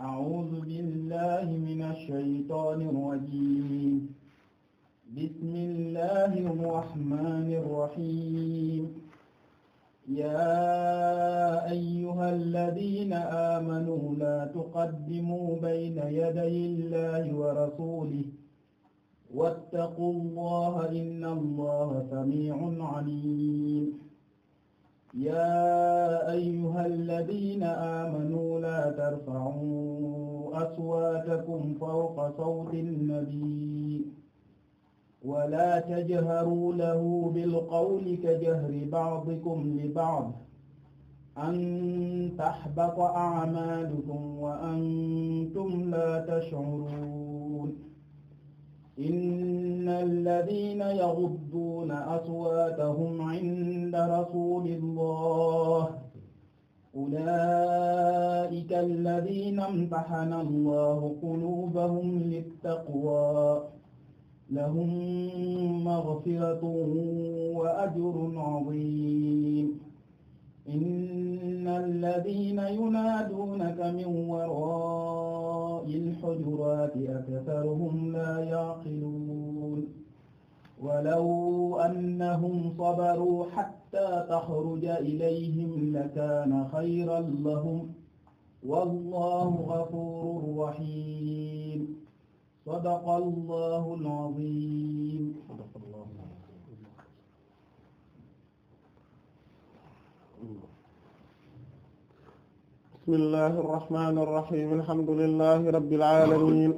أعوذ بالله من الشيطان الرجيم بسم الله الرحمن الرحيم يا أيها الذين آمنوا لا تقدموا بين يدي الله ورسوله واتقوا الله إن الله سميع عليم يا أيها الذين آمنوا لا ترفعوا أصواتكم فوق صوت النبي ولا تجهروا له بالقول كجهر بعضكم لبعض أن تحبط أعمالكم وأنتم لا تشعرون إن الذين يغضون أصواتهم عند رسول الله أولئك الذين امتحن الله قلوبهم للتقوى لهم مغفرة وأجر عظيم إن الذين ينادونك من وراء الحجرات أكثرهم لا يعقلون ولو أنهم صبروا حتى تخرج إليهم لكان خيرا لهم والله غفور رحيم صدق الله العظيم bismillahi irrahmani irrahim alhamdulillahi rabbil alamin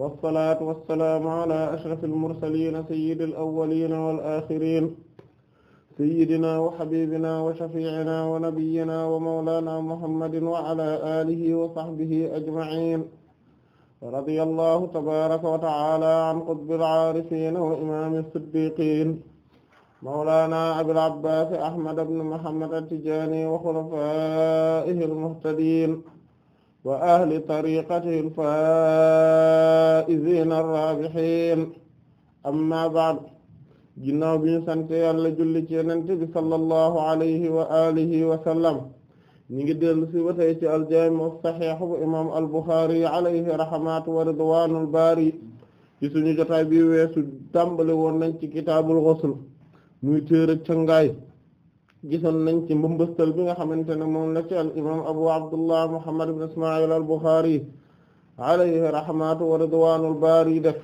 wassalatu wassalaamu ala ashrafil mursalin sayyidil awwalin wal akhirin sayyidina wa habibina wa shafi'ina wa nabiyyina wa mawlana muhammadin wa ala alihi wa sahbihi ajma'in radiyallahu tabaraka wa ta'ala an qutbil arifin wa imam as-siddiqin mawlaana abil abbaas ahmad ibn muhammad at-tijaani wa xulafaa'ihi al-muhtadiin wa ahli tariiqatihi al-faa'iziina ar-raabihiin amma ba'd ginnaaw bi ñu sant yàlla julli ci yonent bi sallallahu alayhi wa alihi wa sallam ñi ngi dellu ci ba tey ci al-jaami' as-sahiih bu imaam al-Buxaari alayhi rahmatu wa ridwaanul baari ci suñu jotaay bi weesu tàmbali woon nañ ci kitaabul ghusl muy téere cangaay gisoon nañ ci mbambastal bi nga xamante ne moom na ci al imam abu abdullah muhammad ibn isma'il al bukhari alayhi rahmatu wa ridwanul bari def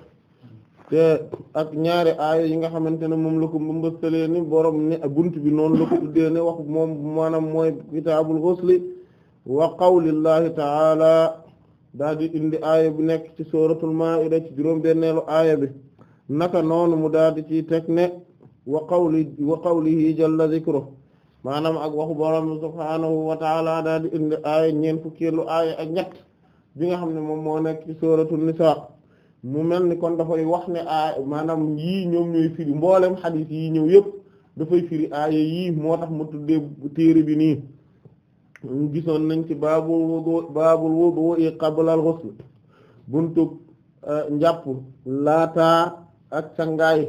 te ak ñaari aaya yi nga xamante ne moom la ko mbambastalee ni borom ne bunt bi noonu la ko wax moom maanaam mooy kitaabul ghusli wa qawlillahi ta'ala daal di indi aaya bi nekk ci suratul ma'ida ci juróom benneelu aaya bi naka noonu mu daal di ciy teg ne wa qawli wa qawlihi jalla dhikruhu maanaam ak waxu borom subhaanahu wa taala daal di indi aaya ñeen fukkeelu aaya ak ñett bi nga xam ne moom moo nekk ci suuratu nisaa mu mel ni kon dafay wax ne aaya maanaam yii ñoom ñooy firi mboolem xadiis yii ñëw yëpp dafay firi aaya yii moo tax mu tuddee téere bi nii gisoon nañ ci baabul wudu baabul wudu qabla al-ghusl buntu eh, njàpp laataa ak sangaay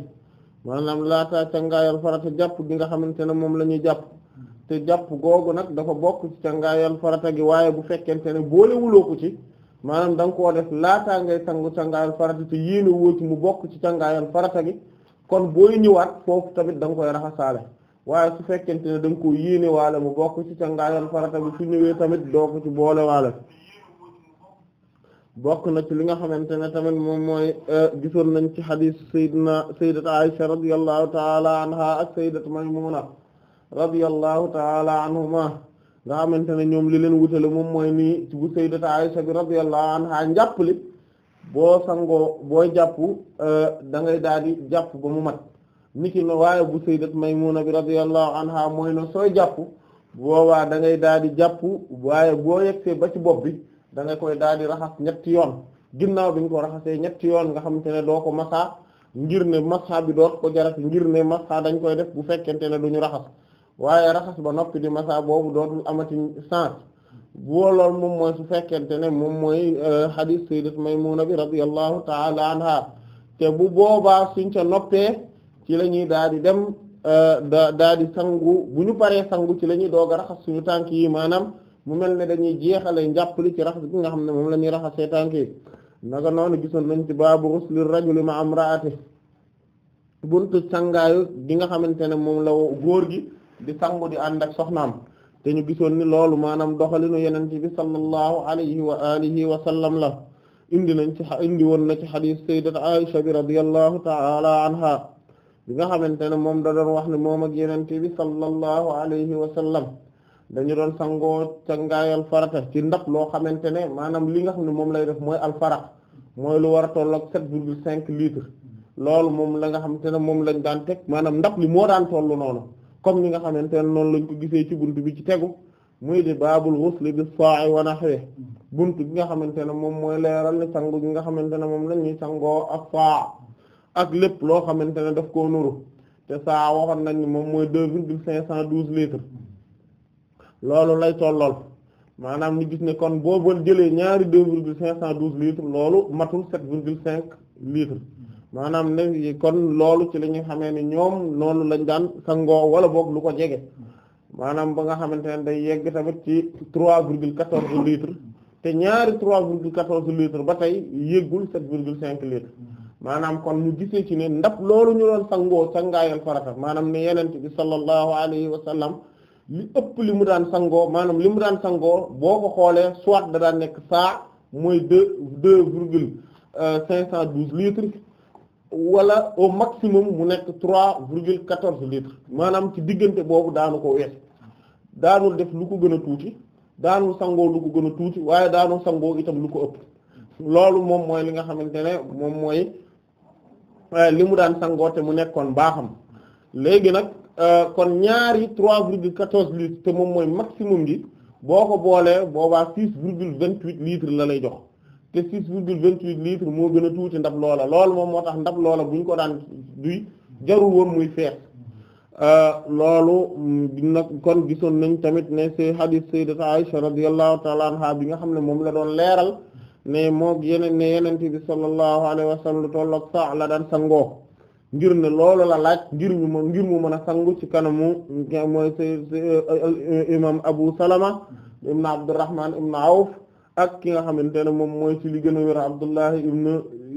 maanaam laataa cangaayal farata jàpp gi nga xamante ne moom la ñuy jàpp te jàpp googu nag dafa bokk ci càngaayal farata gi waaye bu fekkente ne boolewuloo ko ci maanaam da nga def laataa ngay sangu cangaayal farata te yéene woo ci mu bokk ci cangaayal farata gi kon booy ñëwaat foofu tamit da nga koy raxasaale waaye su fekkente ne da nga yéene waale mu bokk ci cangaayal farata bi su ñëwee tamit doo ko ci boole waale bokk na ci li nga xamante ne tamit moom mooy euh, gisoon nañ ci xadis saydna saydat Aisha radiallahu taala anha ak saydat Maymuna radiallahu taala anhuma nga xamante ne ñoom li leen wutale moom mooy nii bu saydat Aisha bi radiallahu boo sangoo booy jàpp euh, dangay ngay jàpp ba mu mat niki na waaye bu saydat Maymuna bi radiallahu anha mooy ne sooy jàpp boobaa da ngay daal di jàpp waaye boo yegsee ba ci bopp bi da nga koy daal di raxas ñetti yoon ginnaaw bi nga ko raxasee ñetti yoon nga xamante ne doo ko masaa ngir ne masaa bi doot ko jarat ngir ne masaa dañ koy def bu fekkente ne du ñu raxas waaye raxas ba noppi di masaa boobu dootul amati sens boo lool moom mooy su fekkente ne moom mooy euh, hadith sayyidat Maymuna bi radiyallahu ta'ala anha te bu boobaa suñ ca noppee ci la ñuy daal di dem euh, da daal di sangu bu ñu paree sangu ci la ñuy doog a raxas suñu tànk yii maanaam mu mel ne dañuy jeexale njàppali ci raxas bi nga xam ne moom la ñuy raxasee tànk yi naka noonu gisoon nañ ci baabu ghusli rajuli ma imraatihi buntu sangaayu gi nga xamante ne moom la góor gi di sangu di ànd ak soxnaam te ñu gisoon ni loolu maanaam doxalinu yeneen bi sallallahu alayhi wa alihi wa sallam la indi nañ ci indi woon na ci xadiis sayyidat Aisha bi radiyallahu ta'ala anha nga xamante ne moom da doon wax ne moom ak yeneen bi sallallahu alayhi wa sallam dañu doon sangoo cangaayal farata ci ndab loo xamante ne maanaam li nga xam ne moom lay def mooy alfarax mooy lu war a tolloog sept virgule cinq litres loolu moom la nga xamante ne moom lañ daan teg maanaam ndab li moo daan toll noonu comme ni nga xamante ne noonu lañ ko gisee ci bunt bi ci tegu muy di baabul ghusl bi sa'i wa nahwi bunt bi nga xamante ne moom mooy leeral ni sangu gi nga xamante ne moom la ñuy sangoo ak saa ak lépp loo xamante ne def ko nuru te saa waxoon nañ ni moom mooy deux virgule cinq cent douze litre loolu lay lool maanaam ni gis ne kon boo bool jëlee ñaari deux virgule cinq cent douze litres loolu matul sept virgule cinq litres maanaam ne kon loolu ci la xamee ne ñoom noonu lañ daan sangoo wala boog lu ko jege maanaam ba nga xamante ne day yegg tamit ci trois virgule quatorze litres te ñaari trois virgule quatorze litres ba tey yëggul sept virgule cinq litres maanaam kon ñu gisee ki ne ndap loolu ñu doon sangoo sangaayal farata maanaam ne yeneen bi sallallahu alayhi wa sallam li ëpp li mu daan sangoo maanaam li mu daan sangoo boo ko xoolee soit da daan nekk saa mooy deux deux virgule euh, cinq cent douze litres wala au maximum mu nekk trois virgule quatorze litres maanaam ci diggante boobu daanu ko wees daanul def lu ko gën a tuuti daanu sangoo lu ko gën a tuuti waaye daanu sangoo itam lu ko ëpp loolu moom mooy li nga xamante ne moom mooy euh, li mu daan sangoo te mu nekkoon baaxam léegi nag Euh, kon ñaari 3 virgule 14 litres te moom mooy maximum gi boo ko boolee boobaa 6 virgule 28 litres la lay jox te 6 virgule 28 litres moo gën a tuuti ndab loola lool moom moo tax ndab loola bu ñu ko daan duy jarul woon muy fees euh, loolu nag kon gisoon nañ tamit ne ci hadith sayyidati Aisha radiyallahu ta'ala anha bi nga xam ne moom la doon leeral ne moom yeneen ne yenente bi sallallahu alayhi wa sallam lu tolloog saa la daan sangoo ngir ne loolu la laaj ngir mu ngir mu mën a sangu ci kanamu mooy euh, imam Abu Salama ibn Abdurrahman ak ki nga xamante ne moom mooy ci li gën a Abdullahi ibn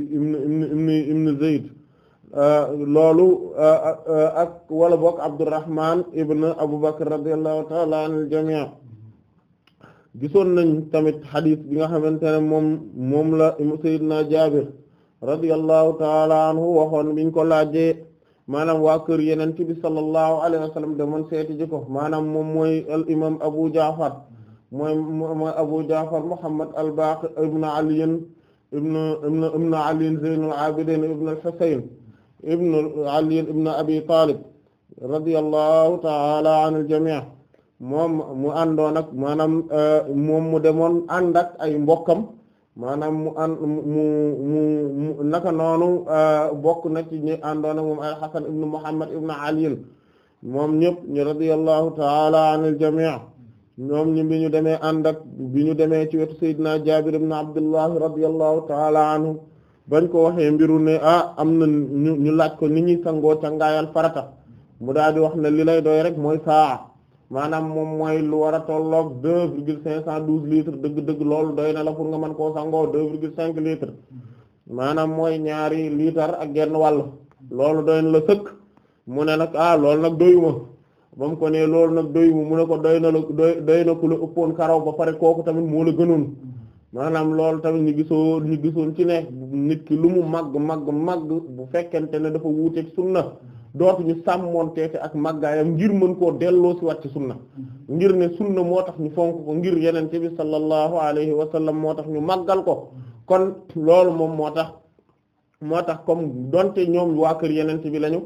ibn euh, loolu euh, ak wala bokk Abdurrahman ibn Abu Bakr radiyallahu ta'ala anil jami' gisoon nañ tamit xadis bi nga xamante ne moom moom la Seydina Jaabir radiyallahu taala anhu waxoon biñ ko laajee maanaam waa kër yeneen ci bi sallallahu alayhi wa sallam demoon seeti ji ko maanaam moom mooy al imam Abu Ja'far mooy mooy Abu Ja'far Muhammad al-Baqi ibn Ali ibn ibn ibn Ali Zayn al-Abidin ibn al-Husayn ibn Ali ibn Abi Talib radiyallahu taala an al-jami' moom mu àndoon ak maanaam eh, moom mu demoon ànd ak ay mbokkam maanaam mu an mu mu mu naka noonu euh, bokk na ci ñi àndoon moom al Hasan ibn Muhammad ibn Ali moom ñëpp ñu radiyallahu ta'ala anil jami' ñoom ñu bi ñu demee ànd ak bi ñu demee ci wetu Seydina Jaabir ibn Abdullah radiyallahu ta'ala anhu bañ ko waxee mbiru ne ah am na ñu laaj ko ni ñuy sangoo cangaayal farata mu daal di wax ne li lay doy rek mooy saa maanaam moom mooy lu war a tolloog deux virgule cinq cent douze litres dëgg-dëgg loolu doy na la pour nga man koo sangoo deux virgule cinq litres maanaam mooy ñaari litre ak genn wàll loolu doy na la sëkk mu ne nag ah loolu nag doyuma ba mu ko ne loolu nag doyuma mu ne ko doy na la doy doy na ku la ëppoon karaw ba pare kooku tamit moo la gënoon maanaam loolu tamit ñu gisoo ñu gisoon ci ne nit ki lu mu màgg màgg màgg bu fekkente ne dafa wuuteeg sunna dootuñu sàmmoonteete ak màggaayam ngir mën koo delloo ci wàcc sunna ngir ne sunna moo tax ñu fonk ko ngir yenente bi sallallahu alayhi wa sallam moo tax ñu màggal ko kon loolu moom moo tax moo tax comme donte ñoom waa kër yenente bi lañu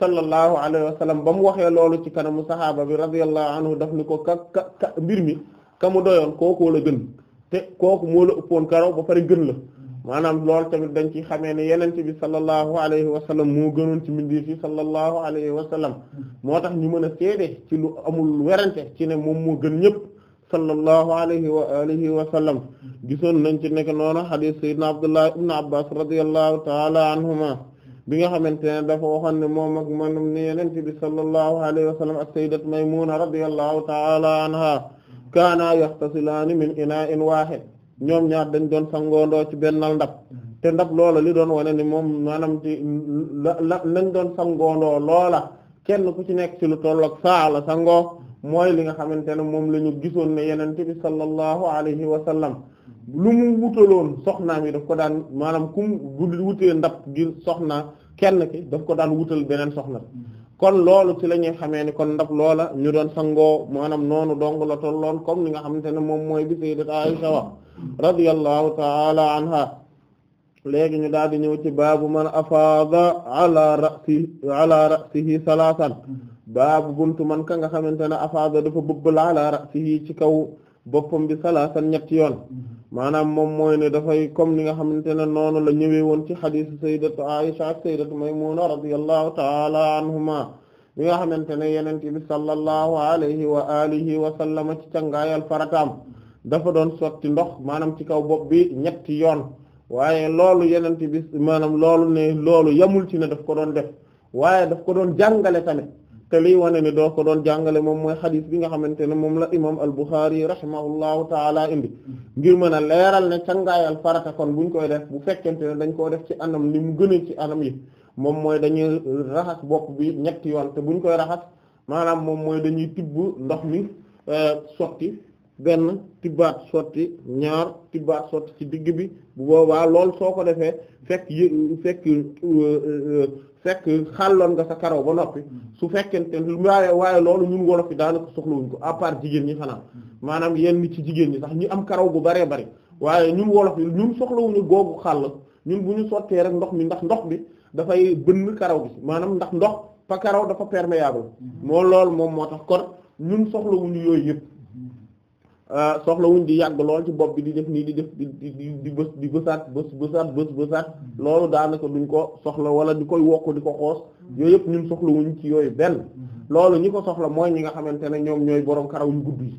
sallallahu alayhi wa ba mu waxee loolu ci kanamu saxaaba bi radiyallahu anhu daf ni ko ka ka ka mbir mi ka mu doyoon ko la gën te kooku moo la ëppoon karaw ba pare gën la maanaam lool tamit dañ ci xamee ne yenente bi sallallahu alayhi wa sallam moo gënoon ci mbindeef yi sallallahu alayhi wa sallam moo tax ñu mën a seede ci lu amul werante ci ne moom mu gën ñëpp sallallahu alayhi wa alihi wa sallam gisoon nañ ci nekk noonu hadith sayyidina abdullah ibn abbas radiyallahu ta'ala anhuma bi nga xamante ne dafa waxoon ne moom ak manam ne yenente bi sallallahu alayhi wa sallam ak sayyidat maymuna radiyallahu ta'ala anha kaana yaxtasilaani min ina'in wahid ñoom ñaar dañ doon sangoondoo ci bennal ndab mm-hmm. te ndab loola li doon wane ni moom maanaam ci la la lañ doon sangoondoo loola kenn ku ci nekk ci lu tolloog saa la sangoo mooy li nga xamante ne moom la ñu gisoon ne yenente bi sallallahu alayhi wa sallam lu mu wutaloon soxnaam yi daf ko daan maanaam kum bu wutee ndab gi soxna kenn ki daf ko daan wutal beneen soxna mm-hmm. kon loolu ci la ñuy xamee ni kon ndab loola ñu doon sangoo maanaam noonu dong la tolloon comme li nga xamante ne moom mooy bi sayyidat Aisha wax radiyallahu ta'ala anha léegi ñu daal di ñëw ci baabu man afaada ala ra'si ala ra'sihi salaasan baabu buntu man ka nga xamante ne afaada dafa bëbbal ala ra'sihi ci kaw boppam bi salaasan ñetti yoon maanaam moom mooy ne dafay comme ni nga xamante ne noonu la ñëwee woon ci xadiisu sayyidatu Aisha ak sayyidatu Maymuna radiyallahu ta'ala anhuma mi nga xamante ne yenente bi sallallahu alayhi wa alihi wa sallama ci cangaayal farataam dafa doon sotti ndox maanaam ci kaw bopp bi ñetti yoon waaye loolu yeneen bi maanaam loolu ne loolu yamul ci ne daf ko doon def waaye daf ko doon jàngale tamit te liy wane ne doo ko doon jàngale moom mooy xadis bi nga xamante ne moom la imam al-Bukhari rahimahullahu taala indi ngir mën a leeral ne cangaayal farata kon koy def bu fekkente ne dañ koo def ci anam ni mu gën ci anam yi moom mooy dañuy raxas bopp bi ñetti yoon te buñ koy raxas maanaam moom mooy dañuy tibb ndox mi euh, sotti benn tibbaat sotti ñaar tibbaat sotti ci digg bi bu boobaa lool soo ko defee fekk yë fekk euh, euh, fekk xàlloon nga sa karaw ba noppi mm. su fekkente waaye waaye loolu ñun wolof bi daanaka soxlawuñ ko à part jigéen ñi xanaa mm. maanaam yenn ci jigéen ñi sax ñi am karaw bu baree bari waaye ñun wolof bi ñun soxlawuñu googu xàll ñun bu ñu sottee rek ndox mi ndax ndox bi dafay bënn karaw bi maanaam ndax ndox pa karaw dafa perméable mm. moo loolu moom moo tax kon ñun soxlawuñu yooyu yëpp Euh, soxlawuñ di yàgg loolu ci bopp bi di def nii di def di di di bës di bësaat bës bësaat bës bësaat mm-hmm. loolu daanaka duñ ko soxla wala di koy wokk di ko xoos mm-hmm. yooyu yëpp ñun soxlawuñ ci yooyu benn mm-hmm. loolu ñi ko soxla mooy ñi nga xamante ne ñoom ñooy borom karaw ñu gudd yi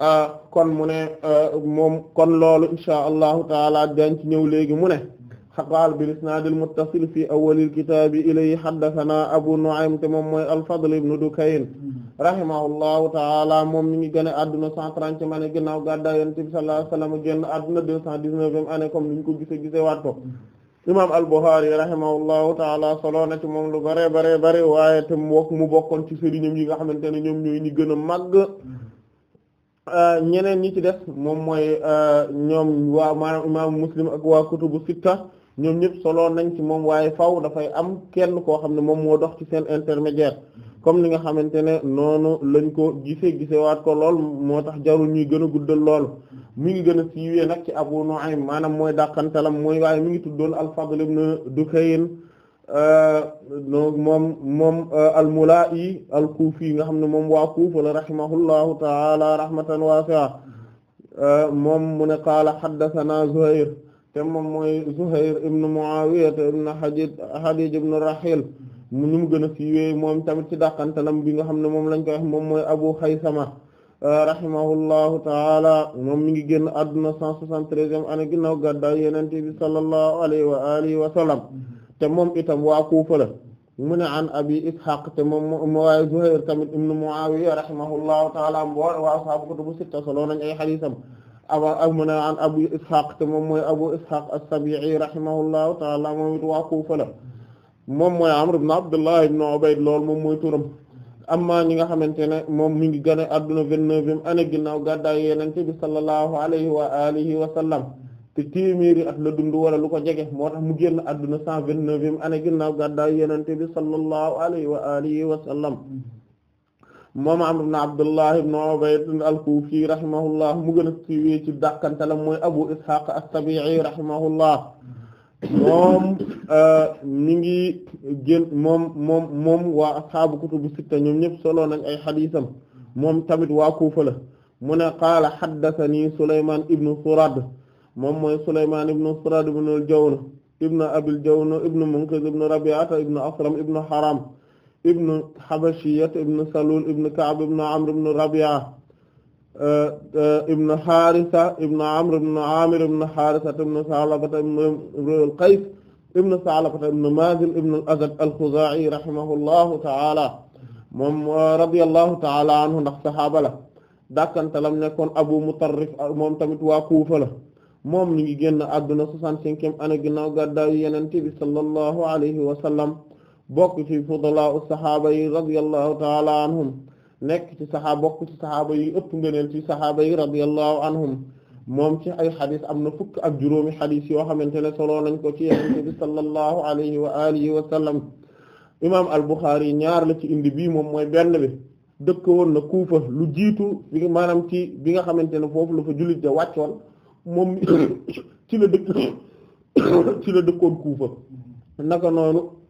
euh, kon mu ne euh, moom kon loolu insha allahu taala dañ ci ñëw léegi mu ne xaqaal bil isnaadil muttasil fi awwalil kitaabi ilayhi haddasanaa abu nu'aym te moom mooy al-Fadl ibn Dukayn rahimahullahu taala moom mi ngi gën a adduna 130 ma ne ginnaaw gàddaay Yonent bi sallallahu alayhi wa sallam génn adduna 219 ane comme ni ñu ko gisee gisee waat ko imaam al-Bukhari rahimahullahu taala solo na ci moom lu bare bare bare waaye te mu bokkoon ci sëriñam yi nga xamante ne ñoom ñooy ñi gën a màgg euh, ñeneen ñi ci def moom mooy euh, ñoom waa maanaam imaamu Muslim ak ñoom ñëpp solo nañ ci moom waaye faw dafay am kenn koo xam ne moom moo dox ci seen intermédiaire comme ni nga xamante ne noonu lañ ko gisee waat ko lool moo tax jarul ñuy gën a guddal lool mi ngi gën a siiwee nag ci Abu Nu'aym maanaam mooy dàqantalam mooy waaye mi ngi tuddoon al-Fadl ibn Dukayn euh, moom moom euh, al-Mula'i al-Kufi nga xam ne moom waa Kufa la rahimahullahu ta'ala rahmatan wasi'a euh, moom mu ne qaala haddathana Zuhayr te moom mooy Zuhair ibn Muawiya ibn Hadid Hadid ibn Rahil mu ñu gën a siiwee moom tamit ci dàqantalam bi nga xam ne moom lañ koy wax moom mooy Abu Haysama euh, rahimahullahu taala moom mi ngi génn àdduna 173e année ginnaaw gàddaay Yonent bi sallallahu alayhi wa alihi wa sallam te moom itam waa Kuufa mu ne an Abi Ishaq te moom waaye Zuhair tamit ibn Muawiya rahimahullahu taala waa ashaabu kutubu sitta solo nañ ay hadiisam aba mu ne abu ishaq te moom mooy abu ishaq as-sabi'i rahimahullahu ta'ala moom it waa Kufa la moom mooy amr ibn abdullah ibn ubayd lool moom mooy turam amma ñi nga xamante ne moom mu ngi gën a adduna vingt-neuvième année ginnaaw gàddaay yenente bi sallallahu alayhi wa alihi wa sallam te téeméeri at la dund wala lu ko jege moo tax mu génn adduna cent vingt-neuvième année ginnaaw gàddaay yenente bi sallallahu alayhi wa alihi wa sallam moom Amr ibn Abdullah ibn Ubayd al-Kufi rahimahullah mu gën a siiwee ci dàkkantalam mooy Abu Ishaq as-Sabi'i rahimahullah moom euh, mi ngi gën moom moom moom waa ashaabu kutubu sitta ñoom ñëpp solo nañ ay xadiisam moom tamit waa Kuufa la mu ne qaala haddathanii Sulaymaan ibn Surad moom mooy Sulaymaan ibn Surad ibn al-Jawn ibn Abil Jawn ibn Munqidh ibn Rabi'ata Asram ibn Haram ibnu Habashiyat ibnu Salul ibnu Ka'b ibnu Amr ibnu Rabi'a uh, uh, ibnu Haarisa ibnu Amr ibnu Aamir ibnu Haarisa ibnu Sa'labata ibnu al-Qays ibnu Sa'labata ibnu Maazin ibnu al-Azd al-Khuzaa'i rahimahullahu ta'ala moom uh, radiyallahu ta'ala anhu ndax saxaaba la dàkkantalam nekkoon Abu Mutarrif moom tamit waa Kuufa la moom mi ngi génn àdduna soixante-cinquième année ginnaaw gàddaayu Yonent bi sallallahu alayhi wa sallam bokk ci fudala saxaaba yi radiyallahu ta anhum nekk ci saxaaba bokk ci saxaaba yi ëpp ngëneel ci saxaaba yi radiyallahu anhum moom ci ay xadis am na fukk ak juróomi xadis yoo xamante ne solo nañ ko ci yenente bi sallallahu alayhi wa alihi wa sallam imaam al-Bukhari ñaar la ci indi bii moom mooy benn bi dëkk woon na Kuufa lu jiitu bi maanaam ci bi nga xamante ne foofu la fa jullit da wàccoon moom ci la dëkkoon Kuufa naka noonu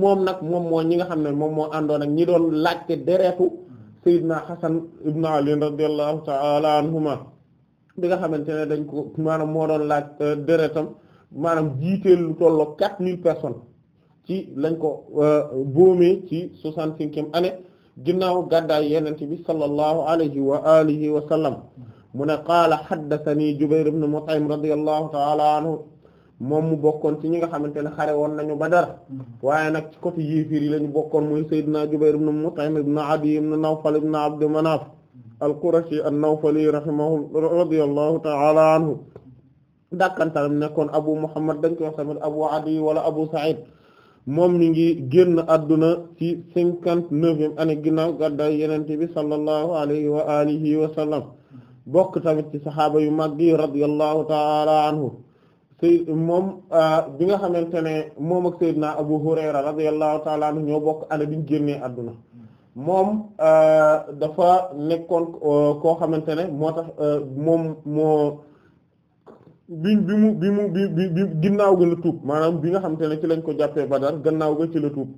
moom nag moom moo ñi nga xam ne moom moo àndoon ak ñi doon laajte deretu Seydina Hasan ibn Ali radiyallahu ta'ala anhuma bi nga xamante ne dañ ko maanaam moo doon laaj euh, deretam maanaam jiiteel lu tolloo quatre mille personnes ci lañ ko euh, boomee ci soixante-cinquième année ginnaaw gàddaay yenente bi sallallahu alayhi wa alihi wa sallam mu ne qaala haddathani Jubayr ibn Mut'im radiyallahu ta'ala anhu moom mu bokkoon ci ñi nga xamante ne xare woon nañu Badar waaye nag ci côté yéefir yi la bokkoon muy Seydina Jubayr ibn Mut'im ibn Adiy ibn Nawfal ibn Abd Manaf al-Qurashi an-Nawfali rahimahu radiyallahu ta'ala anhu dàkkantalam Abu Muhammad dañ ko wax tamit Abu Adiy wala Abu Sa'id moom mi ngi génn adduna ci cinquante-neuvième année ginnaaw gàddaay Yonent bi sallallahu alayhi wa alihi wa bokk tamit ci saxaaba yu mag yi radiyallahu ta'ala anhu sëy moom euh, bi nga xamante ne moom ak Seydina Abu Hurayra radiyallahu ta'ala anhu ñoo bokk année bi ñu génnee àdduna moom euh, dafa nekkoon euh, koo xamante ne moo tax moom moo bi bi mu bi mu bi ginnaaw ga la tuub maanaam bi nga xamante ne ci lañ ko jàppee Badar gannaaw ga ci la tuub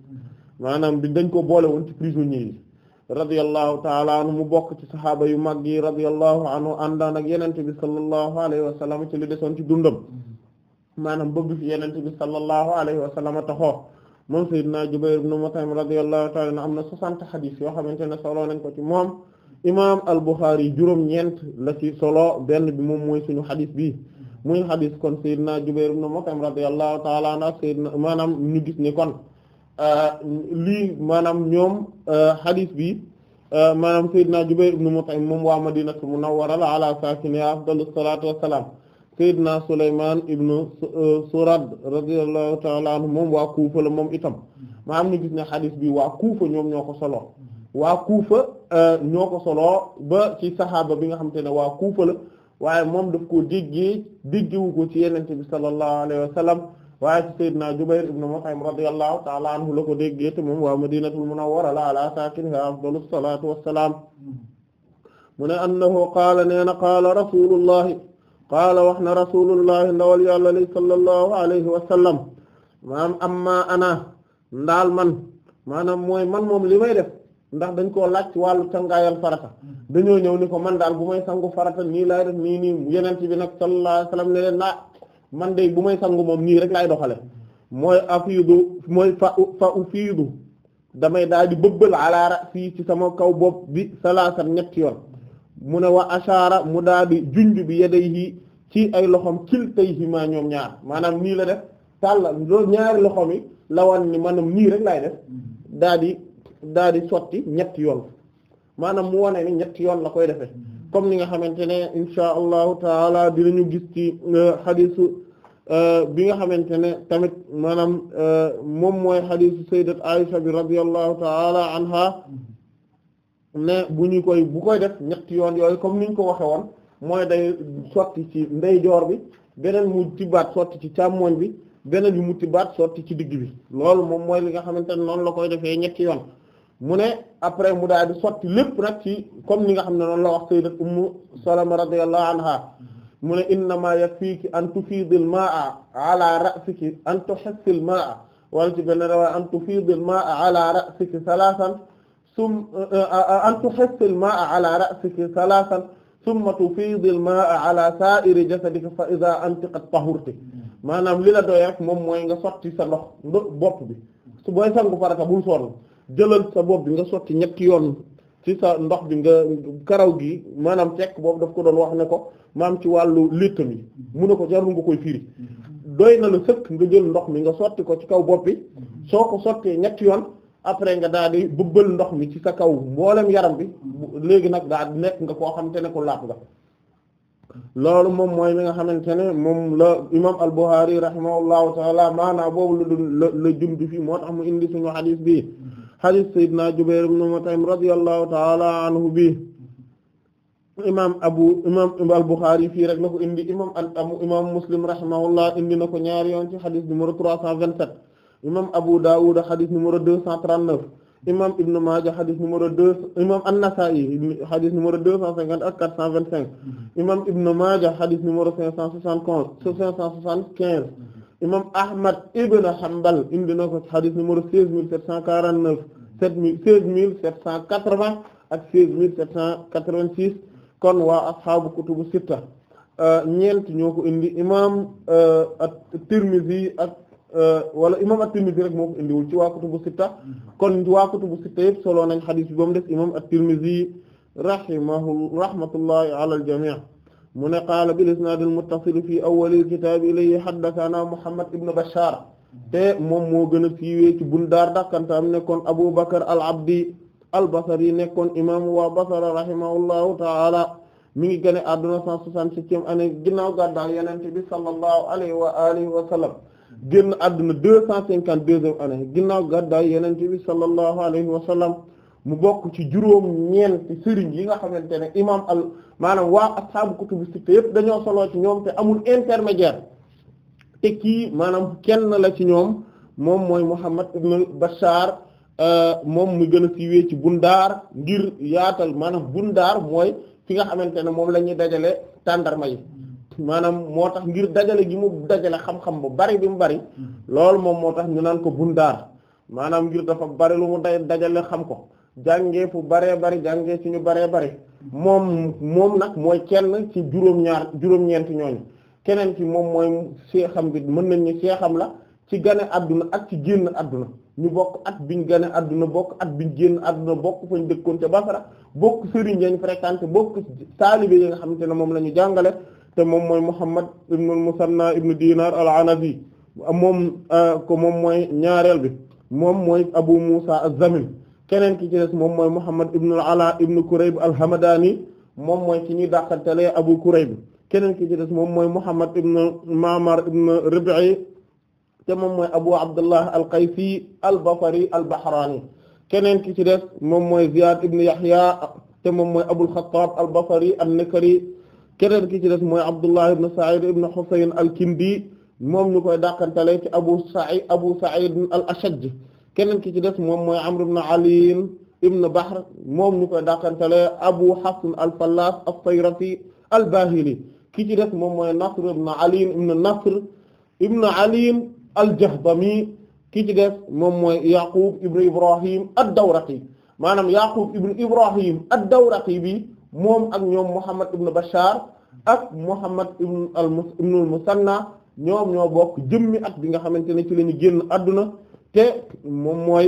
maanaam bi dañ ko boole woon ci prisonniers yi radiyallahu taala anhu mu bokk ci saxaaba yu mag yi radiyallahu anhu àndaan ak yenente bi sallallahu alayhi wa sallam ci li desoon ci dundam maanaam bëgg fi yenente bi sallallahu alayhi wa sallam taxoo moom sayyidina Jubayr ibn Mut'im radiyallahu ta'ala anhu am na soixante xadis yoo xamante ne solo nañ ko ci moom imam al-Bukhari y juróom-ñeent la ci solo benn bi moom mooy suñu xadis bi muy xadis kon sayyidina Jubayr ibn Mut'im radiyallahu ta'ala anhu ak sayyidina maanaam ñu gis ni kon euh, lii maanaam ñoom xadis euh, bi euh, maanaam sayyidina Jubayr ibn Mut'im moom waa Madinatu Munawwara ala saakinihaa afdalu Seydina Sulaymaan ibnu uh, Surad radiyallahu ta'ala anhu moom waa Kuufa la moom itam maa am na gis ne xadis bi wa Kuufa ñoom ñoo ko solo waa Kuufa uh, ñoo ko solo ba ci saxaaba bi nga xamante ne waa Kuufa la waaye moom daf ko déggee déggewu ko ci yenente bi sallallahu alayhi wa sallam waaye ci Seydina Jubayr ibnu Mut'im radiyallahu ta'ala anhu la ko déggee te moom waa Madinatul Munawwara la ala saakinihaa la salaatu wassalaam mu ne annahu qaala nee na qaala rasulullahi qaala wax na rasulullahi ndawal yàlla li sallallahu alayhi wa sallam maanaam amma ana ndaal man maanaam mooy man moom li may def ndax dañ koo laaj ci wàllu cangaayal farata dañoo ñëw ni ko man daal bu may sangu farata nii laay def nii nii yenent bi nag sallallahu alayhi wa sallam ne leen naa ah, man de bu may sangu moom nii rek laay doxale mooy afiidu mooy fa fa ufiidu damay daal di bëbbal fii ci sama kaw bopp bi salaasat ñetti yoon mu ne wa ashaara mu daal di junj bi yadayhi ci ay loxom kiltayhima ñoom ñaar maanaam nii la def tàlla loolu ñaari loxom yi lawan ni maanaam nii rek lay def mm-hmm. daal di daal di sotti ñetti yoon maanaam mu wane ni ñetti yoon la koy defee mm-hmm. comme ni nga xamante ne insha allahu taala dinañu gis ci xadisu euh, euh, bi nga xamante ne tamit maanaam euh, moom mooy xadisu sayyidat Aisha bi radiyallahu taala anha mm-hmm. ne bu ñu koy bu koy def ñetti yoon yooyu comme ni ñu ko waxe woon mooy day sotti ci ndeyjoor bi beneen mu tibbaat sotti ci càmmoñ bi beneen bi mu tibbaat sotti ci digg bi loolu moom mooy li nga xamante ne noonu la koy defee ñetti yoon mu ne après mu daal di sotti lépp nag ci comme li nga xam ne noonu la wax sayyidat ummu salama radiyallahu anha mu ne innama yakfiki an tufidil ma'a ala ra'siki an tuhassil ma'a wala ci benn rawa an tufidil ma'a ala ra'siki salasan sum an tuhissi al-maa'a ala ra'siki thalathan thumma tufiidi al-maa'a ala saa'iri jasadika fa idha anti qad tahurti maanaam li la doy rek moom mooy nga sotti sa ndox ndox bopp bi su booy sangu farata bul sonn jëlal sa bopp bi nga sotti ñetti yoon ci sa ndox bi nga karaw gi maanaam cekk boobu daf ko doon wax ne ko maam ci wàllu létt mi mu ne ko jarul nga doy na la sëkk nga jël ndox mi nga sotti ko ci kaw bopp bi soo ko sottee ñetti yoon après nga daal di bëbbal ndox mi ci sa kaw mboolem yaram bi léegi nag daal nekk nga koo xamante ne ku laab nga loolu moom mooy li nga xamante ne moom la imam al-Bukhari rahimahullahu taala maanaa boobu la la jumtu fii moo tax mu indi suñu xadis bi xadis Seydina Jubayr ibn Mut'im radiyallahu taala anhu bi imam abu imam al-Bukhari fii rek la ko indi imam al imam Muslim rahimahullah indi na ko ñaari yoon ci xadis numéro 327 imam Abu Dawud xadis numéro deux cent trente-neuf imam Ibn Maaja xadis numéro deux imam An-Nasa'i xadis numéro deux cent cinquante ak quatre cent vingt mhm. imam Ibn Maaja xadis numéro cinq cent soixante-quinze imam Ahmad ibn Hanbal indi na ko xadis numéro seize mille sept cent quarante-neuf sept mille seize mille sept cent quatre-vingts ak seize mille sept cent quatre-vingt-six kon waa ashaabu kutubu sitta euh, ñeent ñoo indi imam euh, at Euh, wala imam at rek moo ko indiwul ci waa kutubu sitta kon waa kutubu sitta yëpp solo nañ xadis bi ba mu des imam at-Tirmidhi rahimahu rahmatullahi ala al-jami' mu ne qaala bil isnaad al-muttasil fi awwali kitaab ilayhi haddathana Muhammad ibn Bashar te moom moo gën a siiwee ci Bundaar dakkantaam nekkoon Abu Bakr al-Abdi al-Basri nekkoon imaamu waa Basra rahimahullahu ta'ala mi ngi gën a adduna 167e année ginnaaw gàddaay Yonent bi sallallahu alayhi wa génn àdduna deux cent cinquante deuxième année ginnaaw gàddaay yonent bi sallallahu alayhi wa sallam mu bokk ci juróom ñeenti sëriñ yi nga xamante ne imaam al maanaam waa ashaabu kutubu sitta yépp dañoo soloo ci ñoom te amul intermédiaire te kii maanaam kenn la ci ñoom moom mooy Muhammad ibn Bashar euh, moom mu gën a siiwee ci bundaar ngir yaatal maanaam bundaar mooy fi nga xamante ne moom la ñuy dajale tàndarma yi maanaam moo tax ngir dajale gi mu dajale xam-xam bu bari bi mu bari mm-hmm. loolu moom moo tax ñu naan ko bundaar maanaam ngir dafa bari lu mu day dajale xam ko jàngee fu baree bari jàngee ci ñu baree bari moom moom nag mooy kenn ci juróom-ñaar juróom-ñeent ñooñu keneen ci moom mooy seexam bi mën nañ ne seexam la ci gane adduna ak ci génn adduna ñu bokk at biñ gane àdduna bokk at biñ génn adduna bokk fañ dëkkoon ca Basra bokk sëriñ yañ fréquenté bokk taalibe yi nga xamante ne moom la ñu jàngale te moom mooy Muhammad ibn al-Musanna ibn Dinar al-Anazi moom euh, ko moom mooy ñaareel bi moom mooy Abu Musa az-Zamin keneen ki ci des moom mooy Muhammad ibn ala ibn Kurayb al-Hamadani moom mooy ci ñuy dàqantelee Abu Kurayb kenen ki ci des moom mooy Muhammad ibn Ma'mar ibn Rib'i te moom mooy Abu Abdullah al-Qaysi al-Basri al-Bahrani keneen ki ci des moom mooy Ziyad ibn Yahya te moom mooy Abul Khattab al-Basri an-Nakari keneen ki ci des mooy Abdullah ibn Sa'id ibn Husayn al-Kindi moom ñu koy dàqantale ci Abu Sa'id Abu Sa'id al-Ashaj keneen ki ci des moom mooy Amr ibn Ali ibn Bahr moom ñu koy dàqantale Abu Hafs al-Fallas as-Sayrafi al-Bahili ki ci des moom mooy Nasr ibn Ali ibn Nasr ibn Ali al-Jahdami ki ci des moom mooy Yaqub ibn Ibrahim ad-Dawraqi maanaam Yaqub ibn Ibrahim ad-Dawraqi bi. moom ak ñoom Muhammad ibn Bashar ak Muhammad ibn al Musanna ñoom ñoo bokk jëmmi at bi nga xamante ne ci la génn àdduna te moom mooy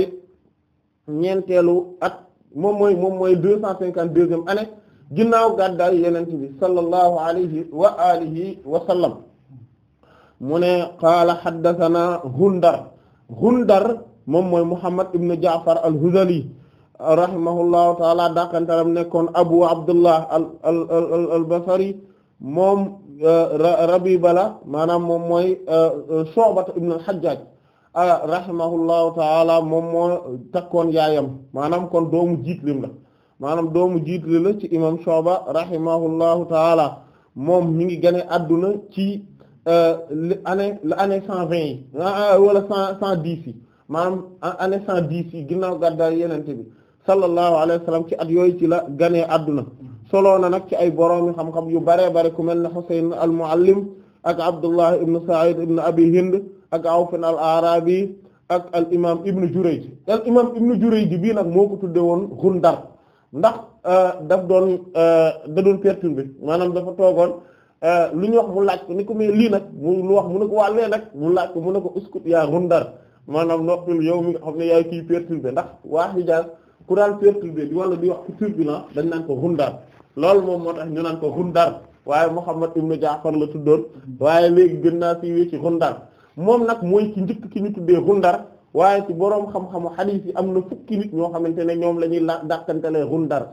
ñeenteelu at moom mooy moom mooy deux cent cinquante deuxième année ginnaaw gàddaay yenente bi sallallahu alayhi wa alihi wa sallam mu ne qaala xaddathana Gundar Gundar moom mooy Muhammad ibn Ja'far al-Hudhali rahimahullahu taala dàqantaram nekkoon Abu Abdullah al al al Basri moom euh, Rabiba la maanaam moom mooy euh, euh, Shu'bata ibn al-Hajjaj ah, rahimahullahu taala moom moo takkoon yaayam maanaam kon doomu jiitlim la maanaam doomu jiitli la ci imam Shu'ba rahimahullahu taala moom mi ngi gane adduna ci li année la année san vingt yi ah, wala cent cent dix maanaam année cent dix yi ginnaaw gàddaay yenente bi sallallahu alayhi wa sallam ci at yooyu ci la ganee adduna solo na nag ci ay boroomi xam-xam yu baree bare ku mel ne Husayn al-Muallim ak Abdullah ibn Sa'id ibn Abi Hind ak Awf al-Arabi ak al imaam Ibn Jurayj al imaam Ibn Jurayj bii nag moo ko tuddee woon Gundar ndax euh, daf doon euh, da doon perturbé maanaam dafa toogoon euh, lu ñu wax mu laaj ko ni ko mais lii nag mu lu wax mu ne ko wàllee nag mu laaj ko mu ne ko uskut yaa Gundar maanaam noppi yow mi yaay kiy perturbé ndax waa Hijaaz ku daan perturbé bi wala di wax ci turbulent dañ naan ko Gundar loolu moom moo tax ñu naan ko Gundar waaye Muhammad ibn Jaafar la tuddoon waaye léegi gën naa siiwee ci moom nag mooy njëkk ki ñu tuddee Gundar waaye ci boroom xam-xamu xadiis yi am na fukki nit ñoo xamante ne ñoom la ñuy la dàqantelee Gundar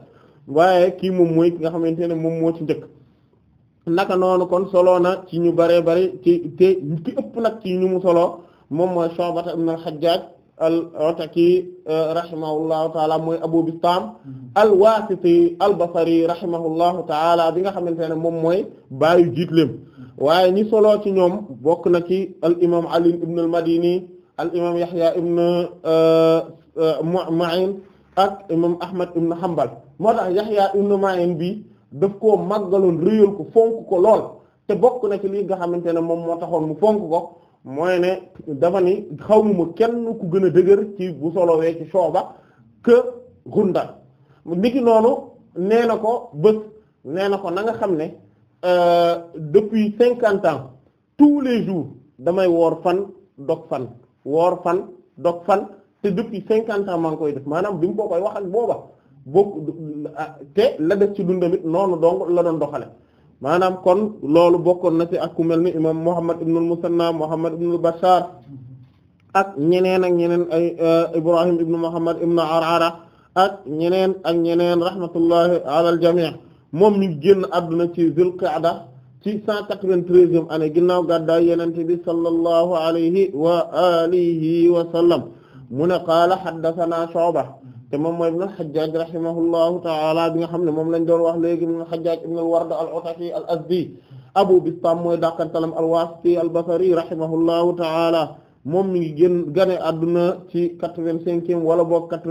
waaye kii moom mooy ki nga xamante ne moom moo ci njëkk naka noonu kon solo na ci ñu bare bare ci te ki ëpp nag ci ñu mu solo moom mooy Shu'ba ibn al-Hajjaj al-Ataki euh, rahimahullahu taala mooy Abu Bistam mm-hmm. al-Wasiti al-Basri rahimahullahu taala bi nga xamante ne moom mooy baayu jiitleem mm-hmm. waaye ñi solo ci ñoom bokk na ci al-imam Ali ibn al-Madini al-imam Yahya ibn euh, euh, Ma'in ak imam Ahmad ibn Hanbal moo tax Yahya ibn Ma'in bi daf koo màggaloon réyal ko fonk ko lool te bokk na ki li nga xamante ne moom moo taxoon mu fonk ko. mooy ne dafa ni xaw ma kenn ku gën a dëgër ci bu solowee ci sooba que Ghundar niki noonu nee na ko bés nee na ko na nga xam ne euh, depuis cinquante ans tous les jours damay woor fan dog fan woor fan dog fan te depuis cinquante ans maa ngi koy def maanaam bi mu boo koy wax ak booba bokk ah, te la def ci dundamit noonu dong la doon doxale maanaam kon loolu bokkoon na ci ak ku mel ni imam Muhammad ibnul Musanna Muhammad ibnul Bashar ak ñeneen ak ñeneen ay euh, Ibrahim ibnu Muhammad ibnu Arara ak ñeneen ak ñeneen rahmatullahi ala al jami' moom ñu génn àdduna ci Zulqa'da ci cent quatre-vingt-treizième année ginnaaw gàddaay yenente bi sallallahu alayhi wa alihi wa sallam mu ne qaala haddathana Shu'ba te moom mooy ibn al-Hajjaj rahimahullahu ta'ala bi nga xam ne moom lañ doon wax léegi ibn al-Hajjaj ibn al-Ward al-Ataki al-Azdi Abu Bistam mooy dàqantalam al-Wasiti al-Basri rahimahullahu ta'ala moom mi ngi génn gane adduna ci quatre vingt wala boog quatre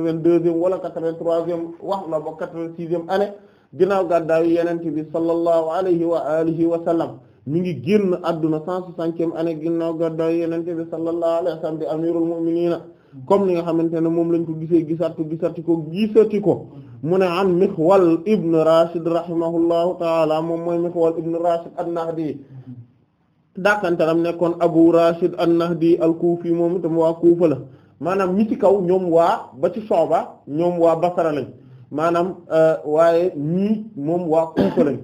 wala quatre-vingt-troisième wax la boog quatre-vingt-sixième année ginnaaw gàddaayu Yonent bi sallallahu alayhi wa alihi wa sallam mi ngi génn adduna cent soixantième année ginnaaw gàddaayu Yonent bi sallallahu alayhi wa sallam bi amirul mu'minina comme ni nga xamante ne moom lañ ko gisee gisattu gisatti ko gisati ko mu ne an Mixwal ibn Rashid rahimahullahu taala moom mooy Mixwal ibn Rashid an-Nahdi dàkkantaram nekkoon Abu Rashid an-Nahdi al-Kufi moom itam waa maanaam ñi ci kaw ñoom waa ba ci Soba ñoom waa Basra lañ maanaam euh, waaye ñii moom waa Kufa lañ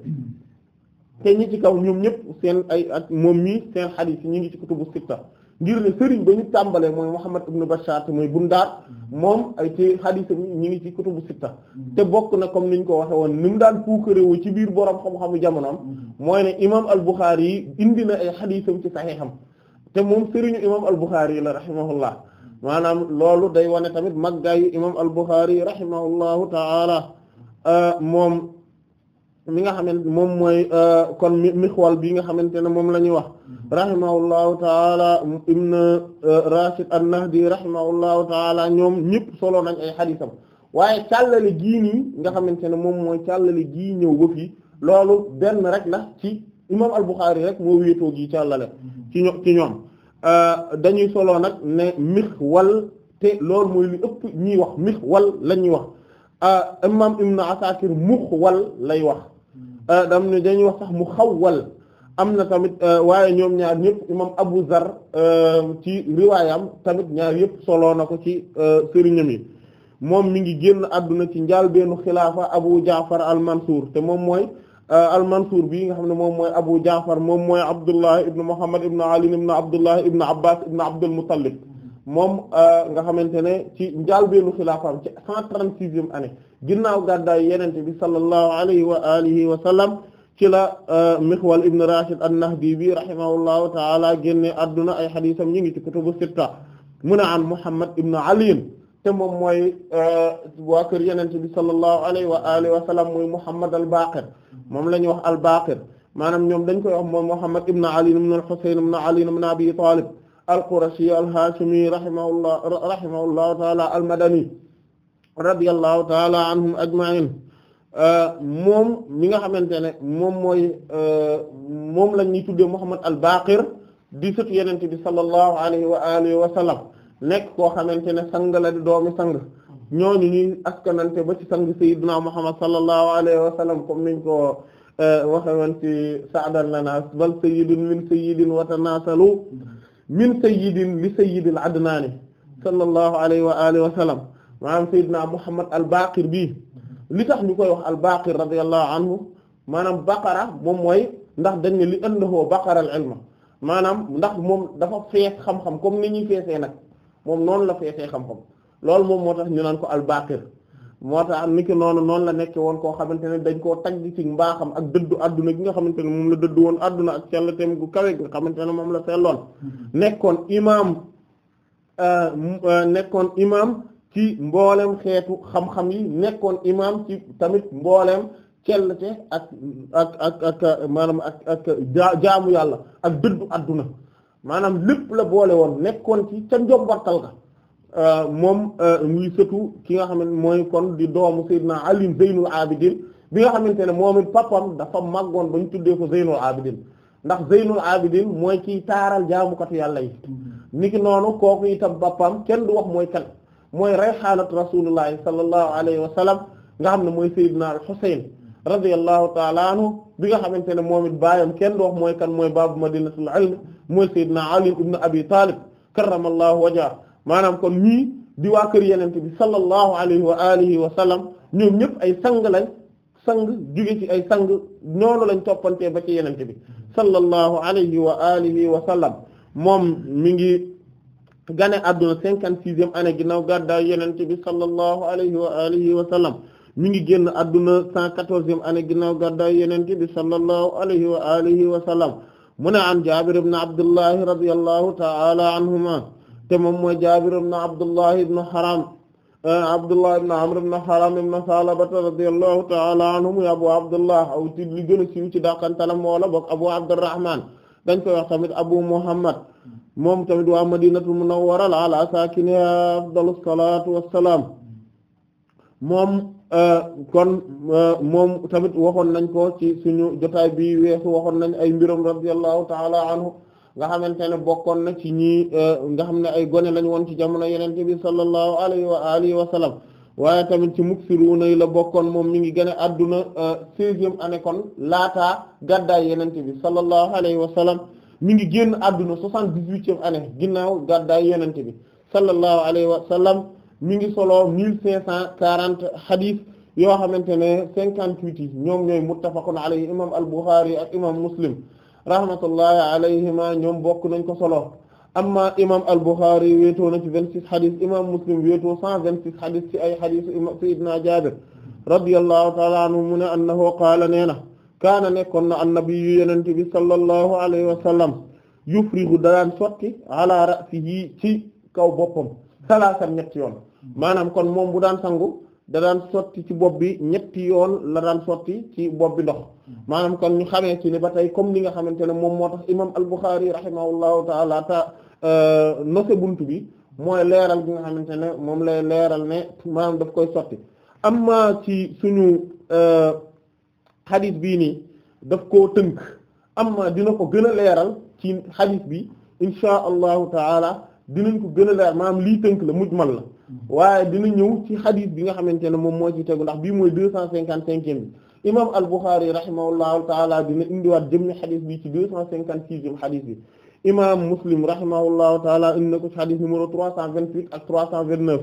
te ñi ci kaw ñoom ñëpp seen ay ak moom mii seen xadiis yi ñu ngi ci kutubu sitta ngir ne ba ñu tàmbalee mooy Muhammad ibn Bashar te mooy Bundaar moom ay ci hadith ñi ngi ci kutubu sitta te bokk na comme niñ ko waxe woon ni mu daan puukaréwoo ci biir borom xam-xamu jamonoom mooy ne imam al-Bukhari yi indi na ay haditham ci saxiixam te moom sëriñu imam al-Bukhari la rahimahullah maanaam loolu day wane tamit maggaayu imam al-Bukhari rahimahullahu ta'ala moom mi nga xamante moom mooy euh, kon mixwal bi nga xamante ne moom la ñuy wax mm-hmm. rahimahullahu taala ibn euh, Rashid an-Nahdi rahimahullahu taala ñoom ñëpp solo nañ ay xadisam waaye càllale gii nii nga xamante ne moom mooy càllale gii ñëw ba loolu benn rek la ci imam al-Bukhari rek moo wéetoo gii mm-hmm. ci ño ci ñoom euh, dañuy solo nag ne mixwal te loolu mooy li ëpp ñiy wax mixwal wal lañuy wax imam Ibn Asakir wal lay wax Euh, dam ne dañuy wax sax mu xawwal am na tamit euh, waaye ñoom ñaar ñëpp imam Abu Zar euh, ci riwaayam tamit ñaar yëpp soloo na ko ci sëriñam yi moom mi ngi génn àdduna ci njaalbeenu xilaafa Abu Jaafar al te moom mooy al-Mansuur bii nga xam ne moom mooy Abu Jaafar moom mooy Abdullah ibn Muhammad ibn Ali ibn Abdullah ibn Abbas ibn Abdul Muttalib moom euh, nga xamante ne ci njaalbeenu xilaafaam ci cent trente-sixième ginnaaw gàddaay yenente bi sallallahu alayhi wa alihi wa sallam ci la euh, Mixwal ibn Rashid an-Nahdi bi rahimahullahu taala génne adduna ay xadiisam ñi ngi ci kutubu sitta mu ne an Muhammad ibn Ali te moom mooy euh, waa kër yenente bi sallallahu alayhi wa alihi wa sallam mooy Muhammad al-Baqir moom la ñuy wax al-Baqir maanaam ñoom dañ koy wax mooy Muhammad ibn Ali ibn al-Husayn ibn Abi Talib al-Qurashi al-Hashimi rahimahullah rahimahullahu taala al-Madani radiyallahu taala anhum euh, moom mi nga xamante ne moom mooy euh, moom la ñuy tuddee Muhammad al-Baqir di sëtu Yonent bi sallallahu alayhi wa alihi wa sallam nekk ko xamante ne sang la di doomi sang ñooñu ñuy askanante ba ci sang sayyidina Muhammad sallallahu alayhi wa sallam comme niñ ko euh, waxee woon ci bal sayyidun min sayyidin wa min sayyidin li sayyidil adnaani sallallahu alayhi wa alihi wa sallam maanaam sayyidina Muhammad al-Baqir bii li tax ñu koy wax al-Baqir radiyallahu anhu maanaam baqara moom mooy ndax dañ ne li annahu baqara al-ilma maanaam ndax moom dafa fees xam-xam comme ni ñuy feesee nag moom noonu la feesee xam-xam loolu moom moo tax ñu naan ko al-Baqir moo tax ni ki noonu noonu la nekk woon koo xamante ne dañ koo tagg ci mbaaxam ak dëddu àdduna gi nga xamante ne moom la dëddu woon adduna ak sellatem gu kawe gi nga xamante ne la selloon mm-hmm. nekkoon imaam euh, euh, nekkoon imaam ci mboolem xeetu xam yi nekkoon imaam ci tamit mbooleem cellte ak ak ak ak maanaam ak ak jaamu yàlla ak dëddu àdduna maanaam lépp la boole woon nekkoon ci ca njombartal ga Euh, moom euh, muy sëtu ki nga xamante mooy kon di doomu Seydina Ali Zeynul Abidin bi nga xamante ne moom it papam dafa màggoon ba ñu tuddee ko Zeynul Abidin ndax Zeynul Abidin mooy kiy taaral jaamu jaamukatu yàlla yi niki noonu kooku itam papam kenn du wax mooy kan mooy rayhaanat rasulullahi sallallahu alayhi wa nga xam ne mooy Seydina Al Husayn radiyallahu taala anhu bi nga xamante ne moom it baayam kenn du wax mooy kan mooy baabu madinatul ilm mooy Seydina Ali ibn Abi Talib maanaam kon ñii di waa kër yenente bi sallallahu alayhi wa alihi wa sallam ñoom ñëpp ay sang lañ sang jóge ci ay sang noonu lañ toppantee ba ci yenente bi sallallahu alayhi wa alihi wa sallam moom mi ngi gane adduna cinquante sixième année ginnaaw gàddaay yenente bi sallallahu alayhi wa alihi wa sallam mi ngi génn adduna cent quatorzième année ginnaaw gàddaay yenente bi sallallahu alayhi wa alihi wa sallam mu ne an Jaabir ibn Abdullahi radiyallahu ta'ala anhuma te moom mooy Jaabir ibn Abdullah ibn Haram Abdullah ibn Amr ibn Haram ibn Salaba radiyallahu ta'ala anhum muy Abu Abdullah aw ci li a siiw ci dàqantalam wala boog Abu Abdurrahman dañ koy wax tamit Abu Muhammad moom tamit waa Madinatul Munawwara ala saakinihaa afdalus salaatu wassalaam moom kon moom tamit waxoon nañ ko ci suñu jotaay bi weesu waxoon nañ ay mbiram radiyallahu ta'ala anhu nga xamante ne bokkoon na ci ñi euh, nga xam ne ay gone lañu woon ci jamono yenente bi sallallahu alayhi wa alihi wa sallam waaye tamit ci muksiruuna yi la bokkoon moom mi ngi gën a adduna euh, seizième année kon laataa gàddaay yenente bi sallallahu alayhi wa sallam mi ngi génn adduna soixante dix année ginnaaw gàddaay yenente bi sallallahu alayhi wa sallam mi ngi solo mille cinq cent quarante hadith yoo xamante ne cinquante-huit yi ñoom ñooy muttafaqun alayhi imam al-Bukhari ak imam Muslim rahmatullahi alayhima ñoom bokk nañ ko solo amma imam al-Bukhari wéetoo na ci vingt-six xadis imam Muslim wéetoo cent vingt-six xadis ci ay xadis sayyidina Jaabir radiyallahu ta'ala anhu mu ne annahu qaala nee na kaana nekkoon na annabiyu yenente bi sallallahu alayhi wa sallam yufrigu daan sotti ala ra'sihi ci kaw boppam salaasan ñetti yoon maanaam kon moom bu daan sangu da daan sotti ci bopp bi ñetti yoon la daan sotti ci bopp bi ndox maanaam kon ñu xamee ci ne ba tey comme li nga xamante ne moom moo tax imam al-Bukhari rahimahullahu taala ta euh, nose buntu bi mooy leeral gi nga xamante ne moom lay leeral ne maanaam daf koy sotti am amma ci suñu xadis euh, bi nii daf ko tënk am ma dina ko gën a leeral ci xadis bi insha allahu taala dinañ ko gën a leeral maanaam lii tënk la mujmal la waaye dina ñëw ci xadis bi nga xamante ne moom moo ci tegu ndax bii mooy deux cent cinquante cinquième bi imam al-Bukhari rahimahullahu taala dina indiwaat jëmmi xadis bi ci deux cent cinquante sixième xadis bi imam Muslim rahimahullahu taala indi na ko ci xadis numéro trois cent vingt huit ak trois cent vingt neuf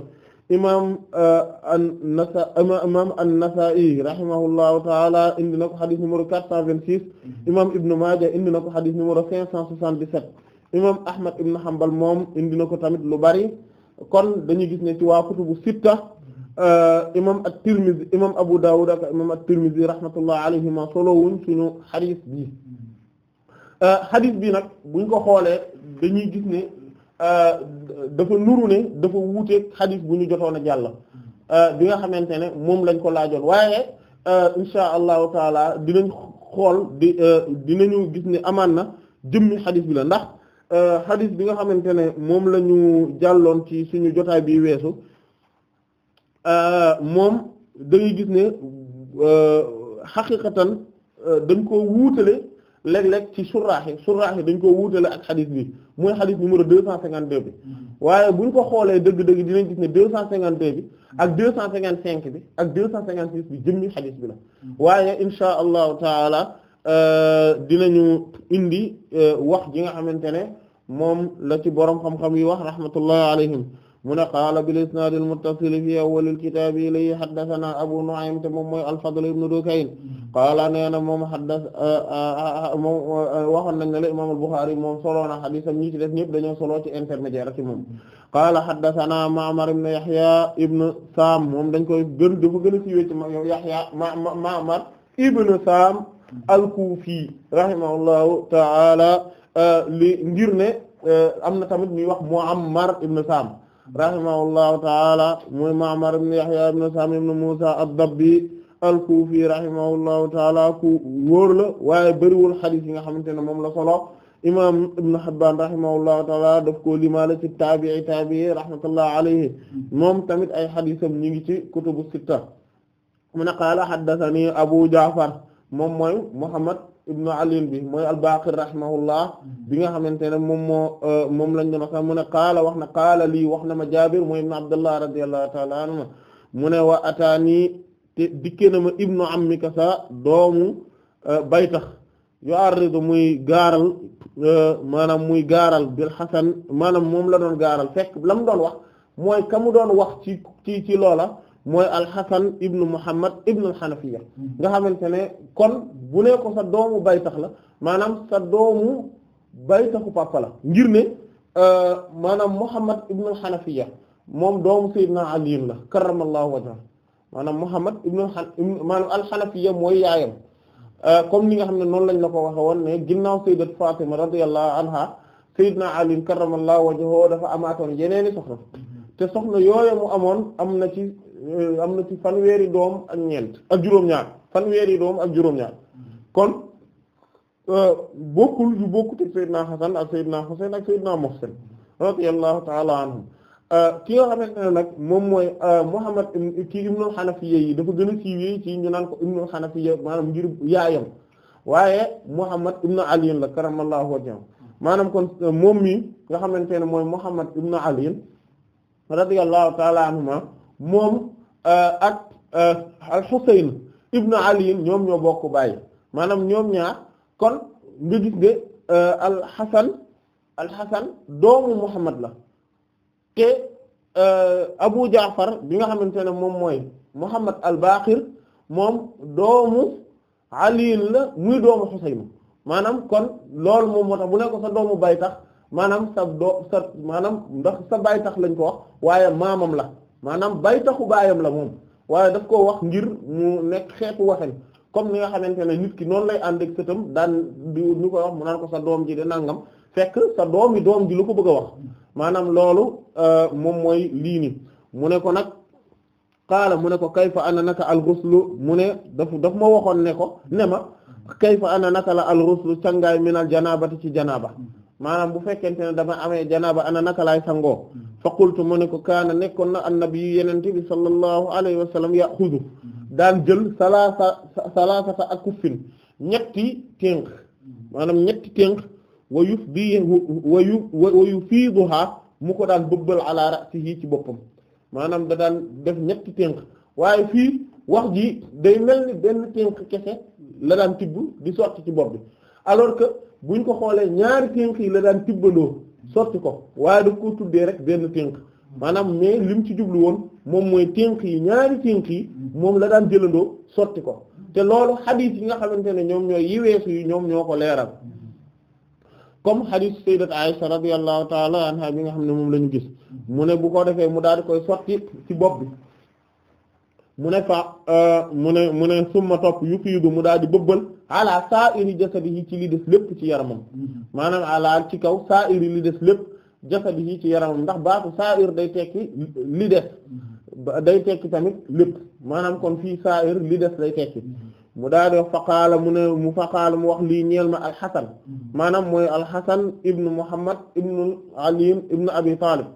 imam euh, an-Nasa imam an-Nasa'i rahimahullahu taala indi na ko xadis numéro quatre cent vingt six imam Ibn Maaja indi na ko xadis numéro cinq cent soixante-dix-sept imam Ahmad ibn Hanbal moom indi na ko tamit lu bari kon dañuy gis ne ci waa kutubu sitta euh, imam at-Tirmidhi imam Abu Dawud ak imam at-Tirmidhi rahmatullah alayhima solo wuñ suñu xadis bi euh, xadis bi nag buñ ko xoolee dañuy gis ne euh, dafa nuru ne dafa wuuteeg xadis bu ñu jotoon a jàll bi nga xamante ne moom lañ ko laajoon waaye insha allahu taala dinañ xool di dinañu gis ne amaan na jëmmi xadis bi la ndax xadis euh, bi nga xamante ne moom la ñu jàlloon ci suñu jotaay bi weesu euh, moom dañuy gis ne euh, xaqiqatan dañ koo wuutale léeg-léeg ci suraaxi suraaxi dañ koo wuutale ak xadis bi mooy xadis numéro deux cent cinquante deux bi waaye bu ko xoolee dëgg-dëgg dinañ gis ne deux cent cinquante deux bi ak deux cent cinquante bi ak deux cent cinquante six bi jëmmi bi la waaye insha allahu taala dinañu indi wax ji nga xamante ne moom la ci borom xam-xam yi wax rahmatullahi alayhim mu ne qaala bil isnaad al muttasil fi awwal al kitaab ilayhi haddathana abu nu'aym te moom mooy al fadl ibn dukayn qaala nee na moom haddath moom waxoon nañ ne la imaam al buxaari moom solo na xadisam ñi ci def ñëpp dañoo solo ci intermédiaire ci moom qaala haddathana ma'mar ibn yahya ibn saam moom dañ koy gën dafa gën a siiwee ci yahya ma'mar ibn saam al kufi rahimahullahu ta'ala Euh, li ngir ne euh, am na tamit ñuy wax Muammar ibn Sam rahimahullahu taala mooy Ma'mar ibn Yahya ibn Sam ibn Musa ad-Dabbi al-Kufi rahimahullahu taala ku waaye bëriwul xadis yi nga xamante ne moom la solo imam Ibn Hibban rahimahullahu taala daf koo limaale ci taabii taabii rahmatullahi alayhi moom tamit ay xadisam ñi ngi ci kutubu sitta mu ne qaala Abu Ja'far moom mooy Muhammad ibnu Ali bi mooy al-Baqir rahimahullah bi nga xamante ne moom moo euh, moom lañ doon wax mu ne qaala wax na qaala lii wax na ma Jaabir mooy ibnu Abdullah radiyallahu ta'ala anhu mu ne wa ataani te dikkee na ma ibnu ammika sa doomu euh, baytax yu arridu muy gaaral euh, maanaam muy gaaral bil Hasan maanaam moom la doon gaaral fekk la mu doon wax mooy ka mu doon wax ci loola mooy alxasan ibnu muhammad ibnu alxanafiya nga xamante ne kon bu ne ko sa doomu bay tax la maanaam sa doomu bay taxu papa la ngir ne euh, maanaam muhammad ibnu alxanafiya moom doomu sayyidina ali la karamallahu wajha maanaam muhammad ibnu maanaam alxanafiya mooy yaayam euh, comme ni nga xam ne noonu lañ la ko waxe woon ne ginnaaw sayyidat fatima radiyallahu anha sayyidina ali karamallahu wajhahu dafa amaatoon yeneeni soxna mm-hmm. te soxna yooyu mu amoon am na ci Euh, am na ci fanweeri doom ak ñeent ak juróom-ñaar fanweeri doom ak juróom-ñaar kon euh, bokkul yu bokkut ak Seydina Hasan ak na Husayn ak Seydina Muhsin radiyallahu euh, ki nga xamante ne nag moom mooy Muhammad ki Ibnul Hanafiyya yi dafa gën a siiwee ci ñu naan ko Ibnul Hanafiyya maanaam ngir yaayam waaye Muhammad ibn Ali la karamallahu wajhahu maanaam kon moom mi nga xamante ne mooy Muhammad ibn Ali radiyallahu ta'ala anhuma moom euh, ak euh, al-Husayn ibn Ali ñoom ñoo bokk baay maanaam ñoom ñaar kon nga gis ne euh, al-Hasan doomu Muhammad la te Abu jafar bi nga xamante ne moom mooy Muhammad al-Baqir moom doomu Ali la muy doomu Husayn maanaam kon loolu moom moo tax bu nekk sa doomu baay tax maanaam sa doo maanaam ndax sa baay tax lañ ko wax waaye maamam la. maanaam bay taxu baayam la moom waaye daf koo wax ngir mu nekk xeetu waxen comme ni nga xamante ne nit ki noonu lay ànd ak sëtam daan di ñu koy wax mu naan ko sa doom ji de nangam fekk sa doom yi doom ji lu ko bëgg a wax maanaam loolu euh, moom mooy liini mu ne ko nag kaala mu ne ko kayfa ana naka alxuslu mu ne daf daf ma waxoon ne ko ne ma kayfa ana naka la alxuslu cangaay minal janaabati ci janaaba maanaam bu fekkente ne dama amee janaaba ana naka laay sangoo mm. fa qultu mu ne ko kaana nekkoon na annabi yenente bi sallallahu alayhi wa sallam yaxudu mm. daan jël salaasa salaasata akuffin ñetti ténk mm. maanaam ñetti ténk wa yufdi wa yu wa yufiiduha mu ko daan bëbbal ala ra'sihi ci boppam maanaam da daan def ñetti ténk waaye fii wax ji day mel ni benn ténk kese la daan tibb di sotti ci bopp bi alors que buñ ko xoolee ñaari tënk yi la daan tibbandoo sotti ko waaye daf ko tuddee rek benn tënk maanaam mais lim ci jublu woon moom mooy tënk yi ñaari tënk yi moom la daan jëlandoo sotti ko te loolu xadiis yi nga xamante ne ñoom ñooy yi weesu yi ñoom ñoo ko leeral comme xadiis sayyidat Aisha radiyallahu ta'ala anha bi nga xam ne moom la ñu gis mu ne bu ko defee mu daal di koy sotti ci bopp bi mu ne fa euh, mu ne mu ne summa topp yufiidu mu daal di bëbbal ala sa'iri jasadihi ci li des lépp ci yaramam mm-hmm. maanaam ala ci kaw sa'iri li des lépp jasadihi ci yaramam ndax baatu sa'ir day tekki li des mm-hmm. day tekki tamit lépp maanaam kon fii sa'ir li des day tekki mm-hmm. mu daal di wax faqaala mu ne mu faqaala mu wax lii ñeel ma alxasan maanaam mooy alxasan ibnu muhammad ibnu alim ibnu abi talib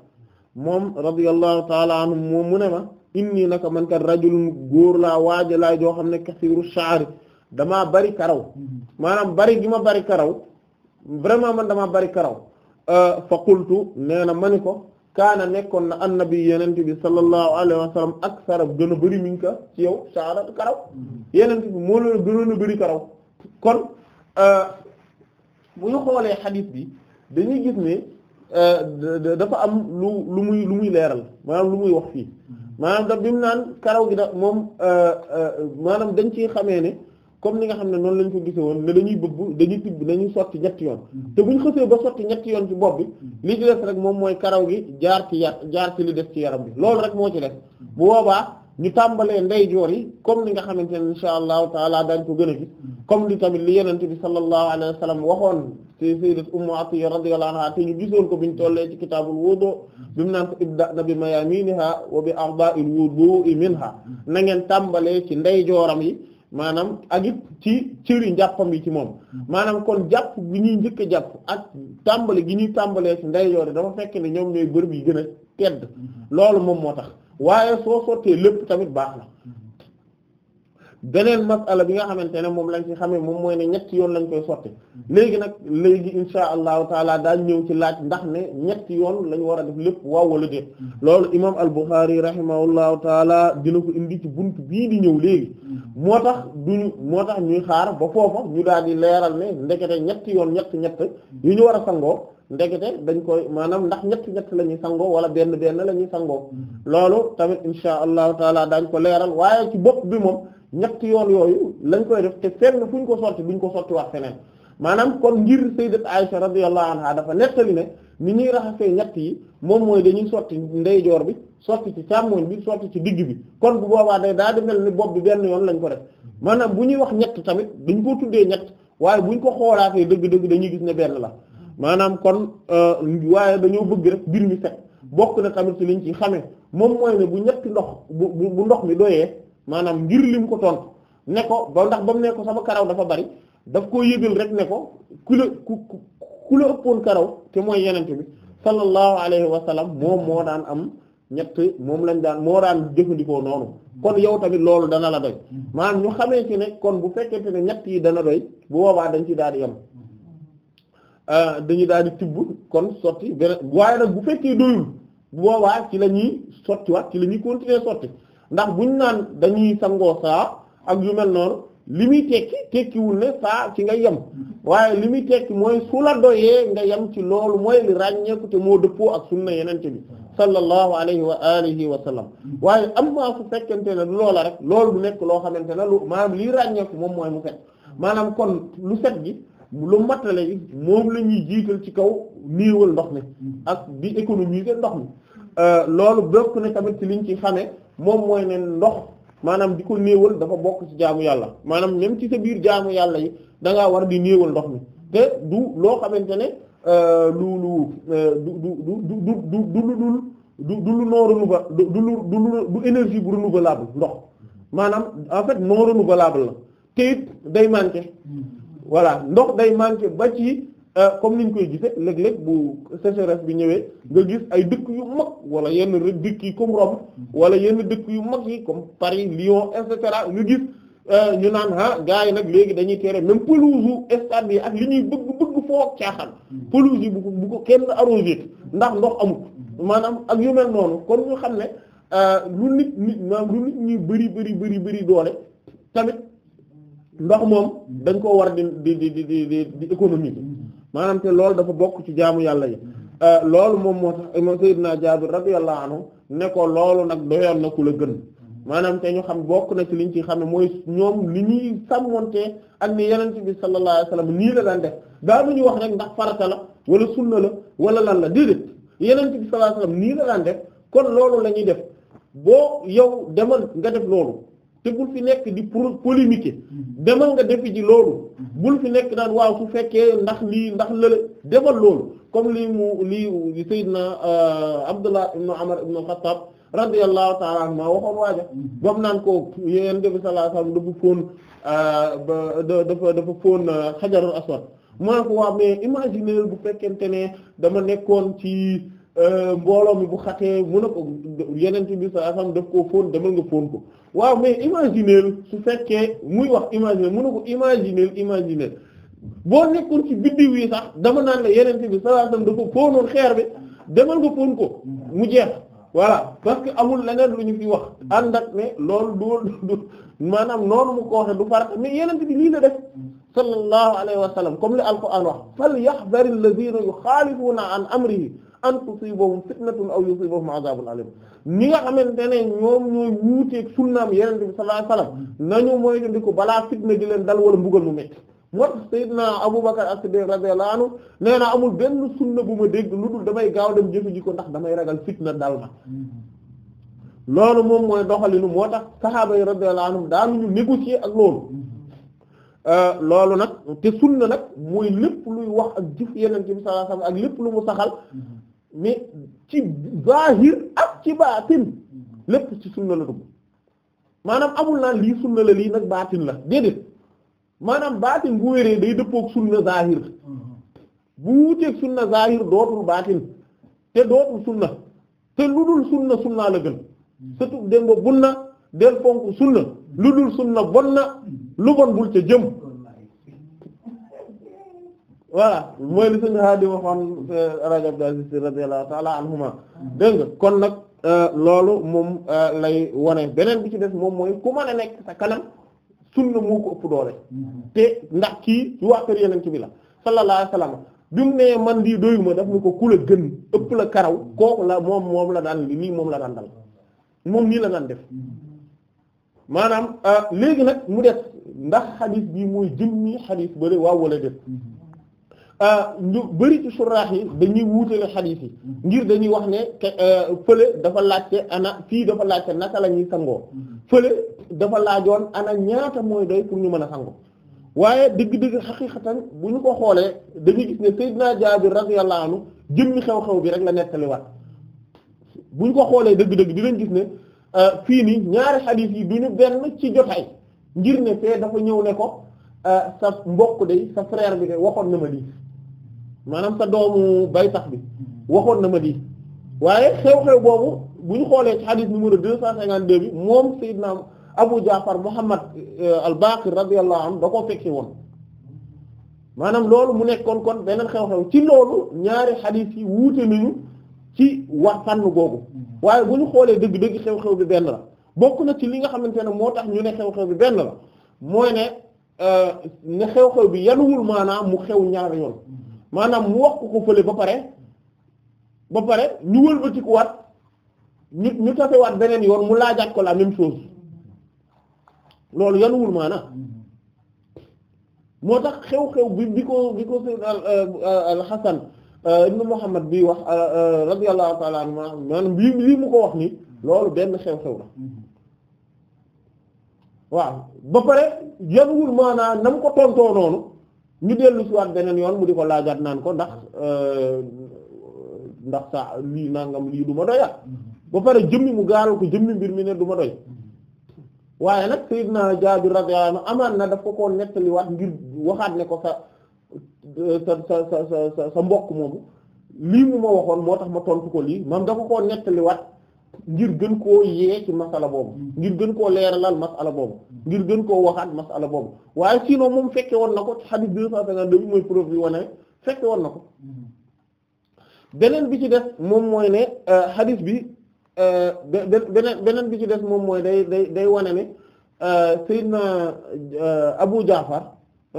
moom radiyallahu ta'ala anhu moom mu ne ma inni naka man kat rajulun góor laa waaja laa joo xam ne kasiiru shaari damaa bari karaw maanaam bari gi ma bari karaw vraiment man damaa bari karaw euh, fa qultu nee na mani ko kaana nekkoon na annabi yenente bi sallallahu alayhi wa sallam aksara gën a bari min ka ci yow shaara karaw yenente bi moo la gënoon a bari karaw kon euh, bu xoolee xadiis bi dañuy gis ne euh, dafa am lu lu muy lu muy leeral maanaam lu muy wax fii maanaam da bi mu naan karaw gi da moom euh, euh, maanaam dañ ci xamee ne comme ni nga xam ne noonu lañ ko gise woon ne dañuy bëbb dañuy tibb nañuy sotti ñetti yoon mm-hmm. te buñ xësee ba sotti ñetti yoon ci bopp bi mm-hmm. li ci des rek moom mooy karaw gi jaar ci yar jaar ci li def ci yaram bi loolu rek moo ci des mm-hmm. bu boobaa ñu tàmbalee ndeyjoor yi comme ni nga xamante ne insha allahu taala dañ ko gën a gis comme li tamit li yenente bi sallallahu alayhi wa sallam waxoon ci sayyidat ummu atiya radiyallahu anha te ñu gisoon ko biñ tollee ci kitaabul wudu bi mu naan ko ibda na bi mayaminiha wa bi arda'il wudu'i minha na ngeen tàmbalee ci ndeyjooram yi maanaam ak it ci cëri njàppam yi ci moom maanaam kon jàpp gi ñuy njëkk a jàpp ak tàmbali gi ñuy tàmbalee ci ndeyjoor yi dafa fekk ne ñoom ñooy bërëb yi gën a tedd mm-hmm. loolu moom moo tax waaye soo sottee lépp tamit baax na beneen masala bi nga xamante ne moom lañ ci xamee moom mooy ne ñetti yoon lañ koy sotti léegi nag léegi insha allahu taala daañ ñëw ci laaj ne ñetti yoon lañ war a def lépp waaw wala déet loolu imam al-Bukhari rahimahullahu taala dina ko indi ci bunt bii di ñëw léegi moo tax duñu moo tax ñuy xaar ba foofa ñu daal di leeral ne ndekete ñetti yoon ñett ñett yu ñu war a sangoo ndekete dañ koy maanaam ndax ñett ñett la ñuy sangoo wala benn benn la ñuy sangoo mm-hmm. loolu tamit insha allahu taala daañ ko leeral waaye ci bopp bi moom ñetti yoon yooyu lañ koy def te fenn fu ñu ko sotti ñu ko sotti wax feneen maanaam kon ngir sayyidat Aisha radiyallahu anha dafa nettali ne ni ñuy raxasee ñett yi moom mooy dañuy sotti ndeyjoor bi sotti ci càmmooñ bi sotti ci digg bi kon bu boobaa day daa di mel ni bopp bi benn yoon lañ ko def maanaam bu ñuy wax ñett tamit dañ koo tuddee ñett waaye bu ñu ko xoolaatee dëgg-dëgg dañuy gis ne benn la maanaam kon euh, waaye dañoo bëgg rek mbir mi set bokk na tamit ci liñ xamee moom bu ñetti ndox bu bu ndox mi doyee maanaam ngir lim ko tontu ne ko ba ndax ba mu ne ko sama karaw dafa bari daf koo yëgal rek ne ko ku la ku ku la ëppoon karaw te mooy yenente bi sallallahu alayhi wa moom moo daan am ñett moom lañ daan moo daan jëfandikoo noonu kon yow tamit loolu dana la doy maanaam ñu xamee ci ne kon bu fekkente ne ñett yi dana doy bu boobaa dañ ci daal di yem euh, dañu daal di tibb kon sotti beneen waaye nag bu fekkee doyul bu boobaa ci la ñuy sottiwaat ci la ñuy continuer ndax bu ñu naan dañuy sangoo saa ak yu mel noonu li muy tekki tekkiwul ne saa ci nga yem waaye li muy tekki mooy su la doyee nga yam ci loolu mooy li ràññeeku te moo dëppoo ak sunna yenente bi sallallahu alayhi wa alihi wa sallam waaye am maa su fekkente ne loola rek loolu du nekk loo xamante ne lu maanaam lii ràññeeku moom mooy mu set maanaam kon lu set gi lu matale gi moom lañuy jiital ci kaw niiwal ndox mi ak di économiser ndox mi euh, loolu bokk na tamit liñ ci xamee moom mooy ne ndox maanaam di ko néewal dafa bokk ci jaamu yàlla maanaam nen ci sa biir jaamu yàlla yi da ngaa war di néewal ndox mi te du loo xamante ne euh, lu lu euh, du du du du du du lu du du lu non renouvelable du du ndox maanaam en fait non renouvelable la te day manqué hmm. voilà ndox day manqué ba ci. Euh, comme niñ koy gise léeg-léeg bu sécheresse bi ñëwee nga gis ay dëkk yu mag wala yenn dëkk yi comme wala yenn dëkk yu mag yi comme Paris Lyon et cetera nga gis euh, ñu naan ah gars yi nag léegi dañuy tere même pelouse stade bi ak li ñuy bëgg bëgg foo caaxaan pelouse yi bu ko kenn ko kenn ndax ndox amut maanaam ak yu mel noonu kon ñu xam ne euh, lu nit nit maanaam lu nit ñi bëri bëri bëri bëri doole tamit ndox moom dañ koo war di di di di di économie bi maanaam te loolu dafa bokk ci jaamu yàlla yi euh, loolu moom moo tax imam sayyidina Jaabir radiyallahu anhu ne ko loolu nag doyoon na ku la gën maanaam te ñu xam bokk na ci liñ ci xam ne mooy ñoom li ñuy sàmmonte ak ni ci bi sallallahu alayhi wasallam nii la daan def daa ñu wax rek ndax farata la wala sunna la wala lan la déedéet yenente bi sallallahu alayhi wasallam nii la daan def kon loolu la ñuy def boo yow demal nga def loolu te bul fi nekk di pour polémiquer mm-hmm. demal nga defi ji loolu mm-hmm. bul fi nekk naan waaw su fekkee ndax lii ndax la defal loolu comme lii mu lii Seydina euh, Abdullah ibn Umar ibn Khattab radiyallahu ta'ala anhu maa waxoon waaja mm-hmm. bam naan ko yonent bi sallallahu alayhi wasallam dafa fóon euh, ba dafa dafa fóon xajarul euh, aswad mu ne ko waaw mais imaginer bu fekkente ne dama nekkoon ci Euh, mbooloo mi bu xatee mu ne ko yeneen bi saa sam daf koo fóon demal nga fóon ko waaw mais imagineel su fekkee muy wax imaginer mu ne ko imagineel imagineel boo nekkoon ci biddiw yi sax dama naan la yeneen bi saa sam dafa fóonoon xeer bi demal nga fóon ko mu jeex voilà parce que amul leneen lu ñu fi wax ànd ak ne loolu du du maanaam noonu mu ko waxe du farata mais yeneen bi lii la def sallallahu alayhi wa sallam comme li alquran wax fal yaxdari alladhina yuxaalifuna an amrihi an tusibahum fitnatun aw yusibahum azabun alim ñi nga xamante ne ñoom ñooy wuuteeg sunnaam yenente bi sallallahu alayhi wasallam nañu mooy di ko balaa fitna di leen dal wala mbugal mu metti moo tax Seydina Abubakar as na amul benn na bu ma dégg lu dul damay gaaw dem jëfe ji ko ndax damay ragal fitna dal ma loolu moom mooy doxalinu moo tax sahaaba yi radiyallahu anhum daanuñu négocier ak loolu euh, loolu nag te na nag mooy lépp luy wax ak jëf yeneen lépp lu mu saxal mais ci zahir ak ci baatin lépp ci sunna la dugg maanaam amul naan lii sunna la lii nag baatin la déedéet maanaam baatin bu wéree day dëppook sunna zahir bu wuuteeg sunna zahir dootul baatin te dootul sunna te lu dul sunna sunna la gën surtout dégg nga bunna del sunna lu dul sunna bon na lu bon bul ca jëm waaw mooy li suñu xaar di waxoon rajo euh, Abdul Aziz radiyallahu ta'ala anhuma dégg nga kon nag euh, loolu moom euh, lay wane beneen bi ci des moom mooy ku mën a nekk sa kanam sunna moo ko ëpp doole mm-hmm. te ndax kii ci waa kër yeneen bi la sallallahu alayhi wasallam bi mu nee man lii doyuma daf ni ko ku la gën ëpp la karaw kooku la moom moom la daan lii moom la daan dal moom nii la daan def mm-hmm. maanaam léegi nag mu des ndax xadiis bii mooy jëmmi xadiis bële waaw wala def Euh, ñu bari ci suraax yi dañuy wuutale xadiis yi ngir dañuy wax ne euh, fële dafa laajte ana fii dafa laajte naka lañuy ñuy sangoo fële dafa laajoon ana ñaata mooy doy pour ñu mën a sangoo waaye dëgg-dëgg xaqiiqatan bu ñu ko xoolee dañuy gis ne Seydina Jaabir radiyallahu anhu jëmmi xew-xew la nettaliwaat bu ko xoolee dëgg-dëgg dinañ gis ne euh, fii nii ñaari xadiis yi du ñu benn ci jotaay ngir ne fee dafa ñëw ne ko sa mbokk de sa frère bi de waxoon na ma lii maanaam sa doomu bay tax bi waxoon na ma di waaye xew-xew boobu bu ñu xoolee ci hadith numéro deux cent cinquante deux bi moom Seydina Abu Ja'far Muhammad euh, al-Baqir radiyallahu anhu da ko fekke woon maanaam loolu mu nekkoon kon beneen xew-xew ci loolu ñaari hadith yi wuute nañu ci wax fànn googu waaye bu ñu xoolee dëgg-dëgg xew-xew bi benn la bokk na ci li nga xamante ne moo tax ñu ne xew-xew bi benn la mooy ne euh, ne xew-xew bi yanuwul maanaam mu xew ñaari yoon maanaam mu wax ko ko fële ba pare ba pare ñu wëlbatikuwaat ñu ñu tasewaat beneen yoon mu laajaat ko la même chose loolu yanuwul maana moo tax xew-xew bi bi ko bi ko sayyid al euh, euh, Hasan euh, ibn Muhammad bi wax radiyallahu ta'ala anhu maanaam bi lii mu ko wax ni loolu benn xew-xew la waaw ba pare yanuwul maana nam ko tontoo noonu ñu dellu siwaat beneen yoon mu di ko laajaat naan ko ndax mm-hmm. euh, ndax sa lii nangam lii du ma doyaat ah. mm-hmm. ba pare jëmmi mu gaaral ko jëmmi mbir mi ne du ma doy mm-hmm. waaye nag sayyidna Jaabir radiyallahu anhu amaan na daf ko koo nettaliwaat ngir waxaat ne ko euh, sa sa sa sa sa sa mbokk moomu lii mu ma waxoon moo tax ma tontu ko lii moom dafa koo nettaliwaat ngir gën koo yee ci masala boobu mm. ngir gën koo leeralal masala boobu mm. ngir gën koo waxaat masala boobu waaye sinon moom fekke woon na ko ci hadith deux cent cinquante deux bi mooy preuve bi wane fekke woon mm. beneen bi ci def moom mooy ne euh, hadith bi euh, beneen beneen bi ci des moom mooy day day day wane ne euh, Seydina Abu Jaafar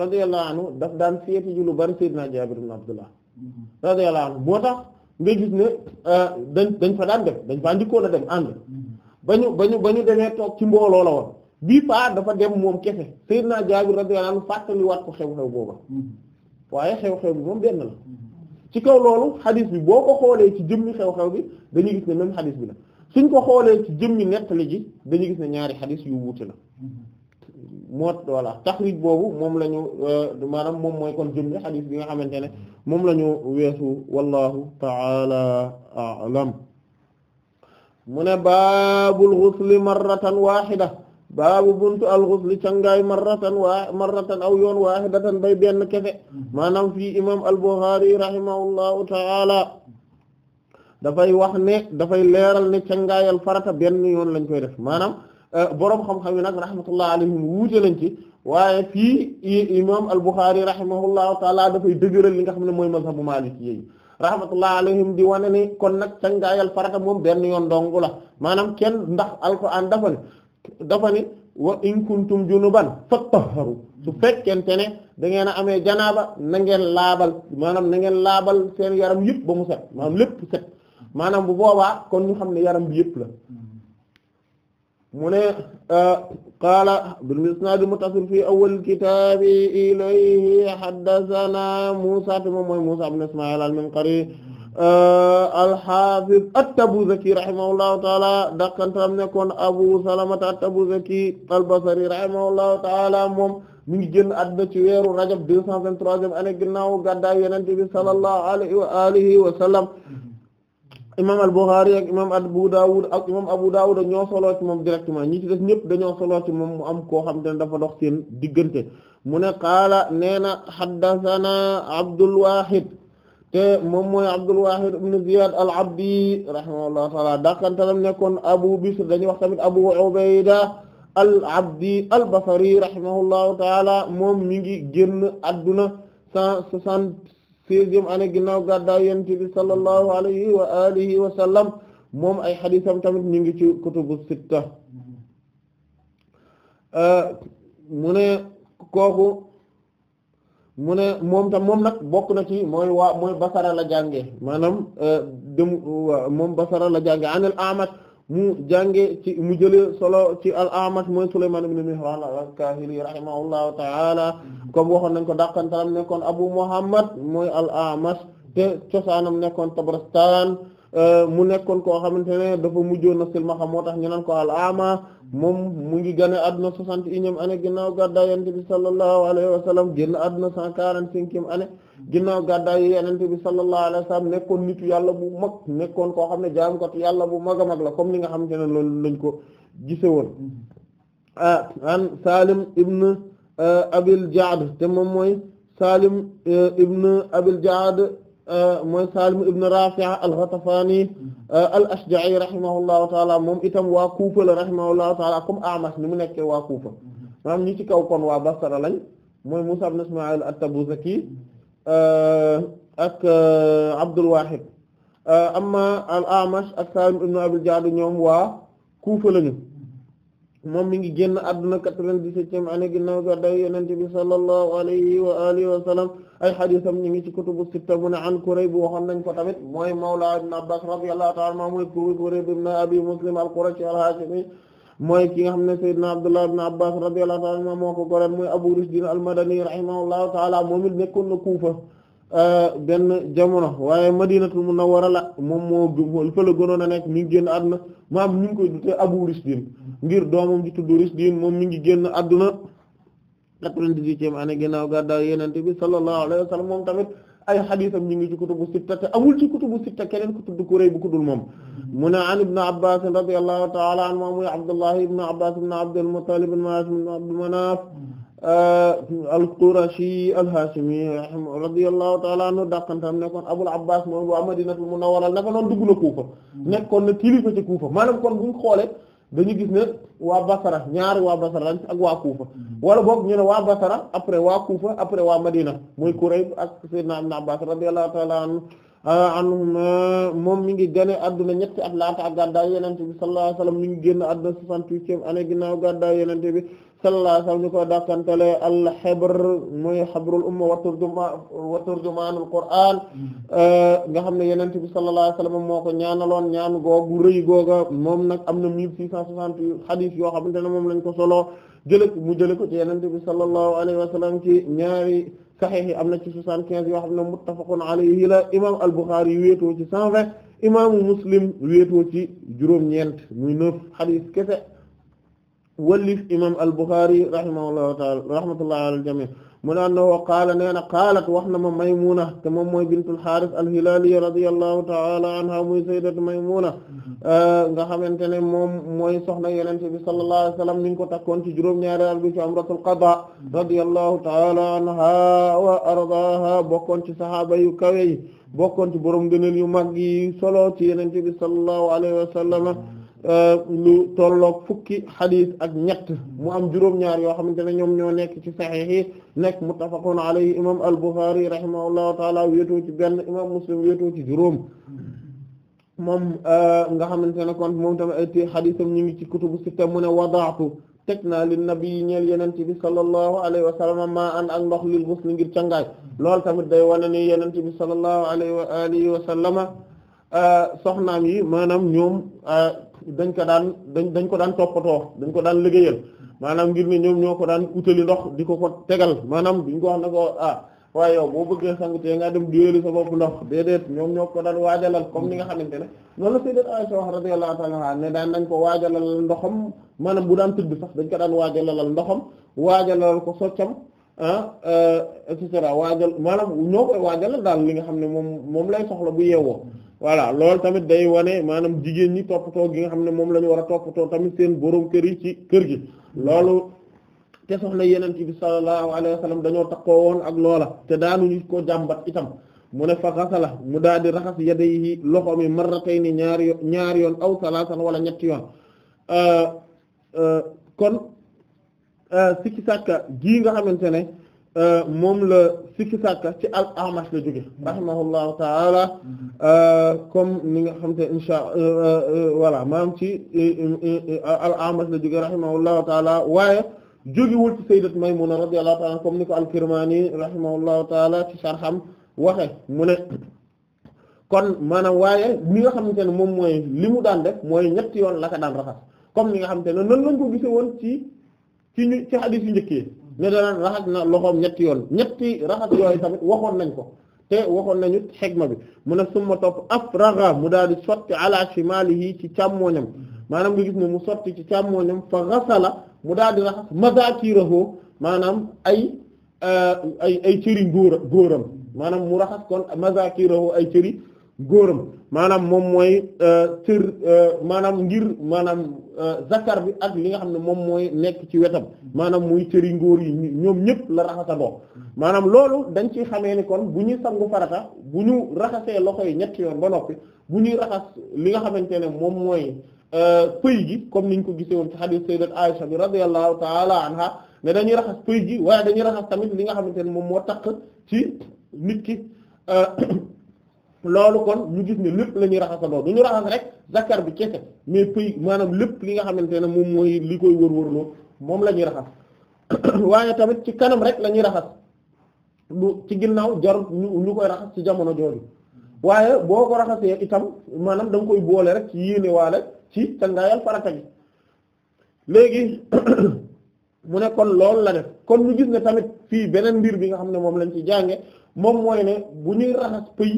radiyallahu anhu daf daan seeti ji lu bari Seydina Jaabir ibn Abdullah mm-hmm. radiyallahu anhu tax nga gis ne euh, dañ dañ fa daan def dañ faa njëkkoon a dem ànd mm-hmm. ba ñu ba ñu ba ñu demee toog ci mbooloo la woon bii paa dafa dem moom kese Seydina Jaabir radiyallahu anhu fàttaliwaat ko xew-xew booba mm-hmm. waaye xew-xew bi moom benn la mm-hmm. ci kaw loolu xadis bi boo ko xoolee ci jëmmi xew-xew bi dañu gis ne même xadis bi la suñ ko xoolee ci jëmmi nettali ji dañu gis ne ñaari xadis yu wuute la moo voilà taxrij boobu moom lañu euh, maanaam moom mooy kon jëmmi xadis bi nga xamante ne moom lañu ñu weesu wallahu taala alam mu ne baabul ghusli marratan wahida baabu buntu al ghusli cangaay marratan waa marratan aw yoon wahidatan bay benn kefe maanaam fii imam al Bukhari rahimahullahu taala dafay wax ne dafay leeral ne cangaayal farata benn yoon lañ koy def maanaam Euh, boroom xam-xam yi nag rahmatullah alayhim wuute nañ ci waaye fii imam al-Bukhari rahimahullahu taala dafay dëgëral li nga xam ne mooy mazhabu Maliki yi rahmatullah alayhim di wane ni kon nag cangaayal farata moom benn yoon dong la maanaam kenn ndax alquran dafa ne dafa ne wa in kuntum junuban fattaharu su fekkente ne da ngeen a amee janaaba na ngeen laabal maanaam na ngeen laabal seen yaram yëpp ba mu set maanaam lépp set maanaam bu boobaa kon ñu xam ne yaram bi yëpp la mu ne ah, qaala bil-isnaad al-muttasil fii awwal al-kitaab ilayhi haddathanaa Muusaa te moom mooy Muusaa ibn Ismaa'iil al-Minqari ah, al-Haafiz at-Tabuzaki rahimahullahu ta'ala dàqantaam nekkoon Abu Salama at-Tabuzaki al-Basri rahimahullahu ta'ala moom mi ngi génn àdduna ci weeru rajab 223e année ginnaaw gàddaay Yonent bi sallallahu alayhi wa alihi wa sallam imam al-Bukhari ak imam Abu Dawud ak imam Abu Dawud ak ñoo soloo moom directement ñi ci def ñëpp dañoo soloo ci moom mu am ko xam te ne dafa dox seen diggante mu ne qaala nee na haddathana Abdul Wahid te moom mooy Abdul Wahid ibn Ziyad al-Abdi rahimahullahu ta'ala dakantalam nekkoon Abu Bisr dañuy wax tamit Abu Ubayda al-Abdi al-Basri rahimahullahu ta'ala moom mi ngi génn adduna cent seizième année ginnaaw gàddaay yonent bi sallallahu alayhi wa alihi wa sallam moom ay xadisam tamit ñu ngi ci kutubu sitta mu ne kooku mu ne moom tam moom nag bokk na ci mooy waa mooy basara la jànge maanaam dem moom basara la jànge anil mu jànge ci mu jëlee solo ci al-A'mash mooy Sulaymaan ibn Mihraan al-Kaahili rahimahullahu ta'ala comme waxoon nañ ko dàqantaram nekkoon Abu Muhammad mooy al-A'mash te cosaanam nekkoon Tabaristaan euh, mu nekkoon koo xamante ne dafa mujjoon na silmaxa moo tax ñu ko al-A'ma moom mu ngi gane àdduna soixante et unième année ginnaaw gàddaay Yonent bi sallallahu alayhi wa sallam génn àdduna cent quarante-cinquième année ginnaaw gàddaayu yonent bi sallallahu alayhi nekkoon nitu yàlla bu mag nekkoon koo xam ne jaamukatu yàlla bu mag a mag la comme ni nga xam ne loolu lañ ko gise woon mm-hmm. ah, an Salim ibn eh, Abil Jaad te moom mooy Salim eh, ibn Abil Jaad eh, mooy Salim ibn Rafi' al-Ghatafani mm-hmm. al-Ashja'i rahimahullahu taala moom itam waa Kuufa la rahimahullahu taala comme Amash ni mu nekkee waa Kuufa mm-hmm. maanaam ñi ci kaw kon waa Basra lañ mooy Musa ibn Isma'il at-Tabuzaki Euh, ak euh, Abdul Wahid euh, amma al Amash ak Salim ibn Abil Ja'd ñoom waa Kufa lañu moom mi ngi génn àdduna quatre-vingt-dix-septième année ginnaaw gàddaay Yonent bi sallallahu alayhi wa alihi wa sallam ay hadiisam ñu ngi ci kutubu sitta mu ne an Kurayb bu waxoon nañ ko tamit mooy mawla ibn Abbas radiyallahu ta'ala anhu mooy Kurayb ibn Abi Muslim al-Qurashi al-Hashimi mooy ki nga xam ne Seydina Abdullah ibn Abbas radiyallahu ta'ala anhuma moo ko goran mooy Abu Rushdin al moom it nekkoon na Kufa euh, benn jamono waaye Madinatul Munawwara la moom moo fa la gënoon a nekk mi ngi génn àdduna maam ñu ngi koy dutee Abu Rushdin ngir doomam ji tudd Rushdin moom mi ngi génn àdduna quatre-vingt-dix-huitième année ginnaaw gàddaay Yonent bi sallallahu alayhi wa moom tamit ay xadiisam ñu ngi ci kutubu sitta te amul ci kutubu sitta keneen ku tudd ku rëy bu ku dul moom mu ne an ibn abbas radiyallahu ta'ala anhuma muy abdullah ibn abbas ibn abdul muttalib ibn hashim ibn abd manaf euh, al-qurashi al-hashimi radiyallahu ta'ala anhu dàqantam nekkoon abul abbas moom bu madinatul munawwara naka noon dugg na kuufa nekkoon na kilifa ci kuufa maanaam kon buñ xoolee dañu gis ne waa Basra ñaari waa Basra lañ ak waa Kufa wala boog ñu ne waa Basra après waa Kufa après waa Madina mooy Kurayb ak Sayyidina Ibn Abbas radiyallahu ta'ala anhu ah, anhuma ah, moom mi ngi gane adduna ñetti at laata ak gàddaay yenente bi sallallahu alayhi wasallam mi ngi génn adduna soixante-huitième année ginnaaw gàddaay yenente bi sallallahu alayhi wa sallam ñu koy dàkkantele alxebr muy xabrul umma wa turjuma wa turjumaanul qur'aan mm. nga xam ne yenente bi sallallahu alayhi wa moo ko ñaanaloon ñaan googu rëy googa moom nag am na mille six cent soixante xadiis yoo xamante ne moom lañ ko solo jële mu jële ko ci yenente bi sallallahu alayhi wa sallam ci ñaari saxiix yi am na ci soixante-quinze yoo xam ne muttafaqun alayhi la imam al-Bukhari y wéetoo ci cent vingt imaamu Muslim wéetoo ci juróom-ñeent muy neuf xadiis kese wallif imam al-Bukhari rahimahullahu ta'ala rahmatullahi ala al-jami' mu ne annahu qaala nee na qaalat wax na ma Maymuna te moom mooy bintul Haaris al-Hilaali radiyallahu ta'ala anha muy sayyidatu Maymuna euh, nga xamante ne moom mooy soxna Yonent bi sallallahu alayhi wa sallam ni ñu ko takkoon ci juróom-ñaareel bi ci umratul qadaa radiyallahu ta'ala anha wa ardaaha bokkoon ci saxaaba yu kawe yi bokkoon ci borom gënal yu mag yi solo ci Yonent bi sallallahu alayhi wa sallam Euh, lu tolloog fukki xadis ak ñett mu am juróom-ñaar yoo xamante ne ñoom ñoo nekk ci saxiix yi nekk muttafaqun alayhi imam al-Bukhari rahimahullahu taala wéetoo ci benn imam Muslim wéetoo ci juróom moom euh, nga te ne kon moom tamit ay té xadisam ñu ngi ci kutubu sitta mu ne wadaatu teg naa li nabi ñeel yenente bi sallallahu alayhi wa sallam ma an ak ndox lil muslim ngir cangaay loolu tamit day wane ni yenente bi sallallahu alayhi wa alihi wa sallama euh, soxnaam yi maanaam ñoom dañ ko daan dañ dañ ko daan toppatoo dañ ko daan liggéeyal maanaam ngir ne ñoom ñoo ko daan utali ndox di ko ko tegal maanaam duñ ko wax ne ko ah waaye yow boo bëggee sangu te nga dem déeli sa bopp ndox déedéet ñoo ko daan waajalal comme ni nga ne noonu la sayyidat Aisha wax radiyallahu ta'ala anha daan nañ ko waajalalal ndoxam maanaam bu daan tëdd sax dañ ko daan waajalalal ndoxam waajalalal ko soccam ah euh, et cetera waajal maanaam ñoo koy waajalal daal li nga xam ne moom moom lay soxla bu yeewoo voilà loolu tamit day wane maanaam jigéen ñi toppatoo gi nga xam ne moom lañu ñu war a toppatoo tamit seen borom kër yi ci kër gi loolu te soxna yeneen ci bi sallallahu alayhi wa dañoo takkoo woon ak loola te daanuñu ko jàmbat itam mu ne fa mu daal di raxas yadayhi loxo mi marratayni ñaari yoon ñaari yoon aw salaasan wala ñetti yoon euh, euh, kon euh, sikki gii nga xamante ne Euh, moom la sikki sàkka ci al amash la jóge mm-hmm. rahimahullahu taala mm-hmm. euh, comme ni nga xam te insha voilà maanaam ci euh, al amash la jóge rahimahullahu taala waaye jógewul ci sayyidat Maymuna radiyallahu taala comme ni ko al-Kirmani rahimahullahu taala ci waxe mu ne kon maanaam waaye li nga xamante ne moom mooy li mu daan def mooy ñetti yoon la ka daan raxas comme ni nga xamante ne noonu lañ ko gise woon ci ci ñu ci yu njëkkee ne danaan raxas na loxoom ñetti yoon ñetti raxas yooyu tamit waxoon nañ ko te waxoon nañu xegma bi mu ne summa topp afraga mu daal di sotti ala shimalihi ci càmmooñam maanaam nga gis ne mu sotti ci càmmooñam fa ghasala mu daal di raxas mazakirahu maanaam ay euh, ay ay cëri góor góoram maanaam mu raxas kon mazakirahu ay cëri góoram maanaam moom mooy euh, cër euh, maanaam ngir maanaam euh, zakar bi ak li nga xam ne moom mooy nekk ci wetam maanaam muy cëri ngóor yi ñoom ñëpp la raxasandoo maanaam loolu dañ ciy xamee ni kon bu ñuy sangu farata bu ñu raxasee loxo yi ñetti yoon ba noppi bu ñuy raxas li nga xamante ne moom mooy pëy gi comme niñ ko gisee woon ci hadith sayyidat Aisha bi radiyallahu ta'ala anha ne dañuy raxas pëy gi waaye dañuy raxas tamit li nga xamante ne moom moo takk ci nit ki loolu kon ñu gis ne lépp la ñuy raxasandoo du ñu raxas rek zakar bi kese mais pëy maanaam lépp li nga xamante ne moom mooy li koy wër-wërloo moom la ñuy raxas waaye tamit ci kanam rek la ñuy raxas ci ginnaaw jarut ñu ñu koy ci jamono jooju waaye boo ko raxasee itam maanaam da koy boole rek ci yéene waale ci cangaayal farata gi léegi mu ne loolu la kon ñu gis ne tamit fii beneen mbir bi nga xam ne moom lañ ci jànge moom mooy ne bu ñuy raxas pëy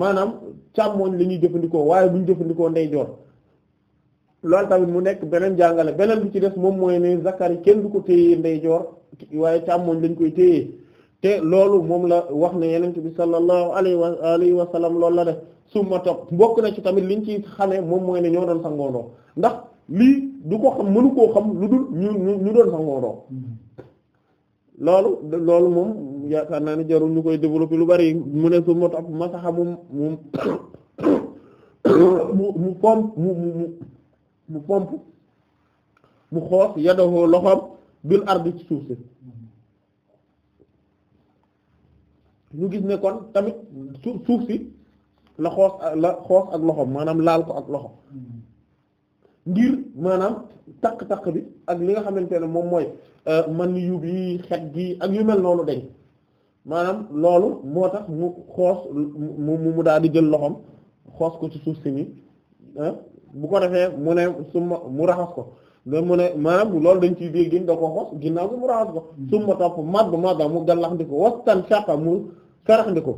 maanaam càmmooñ la ñuy jëfandikoo waaye bu ñu jëfandikoo ndeyjoor loolu tamit mu nekk beneen jàngale beneen bi ci def moom mooy ne zakar yi kenn du ko téye ndeyjoor waaye càmmooñ lañ koy téye te loolu moom la wax ne yenent bi sallallahu alayhi wa alihi wa sallam loolu la def suma topp bokk na ci tamit liñ ci xamee moom mooy ne ñoo doon sangoondoo ndax lii du ko xam mënu koo xam lu dul ñu ñu doon sangoondoo mm-hmm. loolu loolu moom yaakaar naa ne jarul ñu koy développer lu bari mu ne su ma topp masaxa mu mu mu mu pompe mu mu mu pompe mu xoos yadahoo loxoom bil ardi ci suuf si gis ne kon tamit suuf si la xoos la xoos ak loxoom maanaam laal ko ak loxo ngir maanaam takk-takk bi ak li nga xamante ne moom mooy euh, man yu bi xet gi ak yu mel noonu dañ maanaam loolu moo tax mu xoos mu mu daal di jël loxoom xoos ko ci suuf si nii ah, bu ko defee mu ne suma mu raxas ko da mu ne maanaam loolu dañ ciy dégg gin da ko xoos ginnaaw bi mu raxas ko suma topp madd madda mu gallax ndi ko wastan sàqa mu sarax ndi ko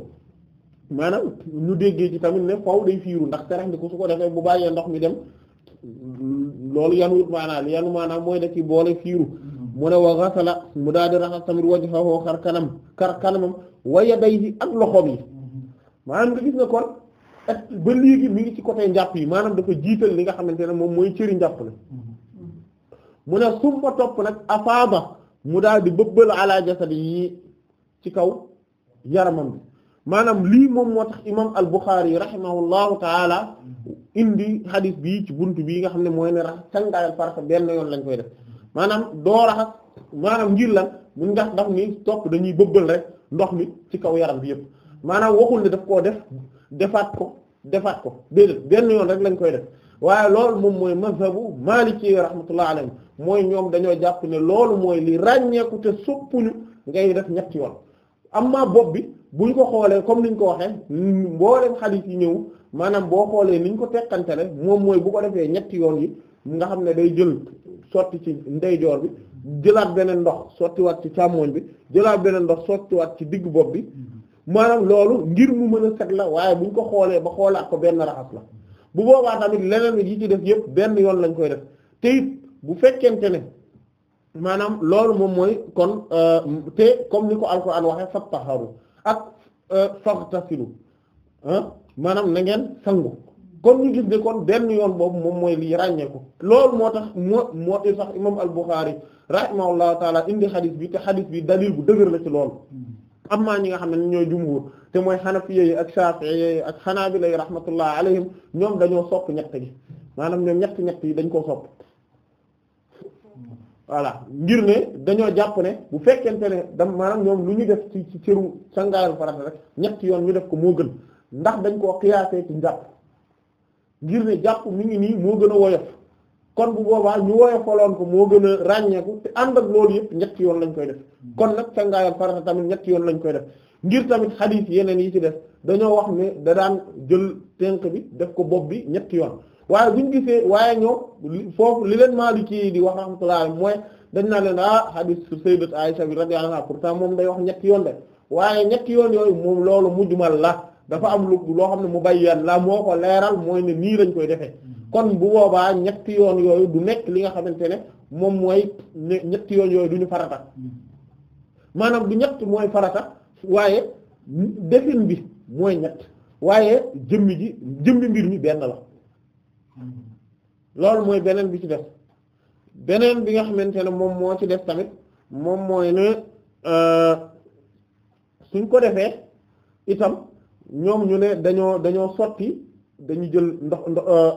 maanaam ñu déggee ci tamit ne faw day fiiru ndax sarax ndi ko su ko defee bu bàyyee ndox mi dem loolu yan wut maanaam yanu maanaam mooy da ci boole fiiru mu ne wa mu daal di raxas tamit wajhahu xar kanam xar kanamam wa yadayhi ak loxoom yi maanaam nga gis ne kon ba léegi mi ngi ci côté njàpp yi maanaam dafa jiital li nga xamante ne moom mooy cëri njàpp la mu topp nag afaaba mu daal di bëbbal ala jasadi yi ci kaw yaramam lii moom moo tax imam al-Bukhari rahimahullahu taala indi hadith bii ci bunt bii nga xam ne mooy ne rax cangaayal farata benn yoon lañ koy def maanaam doo raxas maanaam ngir lan mu ndax ndax ni topp dañuy bëbbal rek ndox mi ci kaw yaram bi yëpp maanaam waxul ne daf koo def defaat ko defaat ko déedéet benn yoon rek lañ koy def waaye loolu moom mooy mazhabu maliki rahmatullah alayhi mooy ñoom dañoo jàpp ne loolu mooy li ràññeeku te soppuñu ngay def ñetti yoon am amma bopp bi buñ ko xoolee comme niñ ko waxee mboolem xadiis yi ñëw maanaam boo xoolee niñ ko tekkantele moom mooy bu ko defee ñetti yoon yi nga xam ne day jël sotti ci ndeyjoor bi jëlaat beneen ndox sottiwaat ci càmmoñ bi jëlaat beneen ndox sottiwaat ci diggu bopp bi maanaam loolu ngir mu mën a set la waaye buñ ko xoolee ba xoolaat ko benn raxas la bu boobaa tamit leneen yi ci def yëpp benn yoon lañ koy def te bu fekkente ne maanaam loolu moom mooy kon euh, te comme ni ko alxuraan waxee fattaharu ak euh, faxtasilu ah, maanaam na ngeen sangu kon ñu gis ne kon benn yoon boobu moom mooy lii ràññeeku lool moo tax moo moo tax sax imaam al-Bukhari rahimahullahu taala indi xadis bi te xadis bi dalil bu dëgër la ci loolu hmm. am na ñi nga xam ne ñooy jumhur te mooy xanafiye yi ak shafi'iye yi ak xanaabila yi rahmatullah alayhim ñoom dañoo sopp ñett gi maanaam ñoom ñett ñett yi dañ koo sopp voilà ngir ne dañoo jàpp ne bu fekkente ne dam maanaam ñoom lu ñu def ci ci cëru sangaaru farata rek ñett yoon ñu def ko moo gën ndax dañ koo xiyaasee ci ngir ne jàpp mi ngi nii moo gën a woyof kon bu boobaa ñu woyofaloon ko moo gën a ràññeeku te ànd ak loolu yëpp ñetti yoon lañ koy def kon nag cangaayal farata tamit ñetti yoon lañ koy def ngir tamit xadiis yeneen yi ci def dañoo wax ne da daan jël tenk bi def ko bopp bi ñetti yoon waaye buñ gisee waaye ñoom foofu li leen Maliki di wax rahmatullah mooy dañ naa leen ah xadiis su sayyidat Aisha bi radiyallahu anha pourtant moom day wax ñetti yoon de waaye ñetti yoon yooyu moom loolu mujjumal la dafa am lu loo xam ne mu bayyan la moo ko leeral mooy ne nii lañ koy defee mm-hmm. kon bu boobaa ñetti yoon yooyu du nekk li nga xamante ne moom mooy ñetti yoon yooyu du ñu farata mm-hmm. maanaam du ñett mooy farata waaye bi mooy waaye jëmmi ji jëmmi mbir mi benn la mm-hmm. loolu mooy beneen bi ci def beneen bi nga xamante ne moom moo ci def tamit moom mooy ne euh, suñ ko defee itam ñoom ñu ne dañoo dañoo sotti dañu jël ndox ndox euh,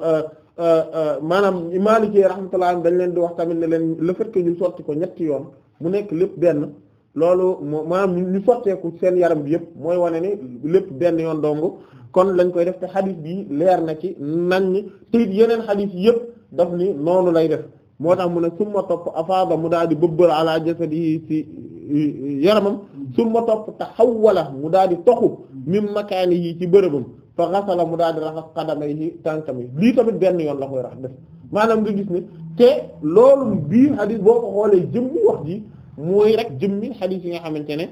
euh, euh, maanaam maalikee rahmatullah dañu leen di wax tamit ne leen le fait ñu sotti ko ñetti yoon mu nekk lépp benn loolu moo maanaam ñu sotteeku seen yaram bi yëpp mooy wane ni lépp benn yoon dong kon lañ koy def te xadis bi leer na ci nañ te tiit yeneen xadis yëpp daf ni noonu lay def moo tax mu ne summa topp afaada mu daal di bëbbal ala jasadihi ci yaramam summa topp tahawwala mu daal di toxu min makaani yi ci bërëbam fa xasala mu daal di raxas xadamay yi tànkam yi lii tamit benn yoon la koy rax def maanaam nga gis ne te loolu bii xadis boo ko xoolee jëmmi wax ji mooy rek jëmmi xadis yi nga xamante ne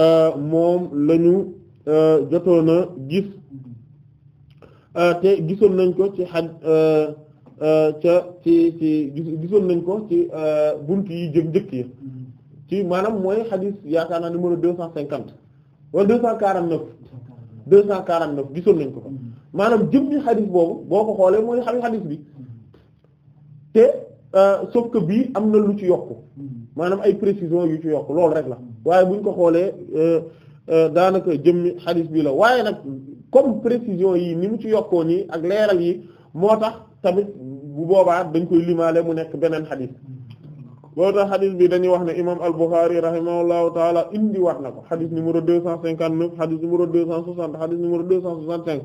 euh, moom la ñu euh, jotoon gis euh, te gisoon nañ ko ci xaj ca ci ci gisoon nañ ko ci bunt yi jëkk yi ci maanaam mooy xadis yaakaar naa numéro deux cent cinquante wala deux cent quarante neuf deux cent quarante neuf gisoon nañ ko fa mm-hmm. maanaam jëmmi xadis boobu boo ko xoolee mooy xam xadis bi mm-hmm. te euh, sauf bii am na lu ci yokku mm-hmm. maanaam ay précision yu ci yokku loolu rek la waaye buñ ko xoolee euh, euh, daanaka jëmmi xadis bi la waaye nag comme précision yi ni mu ci yokkoo nii ak leeral yi moo tax tamit bu boobaa dañ koy limaale mu nekk beneen xadis boo tax xadis bi dañuy wax ne imam al-Bukhari rahimahullahu taala indi waat na ko xadis numéro deux cent cinquante neuf xadis numéro deux cent soixante xadis numéro deux cent soixante cinq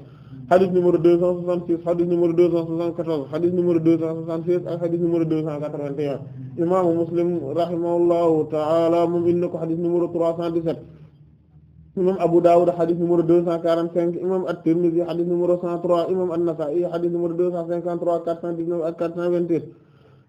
xadis numéro deux cent soixante six xadis numéro deux cent soixante quatorze xadis numéro deux cent soixante six ak xadis numéro deux cent quatre vingt et un imaamu Muslim rahimahullahu taala moom indi na ko xadis numéro trois cent dix-sept imam Abu Dawud xadis numéro deux cent quarante cinq imam at-Tirmidhi xadis numéro cent trois imam an-Nasa'i xadis numéro deux cent cinquante trois quatre cent dix-neuf ak quatre cent vingt-huit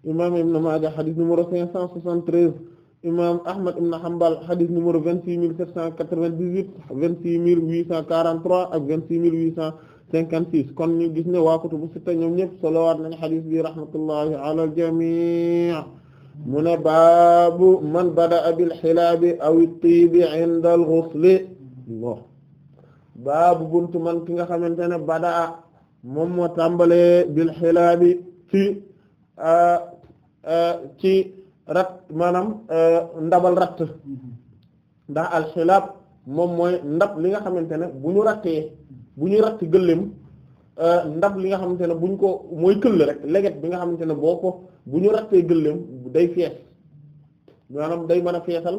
imam ibn Maaja xadis numéro cinq cent soixante-treize imam Ahmad ibn Hanbal xadis numéro vingt-six mille sept cent quatre-vingt-dix-huit vingt-six mille huit cent quarante-trois ak vingt-six mille huit cent cinquante-six kon ñu gis ne waa kutubu sitta ñoom ñëpp solowaat nañ xadis bi rahmatullahi ala jamii mu ne baabu man bada'a bil xilaabi aw at-tiibi inda al-ghusli baabu buntu man ki nga xamante ne bada'a moom moo tàmbalee bil xilaabi ci Euh, euh, ci rat maanaam euh, ndabal ratt mm-hmm. ndax alxilaab moom mooy ndab li nga xamante ne bu ñu rattee bu ñuy ratt gëléem ndab li nga xamante ne buñ ko mooy këll rek leget bi nga xamante ne boo ko bu ñu rattee gëléem day fees maanaam day mën a feesal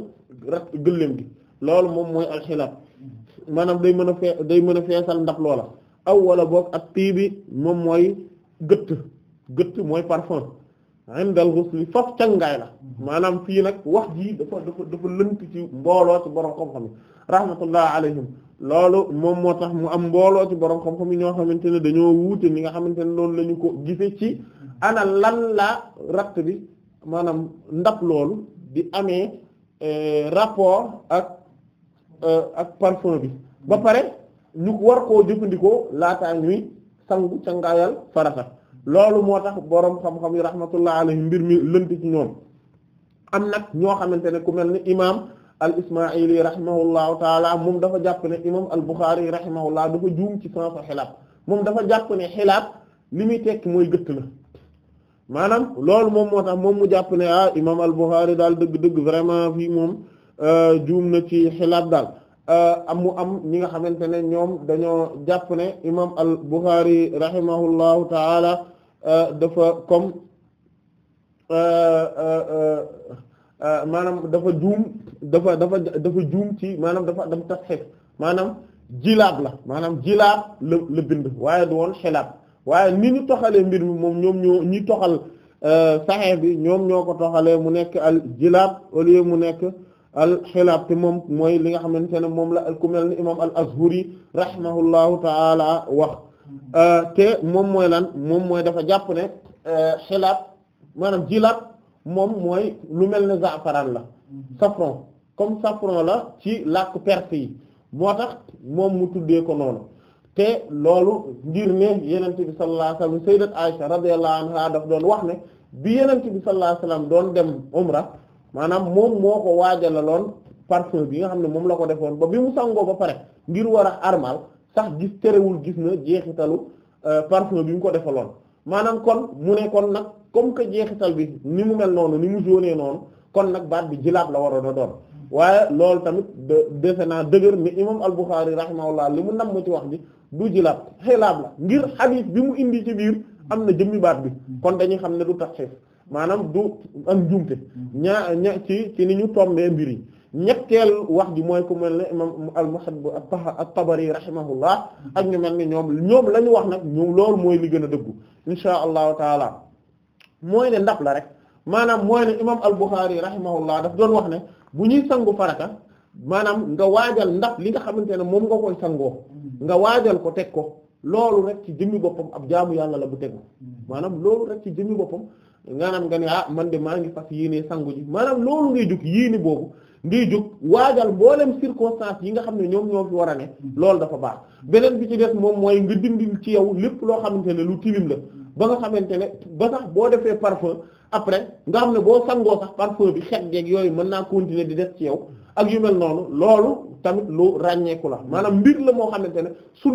rat gëléem gi loolu moom mooy alxilaab mm-hmm. maanaam day mën a fee day mën a feesal ndab loola aw wala boog ak tii bi moom mooy gët gëtt mooy parfum indal ghusli faf cangaay la mm-hmm. maanaam fii nag wax jii dafa dafa dafa lënt ci mbooloo ci borom xam-xam yi rahmatullah alayhim loolu moom moo tax mu am mbooloo ci borom xam-xam yi ñoo xamante ne dañoo wuute ñi nga xamante ne loolu la ñu ko gisee ci mm-hmm. ana lan la ratt bi maanaam ndab loolu di amee eh, rapport ak eh, ak parfum bi ba mm-hmm. pare ñu war koo jëfandikoo laataa ñuy sangu cangaayal farata loolu moo tax boroom xam-xam yi rahmatullah alayhi mbir mi lënt ci ñoom am nag ñoo xamante ne ku mel ni imaam al ismaili rahimahullahu taala moom dafa jàpp ne imaam al buxaari rahimahullah dafa juum ci sens xilaab moom dafa jàpp ne xilaab li muy tekki mooy gëtt la maanaam loolu moom moo tax moom mu jàpp ne ah imaam al buxaari daal dëgg-dëgg vraiment fii moom euh, juum na ci xilaab daal euh, am am ñi nga xamante ne ñoom dañoo jàpp ne imaam al buxaari rahimahullahu taala Euh, dafa comme euh, euh, maanaam dafa juum dafa dafa juum ci maanaam dafa dafa tas xef maanaam jilaab la maanaam jilaab la la bind waaye du woon xilaab waaye ni ñu toxalee mbir mi moom ñoom ñoo ñi toxal saxee bi ñoom ñoo ko toxalee mu nekk al jilaab au lieu mu nekk al xilaab te moom mooy li nga xamante ne moom la ku mel ni imaam al azhuri rahimahullahu taala wax Euh, te moom mooy lan moom mooy dafa jàpp ne euh, xilaat maanaam jilaat moom mooy lu mel ne zaafaraan la mhm. safran comme safran la ci làkk perse yi moo tax moom mu tuddee ko noonu te loolu ngir ne yenent bi sallallahu alayhi wasallam sayyidat Aisha radiyallahu anha daf doon wax ne bi yenent bi sallallahu alayhi doon dem umra maanaam moom moo ko waajala loon parfum bi nga xam ne moom la ko defoon ba bi mu sangoo ba pare ngir war a armal sax gis terewul gis na jeexitalu euh, parfum bi mu ko defaloon maanaam kon mu ne kon nag comme que jeexital bi ni mu mel noonu ni mu joonee noonu kon nag baat bi jilaab la waroon a doon waaye loolu tamit defe naa dëgër ni imam al-Bukhari rahimahullah li mu nam ci wax ji du jilaab xilaab la ngir xadiis bi mu indi ci biir am na jëmmi baat bi kon dañuy xam ne du tax maanaam du am njuumte mm-hmm. ña ña ci ci ni ñu tombee mbir yi ñetteel wax ji mooy ku mel ne imam al-Muhaddib at-Tabari rahimahullah ak ñu mel ni ñoom ñoom la ñu wax nag ñoom loolu mooy li gën a dëggu insha allahu taala mooy ne ndab la rek maanaam mooy ne imam al-Bukhari rahimahullah daf doon wax ne bu ñuy sangu farata maanaam nga waajal ndab li nga xamante ne moom nga koy sangoo nga waajal ko teg ko loolu rek ci jëmmi boppam ab jaamu yàlla la bu tegu maanaam loolu rek ci jëmmi boppam maanaam nga ne ah man de maa ngi fas yéenee sangu ji loolu ngay jóg yéene boobu ngay jóg waajal mboolem circonstance yi nga xam ne ñoom ñoo fi war a ne loolu dafa baax beneen bi ci des moom mooy nga dindil ci yow lépp loo xamante ne lu tilim la ba nga xamante ne ba sax boo defee parfum après nga xam ne boo sangoo sax parfum bi xet geeg yooyu mën naa continuer di des ci yow ak yu mel noonu loolu tamit lu ràññeeku la maanaam mbir la moo xamante ne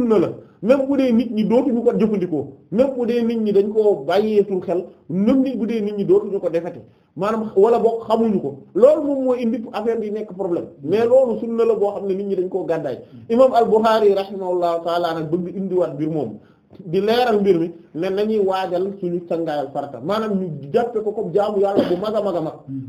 na la même bu dee nit ñi dootuñu ko jëfandikoo même bu dee nit ñi dañ koo bàyyeetul xel même bu dee nit ñi dootuñu ko defati maanaam wala boog xamuñu ko loolu moom moo indi affaire bi nekk problème mais loolu sunna la boo xam ne nit ñi dañ koo gàddaay imam al-Bukhari rahimahullahu taala nag bëgg indiwaat mbir moom di leeral mbir mi ne nañuy waajal suñu cangaayal farata maanaam ñu jàppe ko comme jaamu yàlla bu mag a mag a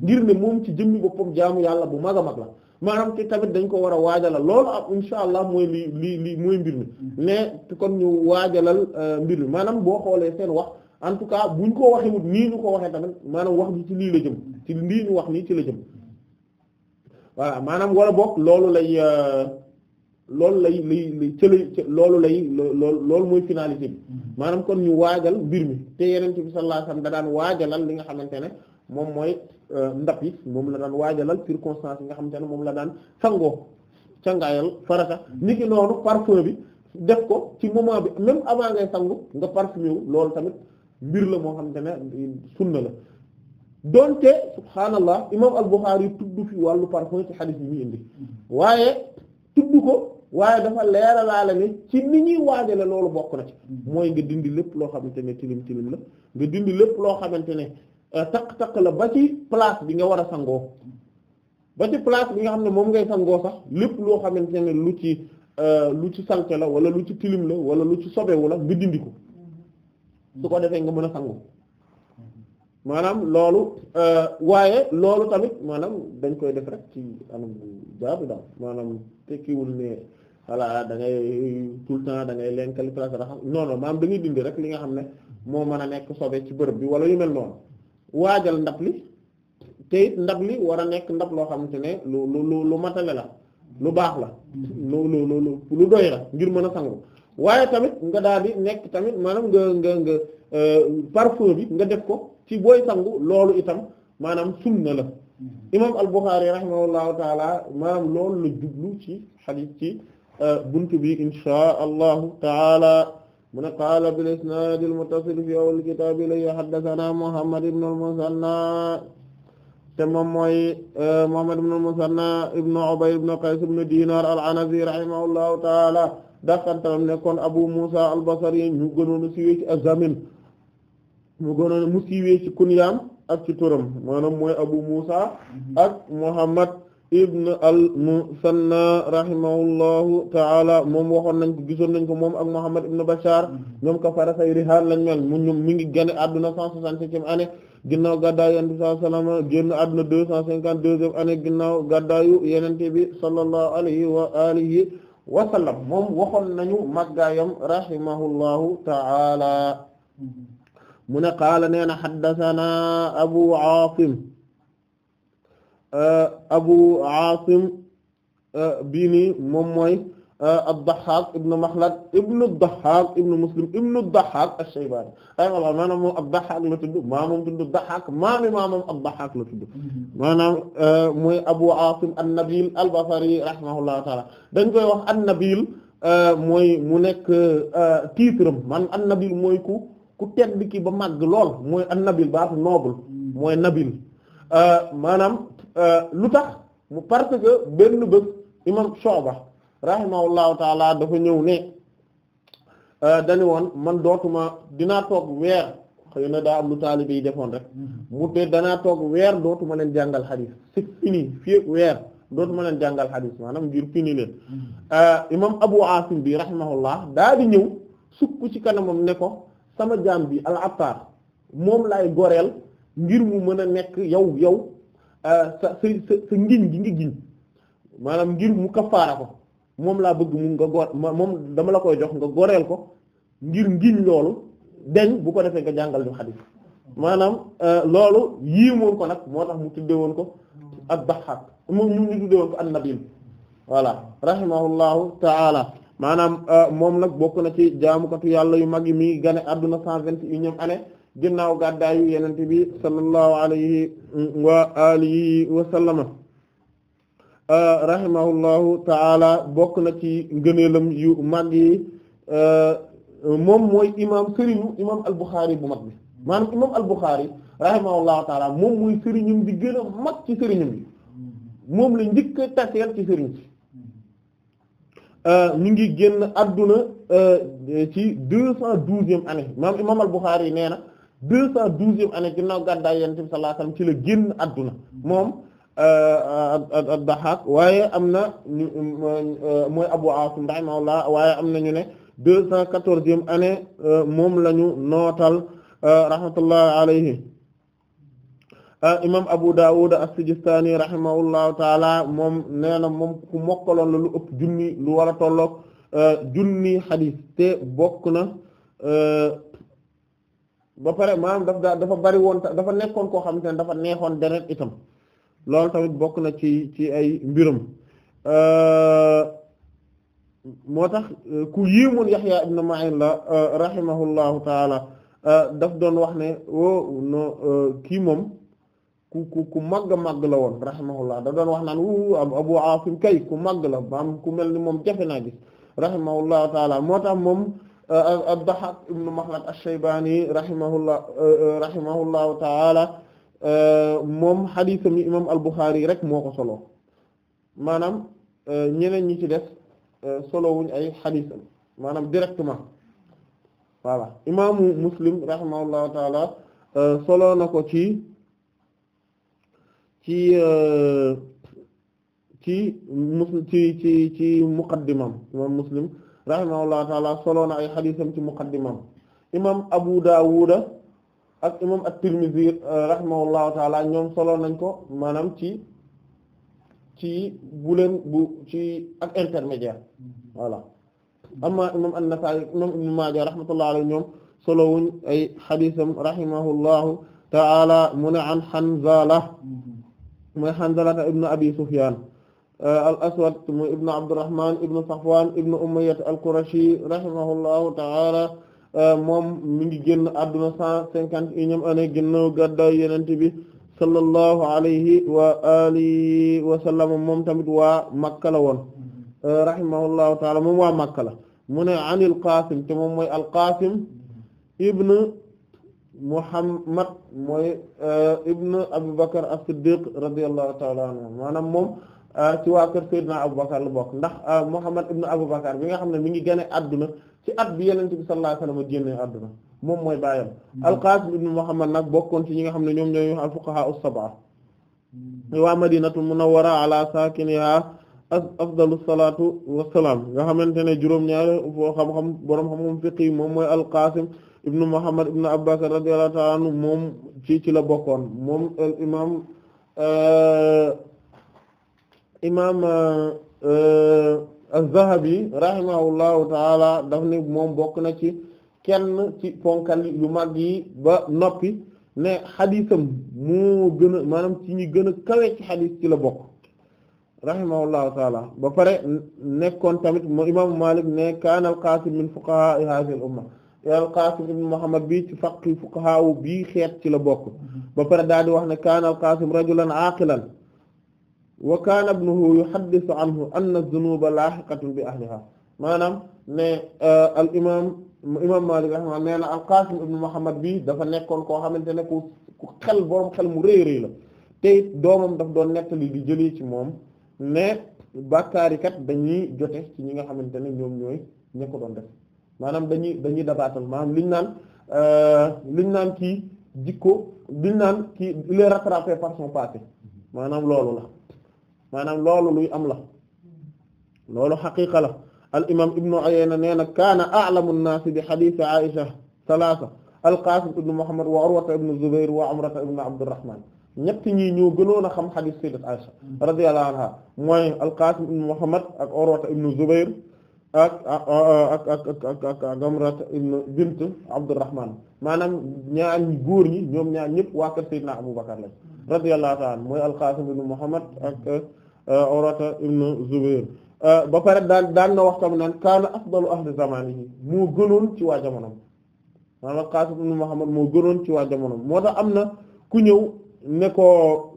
ngir ne moom ci jëmmi boppam jaamu yàlla bu mag a mag la maanaam te tamit dañ ko war a waajalal loolu ab insha allah mooy lii lii lii mooy mbir mi mais kon ñu waajalal euh, mbir mi maanaam boo xoolee seen wax en tout cas buñ ko waxee wut nii ñu ko waxee tamit maanaam wax bi ci lii la jëm ci lii ñu wax nii ci la jëm voilà maanaam wala bokk loolu lay euh, loolu lay lay cëlay loolu lay loolu mooy finalité bi mm-hmm. maanaam kon ñu waajal mbir mi te yenente bi sallallahu alayhi wasallam da daan waajalal li nga xamante ne moom mooy euh, ndap yi moom la daan waajalal circonstance yi nga xamante ne moom la daan sangoo cangaayal farata mm-hmm. niki noonu parfum bi def ko ci moment bi même avant ngay sangu nga parfumé wu loolu tamit mbir la moo xam te ne sunna la donte subhaanallah imam al-Bukhari tudd fi wàllu parfum ci xadis bi mu indi waaye tudd ko waaye dafa leeralaale ne ci ni ñuy waajale loolu bokk na ci mooy nga dindi lépp loo xamante ne tilim tilim la nga dindi lépp loo xamante ne euh, taq-taq la ba ci place bi nga war a sangoo ba ci place bi nga xam ne moom ngay sangoo sax lépp loo xamante ne lu ci euh, lu ci sànq la wala lu ci tilim la wala lu ci sobewu la nga dindi ko su ko defee nga mën a sangu maanaam loolu euh, waaye loolu tamit maanaam dañ koy def rek ci anam bu jaadu daal maanaam tekkiwul ne voilà da ngay tout le temps da ngay leen kali place raxas non non maanaam da ngay dindi rek li nga xam ne moo mën a nekk sobe ci bërëb bi wala yu mel noonu waajal ndab li te it ndab li war a nekk ndab loo xamante ne lu lu lu matale la lu baax la lu lu lu lu doy la ngir mën a sangu waaye tamit nga daal nekk tamit maanaam nga nga nga euh, parfum bi nga def ko ci booy sangu loolu itam maanaam sunna la mm-hmm. imam al-Bukhari rahimahullahu taala maanaam loolu la jublu ci xadis ci euh, buntu bi inshaa allahu taala mu qaala bil isnaad al muttasil fi awwal kitaab ilayhi haddathana Muhammad ibn al te moom mooy euh, Muhammad ibn al ibn Ubayd ibn Qays ibn Dinar al-Anazi rahimahullahu taala dakantalam nekkoon Abu Musa al-Basri ñu gënoon a siiwee ci az-Zamin mu gënoon mu siiwee ci kunyaam ak ci turam maanaam mooy Abu Musa ak Muhammad ibn al-Musanna rahimahullahu ta'ala moom waxoon nañ ko gisoon nañ ko moom ak Muhammad ibn Bashar ñoom ka fara say rihaan lañ mel mu ñoom mi ngi génn àdduna cent soixante-septième année ginnaaw gàddaayu yonent bi sallallahu alayhi wa sallam génn àdduna deux cent cinquante-deuxième année ginnaaw gàddaayu yonent bi sallallahu alayhi wa alihi wasallam moom waxoon nañu màggaayam rahimahullahu ta'ala mu ne qaala nee na xaddathana abu aasim abu aasim bii nii moom mooy ad-Dahhaak ibn Makhlad ibn ad-Dahhaak ibn Muslim ibn ad-Dahhaak ash-Shaybaani aywa maanaam moom ad-Dahhaak la tudd maamam tudd ad-Dahhaak maami maamam ad-Dahhaak la tudd maanaam mooy Abu Aasim an-Nabiil al-Basri rahimahullahu ta'aala dañ koy wax an-Nabiil mooy mu nekk titre am man an-Nabiil mooy ku ku tedd ki ba màgg lool mooy an-Nabiil baatu noble mooy Nabiil maanaam lu tax mu parce que benn bés imam Shu'ba rahimahullahu taala dafa ñëw ne euh, dañu man dootuma dinaa toog weer xëy na daa am lu taalibe yi defoon rek mu te danaa toog weer dootuma leen jàngal xadiis weer dootuma leen jàngal xadiis maanaam ngir fini leen euh, imam Abu Asim bi rahimahullah daa di ñëw sukk ci kanamam ne ko sama jaam bi al Attar moom laay goreel ngir mu mën a nekk yow yow euh, sa sa sa ngiñ gi ngi giñ maanaam ngir mu kafaara ko moom laa bëgg mu nga gor moom dama la koy jox nga goreel ko ngir ngiñ loolu deñ bu ko defee nga jàngal ñu xadis maanaam euh, loolu yiimoon ko nag moo tax mu tuddewoon ko ak daxaak moom ñu ñu tuddewoon ko an nabil voilà rahimahullahu taala maanaam euh, moom nag bokk na ci jaamukatu yàlla yu mag yi mi gane adduna cent vingt et unième année ginnaaw gàddaayu yenente bi sallallahu alayhi wa alihi wa sallama Euh, rahimahullahu taala bokk na ci ngëneelam yu mag yi euh, moom mooy imaam sëriñu imaam al-Bukhari bu mag bi maanaam imaam al-Bukhari rahimahullahu moom mooy sëriñum di gën a mag ci sëriñum bi moom la njëkk a taseel ci sëriñ ci ñu euh, ngi génn adduna ci deux cent douzième année maanaam imaam al-Bukhari nee na deux cent douzième année ginnaaw gàddaay Yonent bi sallallahu alayhi wasallam ci la génn adduna moom ad-Dahhak waaye am na mooy Abu Asim rahimahullah waaye am na ñu ne deux cent quatorzième année moom lañu nootal rahmatullah alayhi imam Abu Dawud as-Sijistani rahimahullahu taala moom nee na moom ku mokkaloon la lu ëpp junni lu war a tolloog junni xadis te bokk na ba pare maanaam daf dafa bari woon dafa nekkoon koo xamante ne dafa neexoon deret itam loolu tamit bokk na ci ci ay mbiram moo tax ku yéemoon Yaxya ibn Ma'in la rahimahullahu taala daf doon wax ne kii moom ku ku ku màgg màgg la woon rahimahullah daf doon wax naan wu Abu Aasim kay ku màgg la ku mel ni moom jafe naa gis rahimahullahu taala moo tax moom ad-Dahhak ibn Makhlad ash-Shaybani rahimahullah rahimahullahu taala Euh, moom xadiisam yi imam al-Bukhari rek moo ko solo maanaam euh, ñeneen ñi ci def euh, solowuñ ay xadiisam maanaam directement voilà imaamu Muslim rahimahullahu taala solo na ko ci ci ci muslim ci ci ci muqaddimam imam Muslim rahimahullahu taala solo na ay xadiisam ci muqaddimam imam Abu Dawuda ak imam at-Tirmidhi euh, rahimahullahu taala ñoom solo nañ ko maanaam ci ci bu ci ak intermédiaire voilà amma imam an imam Ibn Maaja rahmatullahi alayhi ñoom solo wuñ ay xadiisam rahimahullahu taala mu ne an Hanzala mooy Hanzala ibn Abi Sufyan euh, al aswad mu ibn Abdurrahman ibn Safwan ibn Umayyah al-Qurashi rahimahullahu taala Euh, moom mi ngi génn adduna cent cinquante et unième année ginnaaw gàddaay bi sallallahu alayhi wa alihi wa sallam moom tamit waa Makka la woon mm-hmm. euh, rahimahullahu moom waa Makka la mu ne te moom mooy al-Qaasim ibn Muhammad mooy euh, ibn Abu Bakr as-Siddiq radiyallahu taala anhu maanaam moom Euh, ci waa kër Seydina Aboubacar lu bokk ndax euh, Muhammad ibn Aboubacar bi nga xam ne mi ngi gane àdduna ci at bi Yonent bi sallallahu alayhi wasallam génne adduna moom mooy baayam mm. al-Qasim ibn Muhammad nag bokkoon ci ñi nga xam ne ñoom ñooy al-fuqaha as-sab'a mm. waa Madinatul Munawwara ala sakiniha afdalu nga xamante ne juróom-ñaari boo xam moom mooy al-Qasim ibn Muhammad moom ci ci la bokkoon moom al-imam euh, imaam eh, eh, az-Zahabi rahimahullahu taala daf ni moom bokk na ci kenn ci ponkal yu mag yi ba noppi ne xadisam moo gën a maanaam ci ñi gën a kawe ci xadis ci la bokk rahimahullahu taala ba pare nekkoon tamit moo imaamu Maalik ne kaana al-Qaasim min fuqahaa haadihi al-umma al-Qaasim ibn Muhammad bi ci faqi fuqahaa bii xeet ci la bokk mm-hmm. ba pare daal di wax ne kaana al-Qaasim rajulan aaqilan wa kaana ibnuhu yuhaddisu anhu anna az-zunuba laahiqatun bi ahliha maanaam ne uh, al imaam imaam Maalik rahimahullah nee na al-Qaasim ibnu Muhammad bi dafa nekkoon koo xamante ne ku ku xel boroom xel mu rëy rëy la te doomam daf doon nettali di jëlee ci moom ne bàkkaar yi kat dañuy jote ci ñi nga xamante ne ñoom ñooy ña ko doon def maanaam dañuy dañuy dabaatal maanaam liñ naan uh, liñ naan kii jikko liñ naan kii il est rattrapé par son passé maanaam loolu la. maanaam loolu luy am la loolu xaqiqa la al imam ibnu Uyayna nee na kaana a'lamu an-naasi bi xadiisi Aisha salaasa al-Qaasim ibnu Muhammad wa Urwata ibnu Zubayr wa Amrata ibnu Abdurrahman ñett ñi ñoo gënoon a xam xadiis sayyidat Aisha radiyallahu anha mooy al-Qaasim ibnu Muhammad ak Urwata ibnu Zubayr ak ak ak ak ak ak Amrata ibn bint Abdurrahman maanaam ñaar ñu góor ñi ñoom ñaar ñëpp waa kër Seydina Abu Bakar lañ radiyallahu ta'ala mooy al-Qasim ibn Muhammad ak Urwata uh, ibn Zubair uh, ba pare daan daan na wax tam naan kaana afdalu ahli zamanihi moo gënoon ci waa jamonoom maanaam al-Qasim ibn moo gënoon ci waa jamonoom moo tax am na ku ñëw ne ko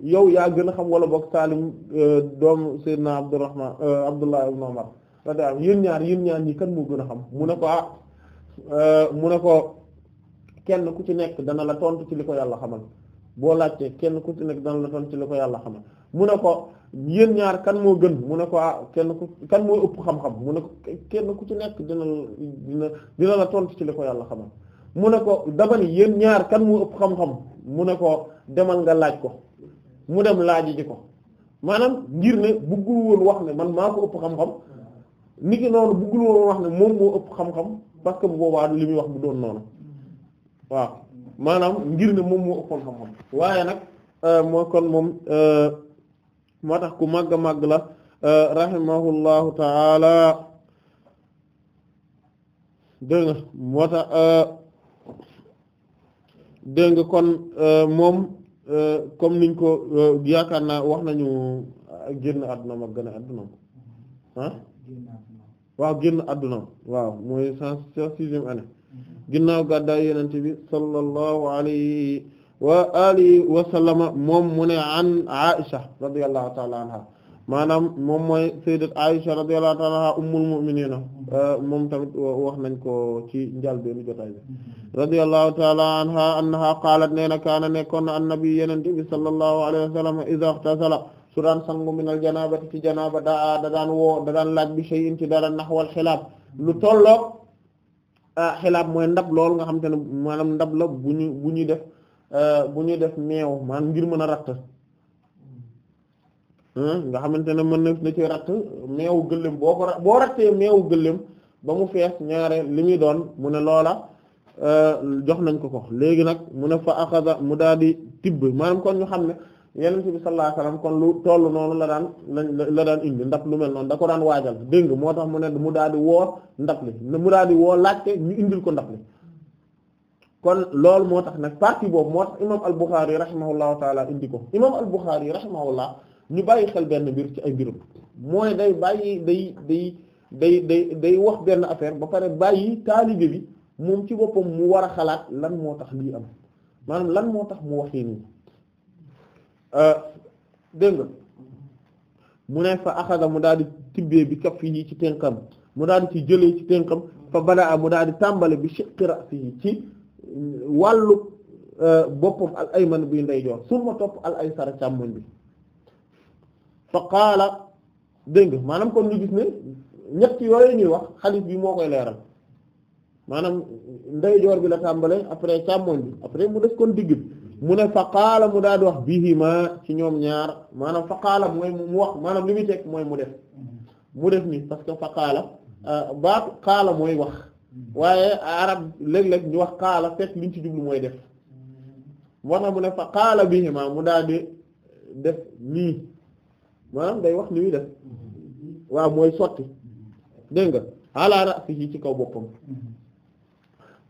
yow yaa gën a xam wala boog Salim uh, doomu Seydina Abdurrahman Abdullah ibn Umar radiyallahu yéen ñaar yéen ñaar ñi kan moo gën a xam mu ne ko ah euh, mu ne ko kenn ku ci nekk dana la tontu ci li ko yàlla xamal boo laajtee kenn ku ci nekk la tontu ci li ko yàlla xamal mu ne ko yéen ñaar kan moo gën mu ne ko ah kenn ku kan moo ëpp xam-xam mu ne ko kenn ku ci nekk dina dina dina la tontu ci li ko yàlla xamal mu ne ko dama ni yéen ñaar kan moo ëpp xam-xam mu ne ko demal nga laaj ko mu dem laaj ji ko maanaam ngir ne bëggul woon wax ne man maa ko ëpp xam-xam nit ki noonu bëggul woon wax na moom moo ëpp xam-xam parce que bu boobaa li muy wax bu doon noonu waaw maanaam ngir ne moom moo ëppoon xam-xam waaye nag euh, moo kon moom euh, moo tax ku màgg a màgg la euh, rahimahullahu taala dégg nga moo tax dégg nga kon moom comme niñ ko yaakaar na wax nañu génn àdduna ma gën a àdduna ah waaw génn adduna waaw mooy sa sixième année ginnaaw gàddaay yenente bi sallallahu alayhi wa alihi wa sallama moom mu ne an Aisha radiyallahu ta'ala anha maanaam moom mooy sayyidat Aisha radiyallahu ta'ala anha ummul mu'minina euh, moom tamit wax nañ ko ci njal benn jotaay bi radiyallahu ta'ala anha annaha qalat nee na kaana nekkoon na annabi yenente bi sallallahu alayhi wa sallama idha ightasala su daan sangu minal janaabati ci janaaba daa da daan woo da daan laaj bi shay'in ci dara naxwal xilaab lu tolloog xilaab mooy ndab loolu nga xam ne maanaam ndab la bu ñu bu ñuy def bu ñuy def meew maanaam ngir mën a ratt hmm, nga xamante ne mën na ci ratt meewu gëléem boo ko boo meewu gëléem ba mu fees ñaare li muy doon mu loola jox nañ ko ko léegi nag mu ne fa axada mu daal tibb maanaam kon ñu xam ne yenent bi sallallahu alayhi wasallam kon lu toll noonu la daan la daan indi ndax lu mel noonu da ko daan waajal dégg moo tax mu ne mu daal di woo ndab li mu daal di woo laajte ñu indil ko ndab li kon loolu moo tax nag partie boobu moo tax imam al-Bukhari rahimahullahu taala indi ko imam al-Bukhari rahimahullah ñu bàyyi xel benn mbir ci ay mbirum mooy day bàyyi day day day day day wax benn affaire ba pare bàyyi taalibe bi moom ci boppam mu war a xalaat lan moo tax lii am maanaam lan moo tax mu waxee nii Euh, dégg nga mu ne fa axada mu daal di tibbee bi kaf yi ci tënkam mu daal di ci jëlee ci tënkam fa badaa mu daal di tàmbale bi shiqqi fii ci wàllu euh, boppam al ayman bi ndeyjoor summa topp al aysara càmmoñ bi fa qaala dégg nga maanaam kon ñu gis ne ñett yooyu ñuy wax xadiis bi moo koy leeral maanaam ndeyjoor bi la tàmbale après càmmoñ bi après mu def kon digg bi mu ne fa kaala mu daal di wax bihima ci ñoom ñaar maanaam fa qaala mooy mu wax maanaam li muy teg mooy mu def mu def ni parce que fa qaala euh, baatu qaala mooy wax waaye arab léeg-léeg ñu wax kaala fekk liñ ci jublu mooy def wax na mu ne fa qaala bihima mu daal di def nii maanaam day wax li muy def mm-hmm. waaw mooy sotti dégg nga ala ci kaw boppam mm-hmm.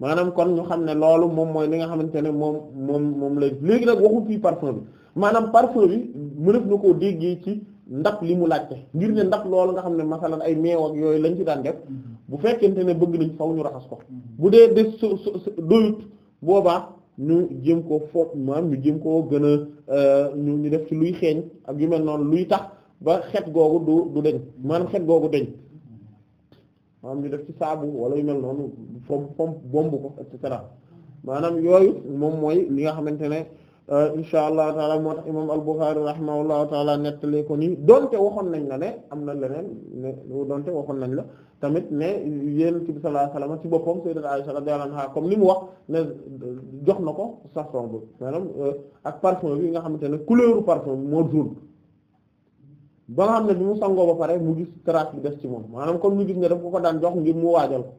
maanaam kon ñu xam ne loolu moom mooy li nga xamante ne moom moom moom la léegi nag waxu fii parfum bi maanaam parfum bi mënef na koo déggee ci ndax li mu laajte ngir ne ndax loolu nga xam ne masalan ay meew yooyu lañ ci daan def bu fekkente ne bëgg nañ faw ñu raxas ko bu dee des so doyut boobaa ñu jëm koo foog maam ñu jëm koo gën a euh, ñu ñu def ci luy xeeñ ak yu mel noonu luy tax ba xet googu du du deñ maanaam xet googu deñ maanaam ñu def ci saabu wala yu mel noonu fom fom bomb ko et maanaam yooyu moom mooy li nga xamante ne euh, insha allah taala moo tax imam al-Bukhari rahimahullahu taala nettali ko nii donte waxoon nañ la ne am na leneen ne donte waxoon nañ la tamit ne yéen ci bi sallallahu alayhi wasallam ci boppam sayyidat Aisha comme li mu wax ne jox na ko safran bi maanaam euh, ak parfum bi nga xamante ne couleur parfum bi moo ba nga xam ne bi mu sangoo ba pare mu gis trace bi des ci moom maanaam comme ñu gis ne daf ko ko daan jox ngir mu waajal ko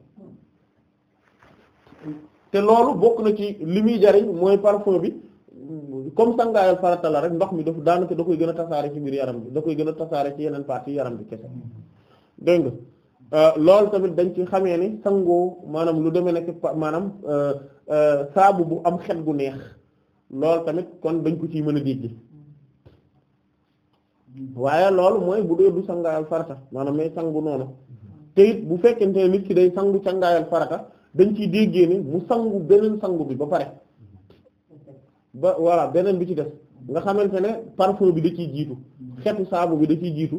te loolu bokk na ci li muy jariñ mooy parfum bi comme sangaayal farata la rek ndox mi daf daanaka da koy gën a tasaare ci biir yaram bi da koy gën a tasaare ci yeneen partie yaram bi kese dégg nga euh, loolu tamit dañ ci xamee ni sangoo maanaam lu demee nekk maanaam euh, euh, saabu bu am xet gu neex lool tamit kon dañ ko ciy mën a dégg waaye loolu mooy bu dee du sangaayal farata maanaam may sangu noonu te it bu fekkente ne nit ki day sangu sangaayal farata dañ ciy déggee ne mu sangu beneen sangu bi ba pare ba voilà beneen bi ci def nga xamante ne parfum bi da ciy jiitu xetu saabu bi da ciy jiitu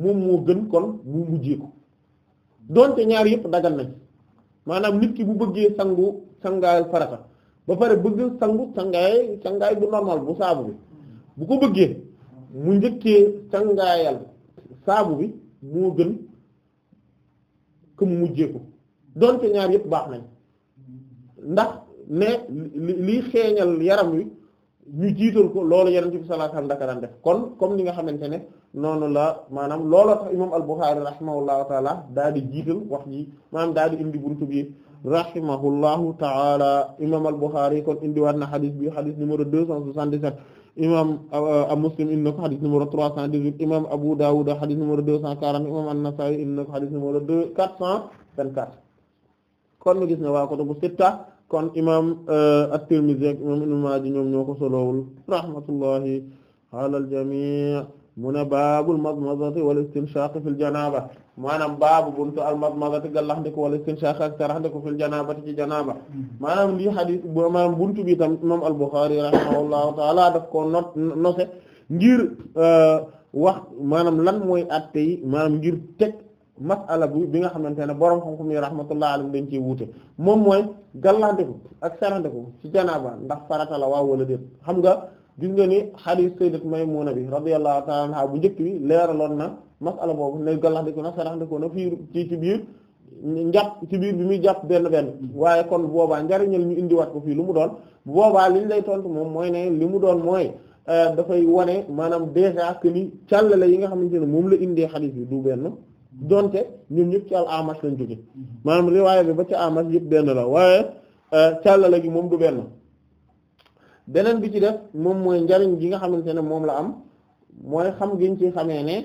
moom moo gën kon mu mujjee ko donte ñaar yëpp dagal nañ maanaam nit ki bu bëggee sangu sangaayal farata ba pare bëgg sangu sangaay sangaay bu normal bu saabu bi bu ko bëggee mu njëkkee cangaayal saabu bi mu gën que mu mujjee ko donte ñaar yëpp baax nañ ndax ne liy xeeñal yaram wi ñu jiital ko loolu yenente bi sallallahu alayhi wasallam daka daan def kon comme ni nga xamante ne noonu la maanaam looloo tax imam al-Bukhari rahimahullahu taala daa di jiital wax ji maanaam daa di indi buntu bi rahimahullahu taala imam al-Bukhari kon indiwaat na xadis bi xadis numéro deux cent soixante-dix-sept imam euh, Muslim indi na ko xadis numéro trois cent dix-huit imam Abu Dawud xadis numéro deux cent quarante imam An-Nasa'i indi na ko xadis numéro deux quatre cent vingt-quatre kon nu gis ne waa kutubu sitta kon imam euh, At-Tirmidhi ak imam Ibn ñoom ñoo ko solowul rahmatullahi ala al-jami' mu ne baabul madmadati wala istinshaq fil janaaba maanaam baabu buntu al madmadati gallaxndiku wal istinshaq ak taraxndiku fil janaabati ci janaaba maanaam lii xadis maanaam buntu bi tam imam al Bukhari rahimahullahu taala daf ko not nose ngir euh, wax maanaam lan mooy at yi maanaam ngir teg masala bi bi nga xamante ne borom xam-xam yi rahmatullah alayhi dañ ciy wuute moom mooy gallaxndiku ak taraxndiku ci janaaba ndax farata la waaw wala déet xam nga gis nga ni xadiis sayyidat Maymuna bi radiyallahu ta'ala anha bu njëkk bi leeraloon na masala boobu ne gàllax diko na sarax diko na fii ci ci biir njàpp ci biir bi muy jàpp benn benn waaye kon boobaa njariñal ñu indiwaat ko fii lu mu doon boobaa li lay tontu moom mooy ne li mu doon mooy euh, dafay wane maanaam déjà que ni càllale yi nga xamante ne moom la indee xadiis bi du benn donte ñoom ñëpp ci al Amash lañ jóge mm-hmm. maanaam riwaaya bi ba ci Amash yëpp benn la waaye euh, càllale gi moom du benn beneen bi ci def moom mooy njariñ gi nga xamante ne moom la am mooy xam giñ ci xamee ne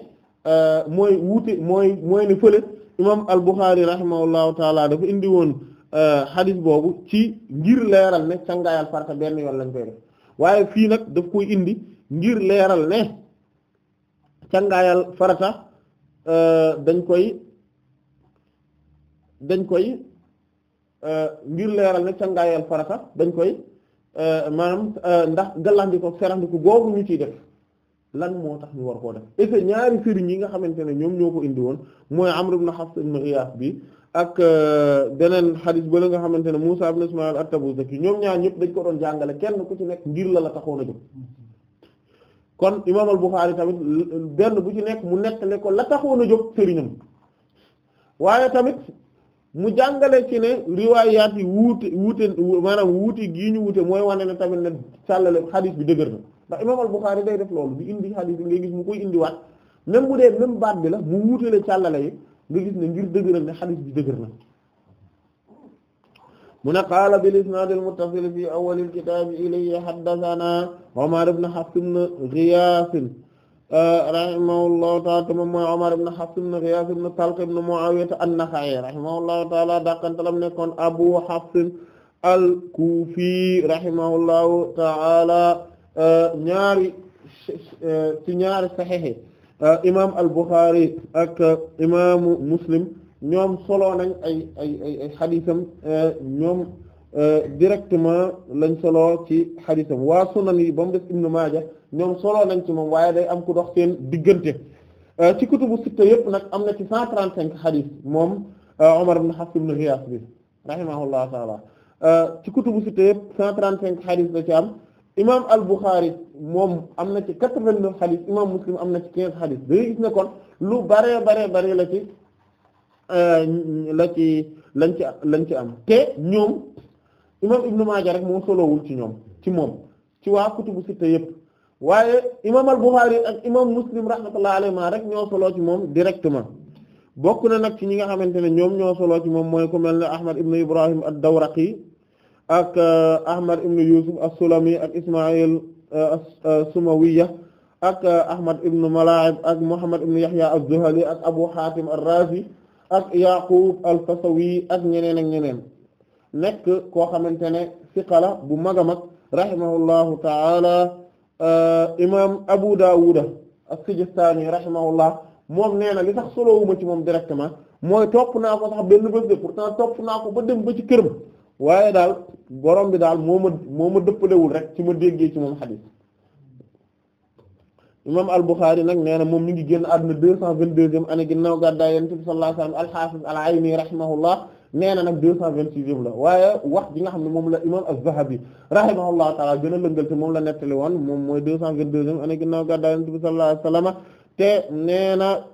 euh, mooy wuute mooy mooy ne fële imam al-Bukhari rahimahullahu taala dafa indi woon xadis euh, boobu ci ngir leeral ne cangaayal farata benn yoon lañ koy waaye fii nag daf koy indi ngir leeral ne cangaayal farata euh, dañ koy dañ koy ngir leeral ne cangaayal farata dañ koy Euh, maanaam euh, ndax gàllankoor serandiku googu ñu ciy def lan moo tax ñu war koo def et ñaari sëriñ yi nga xamante ne ñoom ñoo ko indi woon mooy Amr ibn Hafs ibn Iyas bi ak euh, beneen xadis ba la nga xamante ne Musa ibn Ismail at-Tabuzaki ñoom ñaar ñëpp dañ ko doon jàngale kenn ku ci nekk ngir la la taxoon a kon imaam al-Bukhari tamit benn bu ci nekk mu nekk ne la taxoon a jóg sëriñam waaye tamit. mu jàngale ci ne riwaayaat yi wuute wuute maanaam wuute gii ñu wuute mooy wane ne tamit ne sàllale xadis bi dëgër na ndax imaam al day def loolu bi indi xadis bi ngay gis mu koy indiwaat même bu dee même baat bi la mu wuutele sàllale yi nga gis ne ngir dëgëral ne xadis bi dëgër na mu ne qaala bil isnaad al muttasil fi awwal al kitaab ma haddathana Umar ibn Hafs ibn Ghiyaas rahimahullahu taala te moom mooy Omar ibn Hafs ibn Ghiyath ibn Talq ibn Mu'awiya an-Nakha'i rahimahullahu taala dàqantalam nekkoon Abu Hafs al-Kufi rahimahullahu taala ñaari ci ñaari saxiix imaam al-Bukhari ak imaamu Muslim ñoom solo nañ ay ay ay ay xadiisam ñoom Euh, directement lañ solo ci xadisam waa sunan yi ba mu des Ibnu Maaja ñoom solo nañ ci moom waaye day am ku dox seen diggante euh, ci kutubu sitta yépp nag am na ci cent trente-cinq xadis moom Umar euh, ibn Hafs ibn Ghiyaas bi rahimahullahu ci kutubu sitta yépp cent trente-cinq xadis ci am imam al-Bukhari moom am na ci quatre-vingt-neuf xadis imam Muslim am na ci quinze xadis day gis ne kon lu bare bare bare la ci la ci lañ ci lañ ci am te ñoom imam Ibn Maaja rek moom solowul ci ñoom ci moom ci waa kutubu sitta yépp waaye imam al-Bukhari ak imam Muslim rahmatullahi alayhima rek ñoo soloo ci moom directement bokk na nag ci ñi nga xamante ne ñoom ñoo soloo ci moom mooy ku mel ne Ahmad ibn Ibrahim ad-Dawraqi ak uh, Ahmad ibn Yusuf as-Sulami ak Ismaïl uh, as-Sumawiya uh, ak Ahmad ibn Mala'ib ak Muhammad ibn Yahya az-Zuhali ak Abu Hatim ar-Razi ak Yaqub al-Fasawi ak ñeneen ak ñeneen nekk koo xamante ne siqala bu mag a mag rahimahullahu taala euh, imam Abu Dawuda as-Sijistani rahimahullah moom nee na li sax solowuma ci moom directement mooy topp naa ko sax benn bés de pourtant topp naa ko ba dem ba ci kër këram waaye daal borom bi daal moo ma moo ma dëppalewul rek ci ma déggee ci moom xadis imam al-Bukhari nag nee moom mi ngi génn àdduna deux cent vingt-deuxième année ginnaaw gàddaay Yonent bi sallallahu alayhi wa sallam al-Hafiz al-Ayni rahimahullah nee na nag deux cent vingt-sixième la waaye wax ji nga xam ne moom la imam az-Zahabi rahimahullahu taala gën a lëngal te moom la nettali woon moom mooy deux cent vingt-deuxième année ginnaaw gàddaay Yonent bi sallallahu alayhi te nee na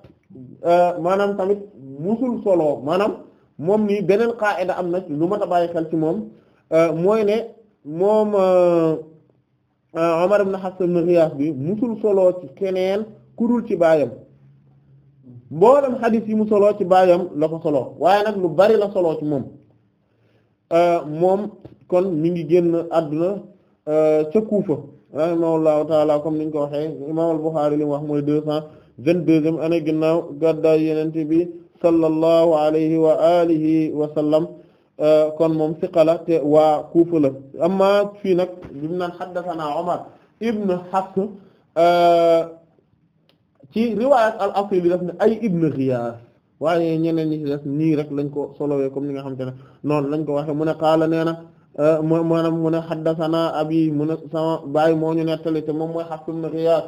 euh, maanaam tamit musul solo maanaam moom nii beneen qaida am na lu ma ta bàyyi xel ci moom euh, mooy ne moom Umar euh, ibn Hasan ibn Ghiyath bi musul solo ci keneen ku dul ci baayam mboolem xadis yi mu soloo ci baayam la ko soloo waaye nag lu bari la soloo moom euh, moom kon mi ngi génn àdduna euh, ca Kuufa rahimahullahu taala comme niñ ko waxee imam al-Bukhari mu wax mooy deux cent vingt-deuxième année ginnaaw gàddaay yenente bi sallallahu alayhi wa alihi wa sallam euh, kon moom siqa la te waa Kuufa la amma fii nag bimu naan haddathana Umar ibn Hafs ci riwaayat al asili daf ne ay ibn Ghiyaas waaye ñeneen nii rek lañ ko solowee comme ni nga xamante ne noonu lañ ko waxe mu ne qaala nee na euh, mu maanaam mu ne haddathana abi mu ne baay moo ñu nettali te moom mooy Hafs ibn Ghiyaas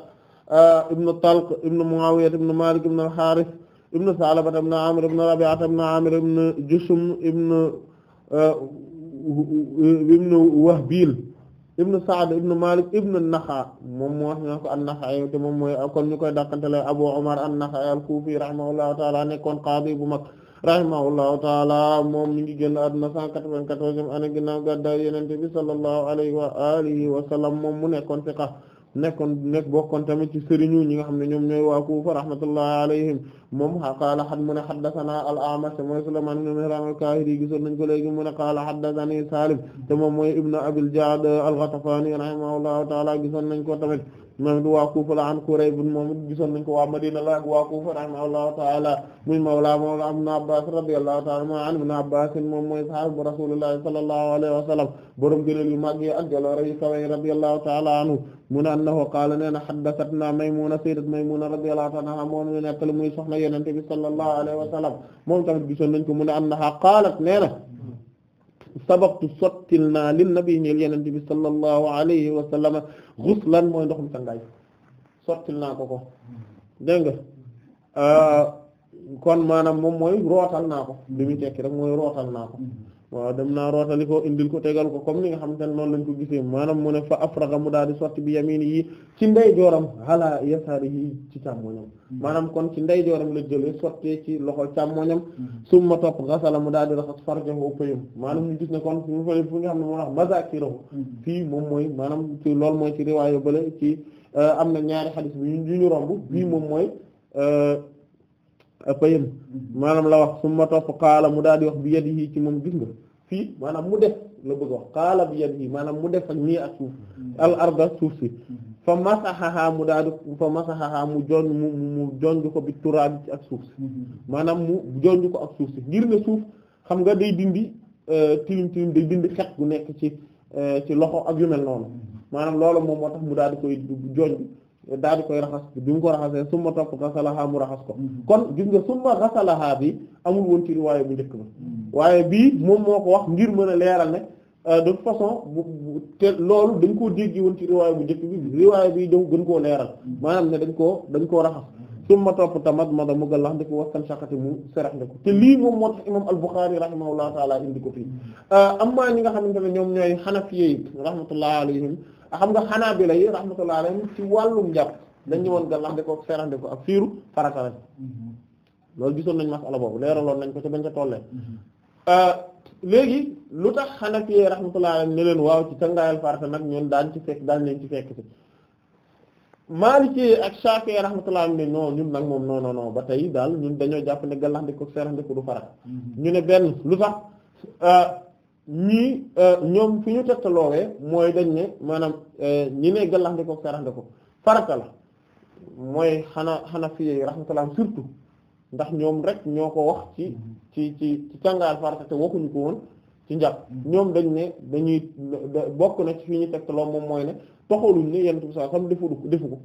euh, ibn Talq ibn Muawiya ibn Malik ibn al-Harith ibn Sa'laba ibn Amir ibn Rabi'a ibn Amir ibn Jusum ibn euh, Wahbil ibnu Saad ibnu Malik ibnu Naxaa moom moo ñu ko an-Naxa'i te moom mooy kon ñu koy dàkkantele Abu Umar an-Naxa'i al-Kufi rahimahullahu ta'ala nekkoon qaadi bu mag rahimahullahu ta'ala moom mi ngi génn àdduna 194e année ginnaaw gàddaay Yonent bi sallallahu alayhi wa alihi wa sallam moom mu nekkoon fiqa nekkoon nekk bokkoon tamit ci sëriñu ñi nga xam ne ñoom ñooy waa Kufa rahmatullahi alayhim moom qaala xad mu ne xaddasanaa al-A'mash te mooy Sulaymaan ibn Mihraan al-Kaahili gisoon nañ ko léegi mu ne qaala xaddasanii Saalim te moom mooy ibnu Abil Ja'd al-Ghatafani rahimahullahu ta'ala gisoon nañ ko tamit moom it waa Kufa la an Kurayb moom it gisoon nañ ko waa Madina la ak waa Kufa rahimahullahu ta'ala muy mawla moom Ibn Abbas radiyallahu ta'ala ma an Ibn Abbas moom mooy sahabu Rasulullah sallallahu alayhi wa sallam borom gënal yu màgg ak jaloore yu kawe radiyallahu ta'ala anhu mu ne annahu qaala nee na haddathatna Maymuna sayyidat Maymuna radiyallahu ta'ala anha moom ñu nettali muy soxna Yonent bi sallallahu alayhi wa sallam moom tamit gisoon nañ ko mu ne annaha qaalat nee na sabaqtu sottil naa lin nabi ñeel yenente bi sallallahu alayhi wa sallama ghuslan mooy ndoxum tangaay sottil naa ko ko dégg nga euh, kon maanaam moom mooy rootal naa ko li muy rek mooy rootal naa ko waaw dem naa rootali ko indil ko tegal ko comme ni nga xam ne noonu lañ ko gisee maanaam mu ne fa afraga mu daal di sotti bi yamini yi ci ndey jooram ala yasaari yi ci càmmoñam hmm. maanaam kon ci ndey jooram la jëlee sottee ci loxo càmmoñam hmm. summa topp gasala mu daal di raxas farjahu payum maanaam ñu gis ne kon fu nga xam ne moo wax mazakirahu hmm. fii moom mooy maanaam ci loolu mooy ci riwaayo bële ci euh, am na ñaari xadis yu ñu ñu romb bii moom mooy euh, payam maanaam la wax summa topp qaala mu daal di wax bi yadihi ci moom gis nga fii maanaam mu def la bëgg wax qaala bi yadihi maanaam mu def ak nii ak suuf al arda suuf si fa masaxaxaa mu daal di fa mu jon ko bi turaab ci ak suuf si maanaam mu jonj ko ak suuf si ngir ne suuf xam nga day dindi euh, tilim tilim day dindi xet gu nekk ci euh, ci loxo ak yu mel noonu maanaam loolu moom moo tax mu daal di koy jonj daa koy raxas bi mu ko raxasee summa topp xasalaha mu raxas ko mm-hmm. kon gis nga summa xasalaha bi amul woon ci riwaaya bu njëkk ba mm-hmm. waaye bii moom moo ko wax ngir mën a leeral ne euh, de toute façon loolu dañ koo dégg woon ci riwaaya bu njëkk bi riwaaya bi dañ gën koo leeral mm-hmm. maanaam ne dañ koo dañ koo raxas summa topp tamat mada mu galax ndi ko wastan saqati mu serax ndi ko te lii moom moo tax imam al-Bukhari rahimahullahu taala indi ko fii euh, am maa ñi nga xamante ne ñoom ñooy xanafiye yi rahmatullahi alayhim xam nga xanaabila yi rahmatullahi alayhim ci wàllum njàpp dañu woon gàllande ko ferande ko ak fiiru farata la mm-hmm. loolu gisoon nañ masala boobu leeraloon nañ ko ci bañ ca tollee mm-hmm. euh, léegi lu tax xanafi rahmatullahi alayhim ne leen waaw ci cangaayal farata nag ñun daan ci fekk daan leen ci fekk ci Maliki ak Shafi rahmatullahi ne non ñun nag moom non ba tey daal ñun dañoo jàpp ne gàllande ko du farata mm-hmm. ñu ne benn lu tax euh, ñii euh, ñoom fi ñu tegtaloowee mooy dañ ne maanaam euh, ñi ne gàllaxnde ko saraxnde ko farata mooy xana xana fiyey rahmatullah surtout ndax ñoom rek ñoo ko wax ci ci ci ci tàngaal farata te waxuñu ko woon ci njàpp ñoom dañ ne dañuy bokk na ci fi ñu tegtaloo moom mooy ne toxaluñ ne yenn bi sa xam defu defu ko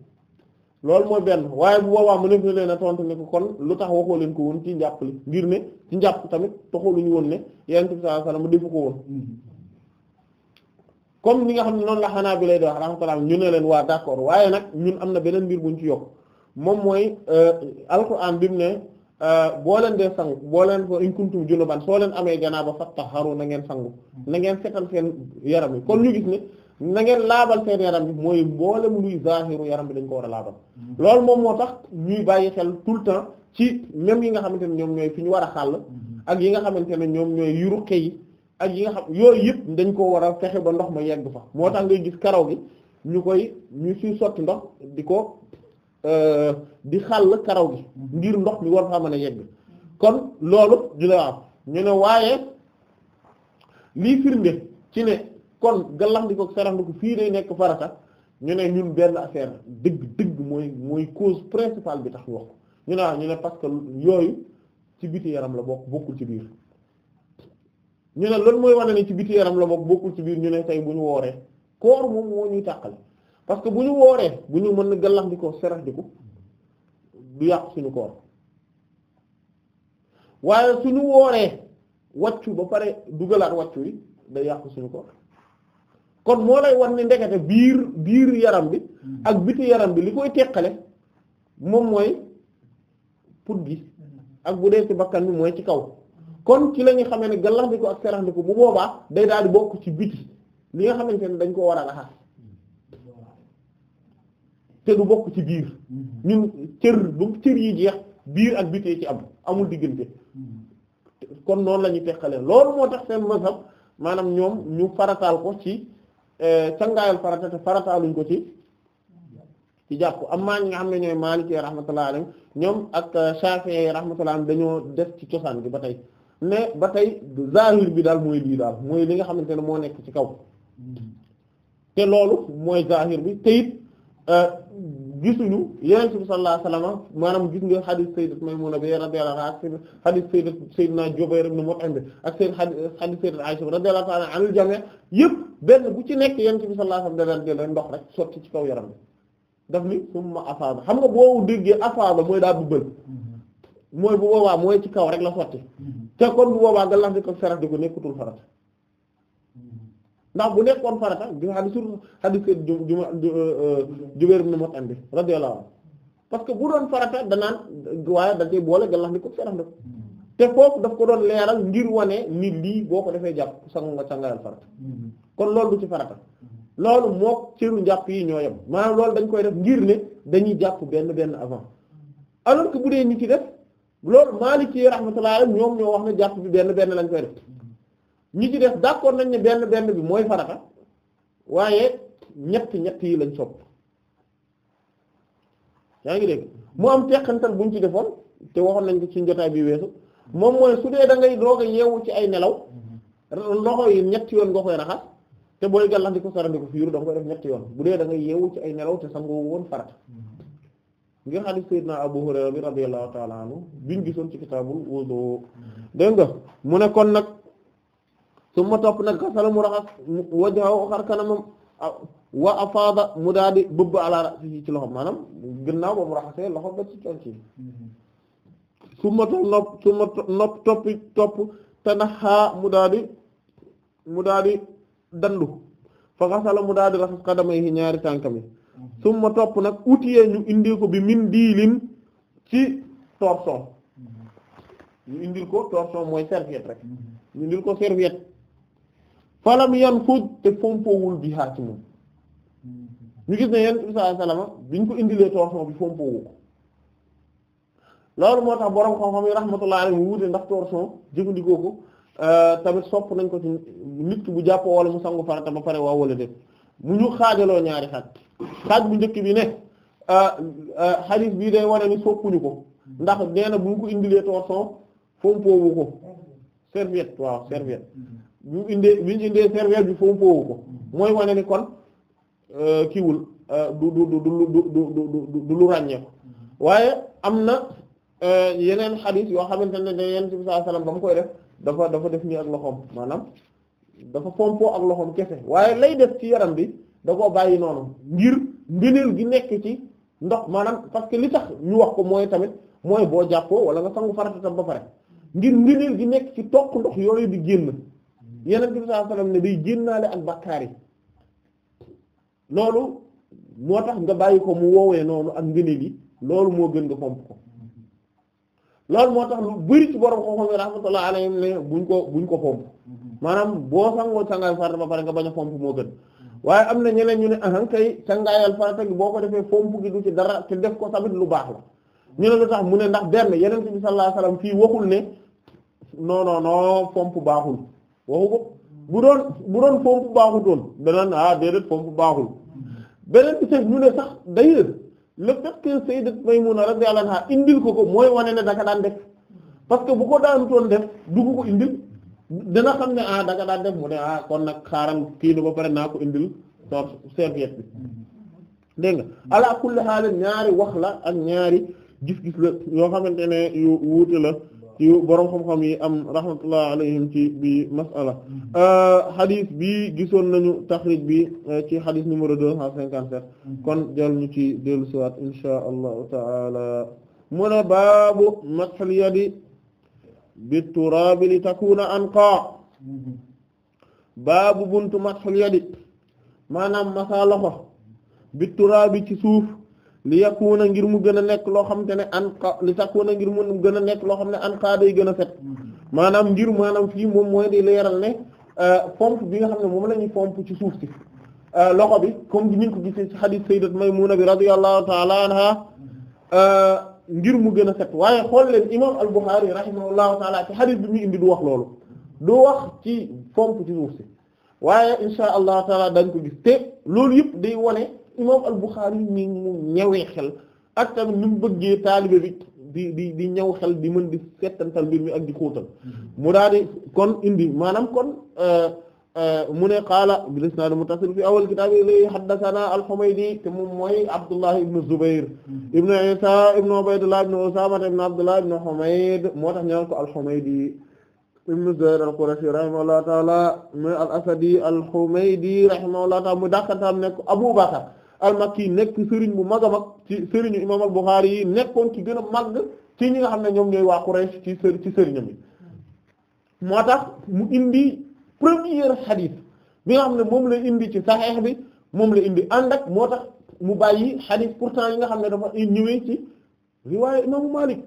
loolu mooy benn waaye bu boobaa mu nekk leen a tontu ne ko kon lu tax waxoo leen ko woon ci njàpp li ngir ne ci njàpp tamit taxoo lu ñu woon ne yonent bi sallallahu alayhi wasallam ko woon comme nga xam noonu la xanaa bi lay doon ñu ne leen waa d'accord waaye nag ñun am na beneen mbir buñ ci yokk moom mooy euh, alxuraan bi mu ne euh, boo leen dee sangu boo leen fa in kuntum junuban soo leen amee janaaba fattaharu na ngeen sangu na ngeen setal yaram yi kon ñu gis ne. na ngeen laabal seen yaram bi mooy mboolem luy zahiru yaram bi dañ ko war a laabal loolu moom moo tax ñuy bàyyi xel tout le temps ci même yi nga xamante ne ñoom ñooy fi ñu war a xàll ak yi nga xamante ne ñoom ñooy yu ruqe yi ak yi nga xam yooyu yëpp dañ ko war a fexe ba ndox ma yegg fa moo tax ngay gis karaw gi ñu koy ñu suy sotti ndox di ko euh, di xàll karaw gi ngir ndox mi war faa mën a yegg kon loolu dina am ñu ne waaye lii firnde ci ne kon gàllankoor saraxandiku fii day nekk farata ñu ne ñun benn affaire dëgg dëgg mooy mooy cause principale bi tax wax ñu ne ñu ne parce que yooyu ci biti yaram la bokk bokkul ci biir ñu ne lan mooy wane ne ci biti yaram la bokk bokkul ci biir ñu ne tey bu ñu wooree koor moom moo ñuy tàqale parce que bu ñu wooree bu ñu mën na gàllankoor saraxandiku du yàq suñu koor waaye suñu wooree wàccu ba pare dugalaat wàccu yi day yàqu suñu koor. kon moo lay wan ne ndekete biir biir yaram bi ak biti yaram bi li koy teqale moom mooy put gi ak bu dee ci bakkan bi mooy ci kaw kon ci la ñu xamee ne gàllankoor ak seraxndiku bu boobaa day daal di bokk ci biti li nga xamante ne dañ ko war a raxas te du bokk ci biir ñun cër bu cër yi jeex biir ak biti ci am amul diggante kon noonu la ñuy teqale loolu moo tax seen mazhab maanaam ñoom ñu farataal ko ci cangaayal eh, farata te farataaluñ ko ci ci jàpp amaa ñi nga xam ne ñooy Maliki rahmatullah alayhi ñoom ak eh, Shafi'i rahmatullah dañoo def ci cosaan gi ba tey mais ba tey zahir bi daal mooy lii daal mooy li nga xamante ne moo nekk ci kaw hmm. te loolu mooy zahir bi te eh, gisuñu yonent bi sallallahu alayhi wasallam maanaam gis nga xadis sayyidat Maymuna bi radiyallahu anha ak xadis sayyidat sayyidina Jubayr ibn Mut'im bi ak seen xadis sayyidat Aisha radiyallahu ta'ala anil jami' yëpp benn bu ci nekk yonent bi sallallahu alayhi wasallam da daan ndox rek sotti ci kaw yaram bi daf ni summa afaada xam nga boo déggee afaada mooy daa bëggal mm-hmm. mooy bu boobaa mooy ci kaw rek la sotti mm-hmm. te kon bu boobaa nga lax di ko sarax di ko nekkutul farata ndax bu nekkoon farata di nga xam ne surtout hadith ju ju euh, Jubayr ibn Mut'im bi radiyallahu anhu parce que bu doon farata danaan waaye da cee boole gàllax ni ko sarax def te foofu daf ko doon leeral ngir wane nit lii boo ko defee jàpp sangu nga sangaral farata kon loolu du ci farata loolu moo cëru jàpp yi ñoo yem maanaam loolu dañ koy def ngir ne dañuy jàpp benn benn avant alors que bu dee ñi ki def loolu Maliki rahmatullahi ñoom ñoo wax ne jàpp bi benn benn lañ koy ñi ci def d'accord nañ ne benn benn bi mooy farata waaye ñett ñett yi lañ sopp yaa ngi dégg mu am teqantal buñ ci defoon te waxoon nañ ko ci njotaay bi weesu moom mooy su dee da ngay doog a yeewu ci ay nelaw loxo yi ñetti yoon nga koy raxas te booy gàllandiku sarandiku fiiru da nga koy def ñetti yoon bu dee dangay ngay yeewu ci ay nelaw te sangoo woon farata ngir hadith sayyidina Abu Hurayra bi radiyallahu ta'ala biñ gisoon ci kitaabul wudu dégg nga mu ne su ma topp nag gasala mu raxas wajhahu xar kanamam mu daa bëbb ala ra'sihi ci loxo maanaam gannaaw ba mu raxasee loxo ba ci conci su ma topp nopp su ma mu daa di mu daa dandu fa gasala mu daa di raxas ñaari tànkam yi su topp nag utiyee ñu indi ko bi min diilin ci torchon ñu indil ko torchon mooy serviette rek ñu indil ko serviette falam yan fuuj te fompowul bi xaar moom ñu gis ne yent bi sallallahu alayhi biñ ko indilee torsion bi moo tax borom xam-xam yi rahmatullah alayhi mu wuute ndax torsion jëfandikoo euh, tamit sopp nañ ko ci bu jàppoo wala mu sangu farata ba pare waa wala def mu ñu xaajaloo ñaari xaaj xaaj bu njëkk bi ne hadith euh, euh, bii day wane ni ko ndax nee na bu ko indilee torsion fompowu ko serviette waaw serviette bi mu indee bi indee serviette bi foofu foofu ko mooy wane ni kon kiiwul du du du du du du lu ràññee ko waaye am na yeneen xadiis yoo xamante ne ne yenn bi saa salaam ba mu koy def dafa dafa def nii ak loxoom maanaam dafa pompo ak loxoom kese waaye lay def ci yaram bi da koo bàyyi noonu ngir ngëneel gi nekk ci ndox maanaam parce que li tax ñu wax ko mooy tamit mooy boo jàppoo wala nga sangu farata tam ba pare ngir ngëneel gi nekk ci toq ndox yooyu di génn. yeneen bi sallallahu alayhi wasallam ne day génnaale ak bàkkaar yi loolu moo tax nga bàyyi ko mu woowee noonu ak ngëneel yi loolu moo gën nga fomp ko loolu moo tax lu bari ci borom ko xam rahmatullah alayhim ko buñ ko fomp maanaam boo sangoo sangaay farata ba pare nga bañ moo gën waaye am na ñeneen ñu ne ahan kay sangaayal boo ko defee fomp gi ci dara te def ko tamit lu baax la ñu ne lu tax mu ne ndax benn yeneen bi sallallahu alayhi wasallam fii waxul ne non noo non fomp baaxul waxu ko bu doon bu doon pompe baaxutoon danaan ah déedéet pompe baaxul beneen bi sax ñu ne sax d'ailleurs le fait que sayyidat Maymuna radiyallahu anha indil ko ko mooy wane ne daka daan def parce que bu ko daanutoon def du ko ko indil dana xam ne ah daka daan def mu ne ah kon nag xaaral kii ba pare naa ko indil soo serviette bi dégg nga ala kulli haal ñaari wax la ak ñaari gis-gis la yoo xamante ne yu wuute ci borom xam-xam yi am rahmatullah alayhim ci bi masala mm-hmm. euh, hadith bi gisoon nañu taxrij bi euh, ci hadith numéro deux cent cinquante-sept mm-hmm. kon jël ñu ci dellu siwaat insha allahu taala mu ne baabu masxal yadi bi li takuna anqa mm-hmm. baabu buntu masxal yadi maanaam masaa loxo bi ci suuf li yakuna ngir mu gën a nekk loo xam te ne an li takuna ngir mu gën a nekk loo xam ne an day gën a set mm-hmm. maanaam ngir maanaam fii moom mooy di leeral ne euh, pompe bi nga xam ne moom la ñuy pompe ci suuf si euh, loxo bi comme bi ñu ko gisee ci hadith sayyidat Maymuna bi radiyallahu ta'ala anha mm-hmm. euh, ngir mu gën a set waaye xool leen imam al-Bukhari rahimahullahu ta'ala ci hadith bi mu indi du wax loolu du wax ci pompe ci suuf si waaye insha allah taala dañ ko gis te loolu yëpp day wone imam al-Bukhari ni mu xel ak tamit ni mu taalibe di ñaw xel di mën di settantal mbir mi ak di xóotal mm-hmm. mu daal di kon indi maanaam kon euh, euh, mu ne qaala bil isnaad muttasil fi awal kitaab li haddathana al-Humaydi te moom mooy Abdullah ibn Zubayr mm-hmm. ibn Isa ibn Ubaydullah ibn Usama ibn Abdullah ibn Humayd moo tax ñaan ko al-Humaydi ibn Zubayr al-Qurashi rahimahullahu ta'ala mu al-Asadi al-Humaydi rahimahullahu ta'ala mu dàkantaam nekk Abu al-Makki nekk sëriñ bu mag a mag ci sëriñu imam al-Bukhari yi nekkoon ci gën a mag ci ñi nga xam ne ñoom ñooy waa Quraysh ci sëri ci sëriñam yi moo tax mu indi première xadis bi nga xam ne moom la indi ci saxeex bi moom la indi ànd moo tax mu bàyyi pour pourtant yi nga xam ne dafa ñëwee ci riwaaya imaamu Malik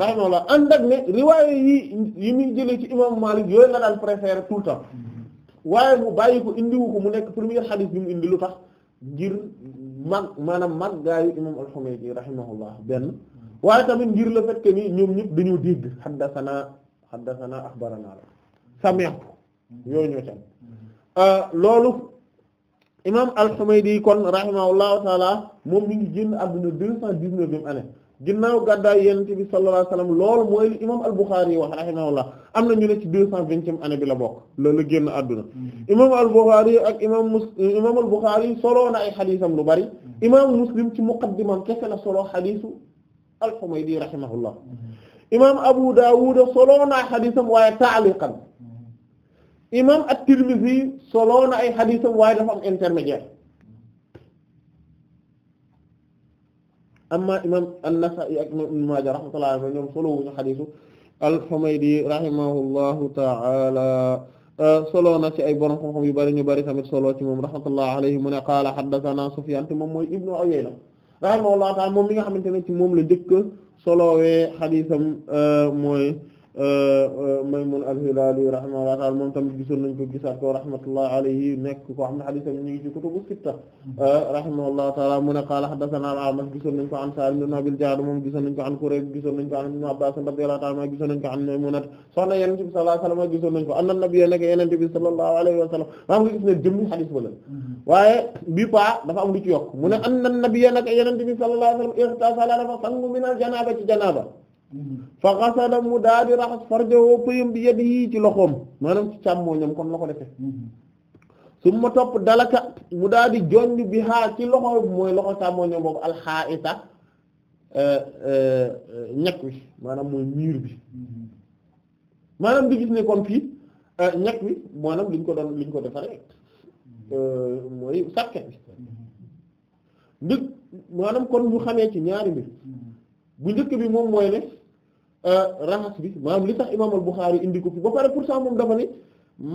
rahimahullah ànd ak ne riwaaya yi yi muy jëlee ci imaamu Malik yooyu la daan préférer tout le temps mm-hmm. waaye mu bàyyi ko indiwu ko mu nekk première xadis bi mu indi lu tax ngir mag maanaam maggaayu imam al-Humaydi benn waaye tamit ngir la fait que ni ñoom ñëpp dañoo dégg haddathana haddathana akhbarana la sami'tu yooyu ñoo mm-hmm. euh, loolu imam al-Humaydi kon rahimahullahu taala moom mi ngi génn àdduna deux cent dix-neuvième année ginnaaw gàddaay yonent bi sallallahu alayhi wasallam loolu mooy li imam al-Bukhari yi wax rahimahullah am na ñu ne ci deux cent vingtième année bi la bokk la la génn àdduna mm-hmm. imam al-Bukhari ak imam Muslim imam al-Bukhari soloo na ay xadiisam lu bari mm-hmm. imam Muslim ci muqaddimam kese la soloo xadiisu al-Humaydi rahimahullah mm-hmm. imam Abu Dawud soloo na ay xadiisam waaye taaliqan imam at-Tirmidhi soloo na ay xadiisam waaye dafa am amma imam an-Nasa'i ak imam Ibn Maaja rahmatullahi alayhi ñoom solo wuñu xadiisu al-Humaydi rahimahullahu ta'ala euh, solo na ci ay borom xam-xam yu bari ñu bari tamit solo ci moom rahmatullahi alayhi mu ne qaala haddathana Sufyaan te moom mooy Ibnu Uyayna rahimahullahu ta'ala moom li nga xamante ne ci moom la njëkk solowee xadiisam euh, mooy Euh, euh, Maymun al-Hilali rahimahullah ta'ala moom tamit gisoon nañ ko gisaat ko rahmatullahi alayhi nekk koo xam ne hadiisam ñu ngi ci euh, ko an Saalim ibn Abil Ja'd moom gisoon nañ ko an Kurayb gisoon gisoon nañ ko gisoon nañ ko anna nabiyya nekk Yonent bi sallallahu alayhi wa maa ngi gis ne jëmmi hadiis ba la waaye bi pa dafa am lu ci yokk mu ne anna nabiyya nekk Yonent bi sallallahu alayhi wa sallam ightaasala dafa sangu min al-janaaba ci janaaba fa xasala mu daal di raxas farjawoo pëyam bi yedd yii ci loxoom maanaam ci càmmooñam kon la ko su ma topp dalaka mu daal di jonj bi xaa ci loxo mooy loxo càmmooñam boobu alxaa'ita euh, euh, ñekk wi maanaam mooy miir bi maanaam di gis ne kon fii euh, ñekk wi maanaam liñ ko doon liñ ko defaree mooy sàkket bi ndig maanaam kon ñu xamee ci ñaari mbir bu njëkk bi moom mooy ne Euh, raxas bi maanaam li tax imaam al-Bukhari indi ko fi ba pare pour ça moom dafa ne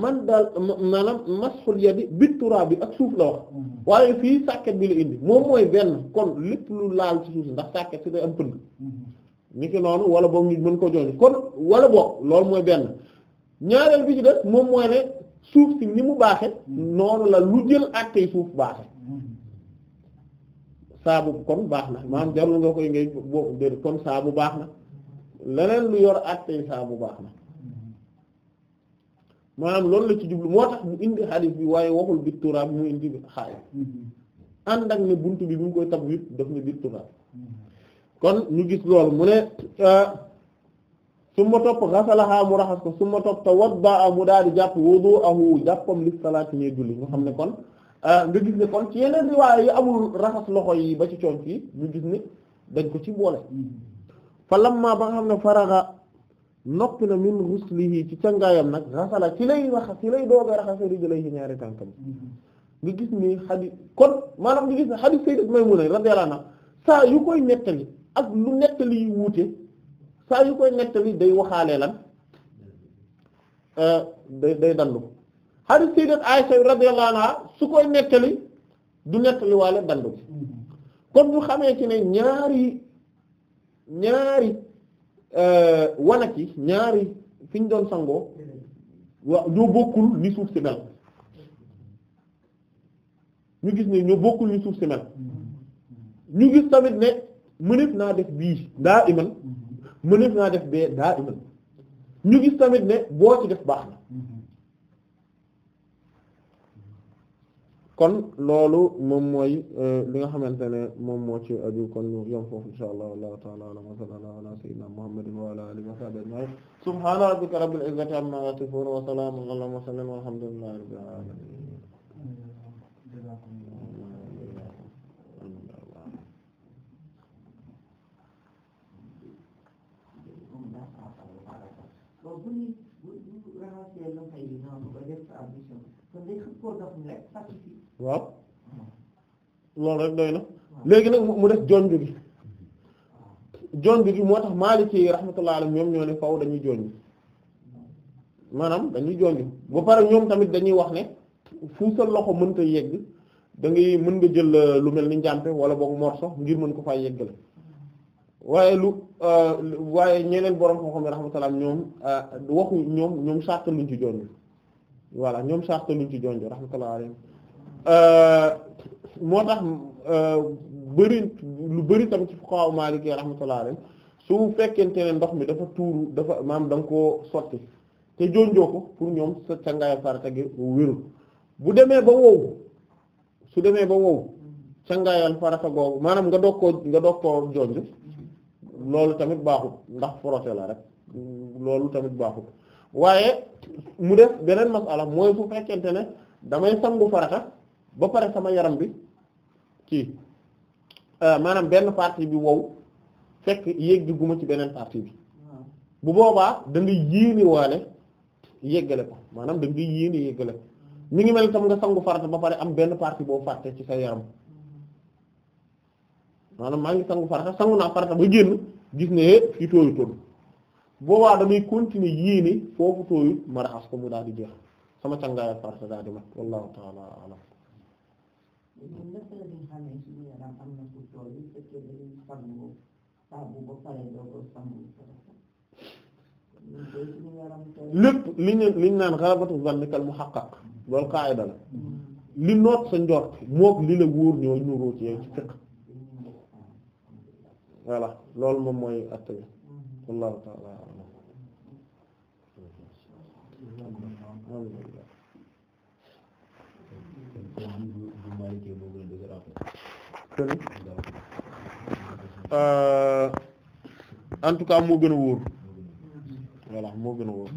man daal maanaam masxul yadi bit turaab bi ak suuf la wax mhm. waaye fii sàkket bi la indi moom mooy benn kon lépp lu laal ci suuf ndax sàkket si day am pënd mhm. ni ki noonu wala boog ñu mën ko joxe kon wala boog loolu mooy benn ñaareel bi ci def moom mooy ne suuf si ni mu baaxe mhm. noonu la lu jël àttee suuf baaxe saabu kon baax na maanaam jarul nga koy ngay boo kon saabu baax na leneen lu yor attey bu baax na maanaam loolu la ci jublu moo tax mu indi hadith bi waaye waxul biir turaab mu indi xaay ànd ak ne bunt bi mu ngi koy tab wit daf ne biir kon ñu gis loolu mu ne ah, su ma topp xasalaxaa mu raxas ko su ma topp te wadda a mu daal di jàpp wudu ahu jàppam li salaat ne julli nga xam ne kon ah, nga gis ne kon ci yeneen riwaaya yi amul raxas loxo yi ba ci coon fii ñu gis ne dañ ko ci boole fa lamma ba nga xam ne faraga noppi na min ghuslihi ci cangaayam nag rasala ci lay raxas ci lay doog a raxas rijlayhi ñaari tànkam nga gis ni xadis kon maanaam nga gis ne xadis sayyidat Maymuna radiyallahu anha saa yu koy nettali ak lu nettali yu wuute saa yu koy nettali day waxaalee lan euh, day day dandu xadis sayyidat Aisha su koy nettali du nettali waale dandu mm-hmm. kon ñu xamee ci ne ñaari ñaari euh, wanak yi ñaari fi ñu doon sangoo waaw ñoo bokkul ni suuf si mel ñu gis ne ñoo bokkul ni suuf si mel ñu gis tamit ne mëneef naa def bii daa iman mëneef naa def bee daa iman ñu gis tamit ne boo ci def baax na kon loolu moom mooy euh, li nga xamante ne moom moo ci aju kon ñu yom foofu insha allah wallahu ta'ala alam wa sallallahu ala sayyidina muhammadin wa ala alihi wa sahbihi ajma'in subhana rabbika rabbil izzati amma yasifun wa salamun ala mursalin walhamdulillahi rabbil alamin kon day xam koo dox rek waaw loolu rek doy na léegi nag mu def jonj gi jonj gi moo tax Maliki ci rahmatullah alayhim ñoom ñoo ne faw dañuy jonj maanaam dañuy jonj ba pare ñoom tamit dañuy wax ne fu sa loxo mënta yegg da mën nga jël euh, lu mel ni njàmpe wala boog morso ngir mën ko faa yeggale waaye lu euh, waaye ñeneen borom xam-xam rahmatullah ñoom euh, waxu ñoom ñoom sarta luñ ci jonj voilà ñoom sarta luñ ci jonj rahmatullah alayhim Euh, moo tax euh, bëri lu bëri tamit ci fuqaha Maliki rahmatullahi alayhi su fekkente ne ndox mi dafa tuuru dafa maam danga nga koo sotti te jonjoo ko pour ñoom sa càngaaya farata gi wérul bu demee ba wow su demee ba wow càngaayal farata googu maanaam nga doog ko nga doog koo jonj loolu tamit baaxut ndax frotté la rek loolu tamit baaxut waaye mu def beneen masala mooy su fekkente ne damay sangu farata ba pare sama yaram bi kii euh, maanaam benn partie bi wow fekk yéeg ci beneen partie bi bu boobaa da nga yéene waale yéggale ko maanaam da nga yéene yéggale ko mi ngi mel tam nga sangu farata ba pare am benn parti boo fàtte ci sa yaram mm-hmm. maanaam maa ngi sangu farata sangu naa farata ba génn gis ne fii tooyu toll boobaa damay continuer yéene foofu tooyut ma raxas ko mu daal di jeex sama cangaayal farata daa di mat wallahu ta'ala a'lam ñun ñëpp la ñu xamee suñu ba pare doo ko sangu lépp li ñu naan xarabatu zannikal muhaqqaq loolu qaayida la li noot sa njort mook li la wóor ñoo ñuroo ci yow ci fiqh loolu moom mooy atta bi wallahu ta'ala a'lam Maliki moo gën a dëgër après en tout cas moo gën a wóor voilà moo gën a wóor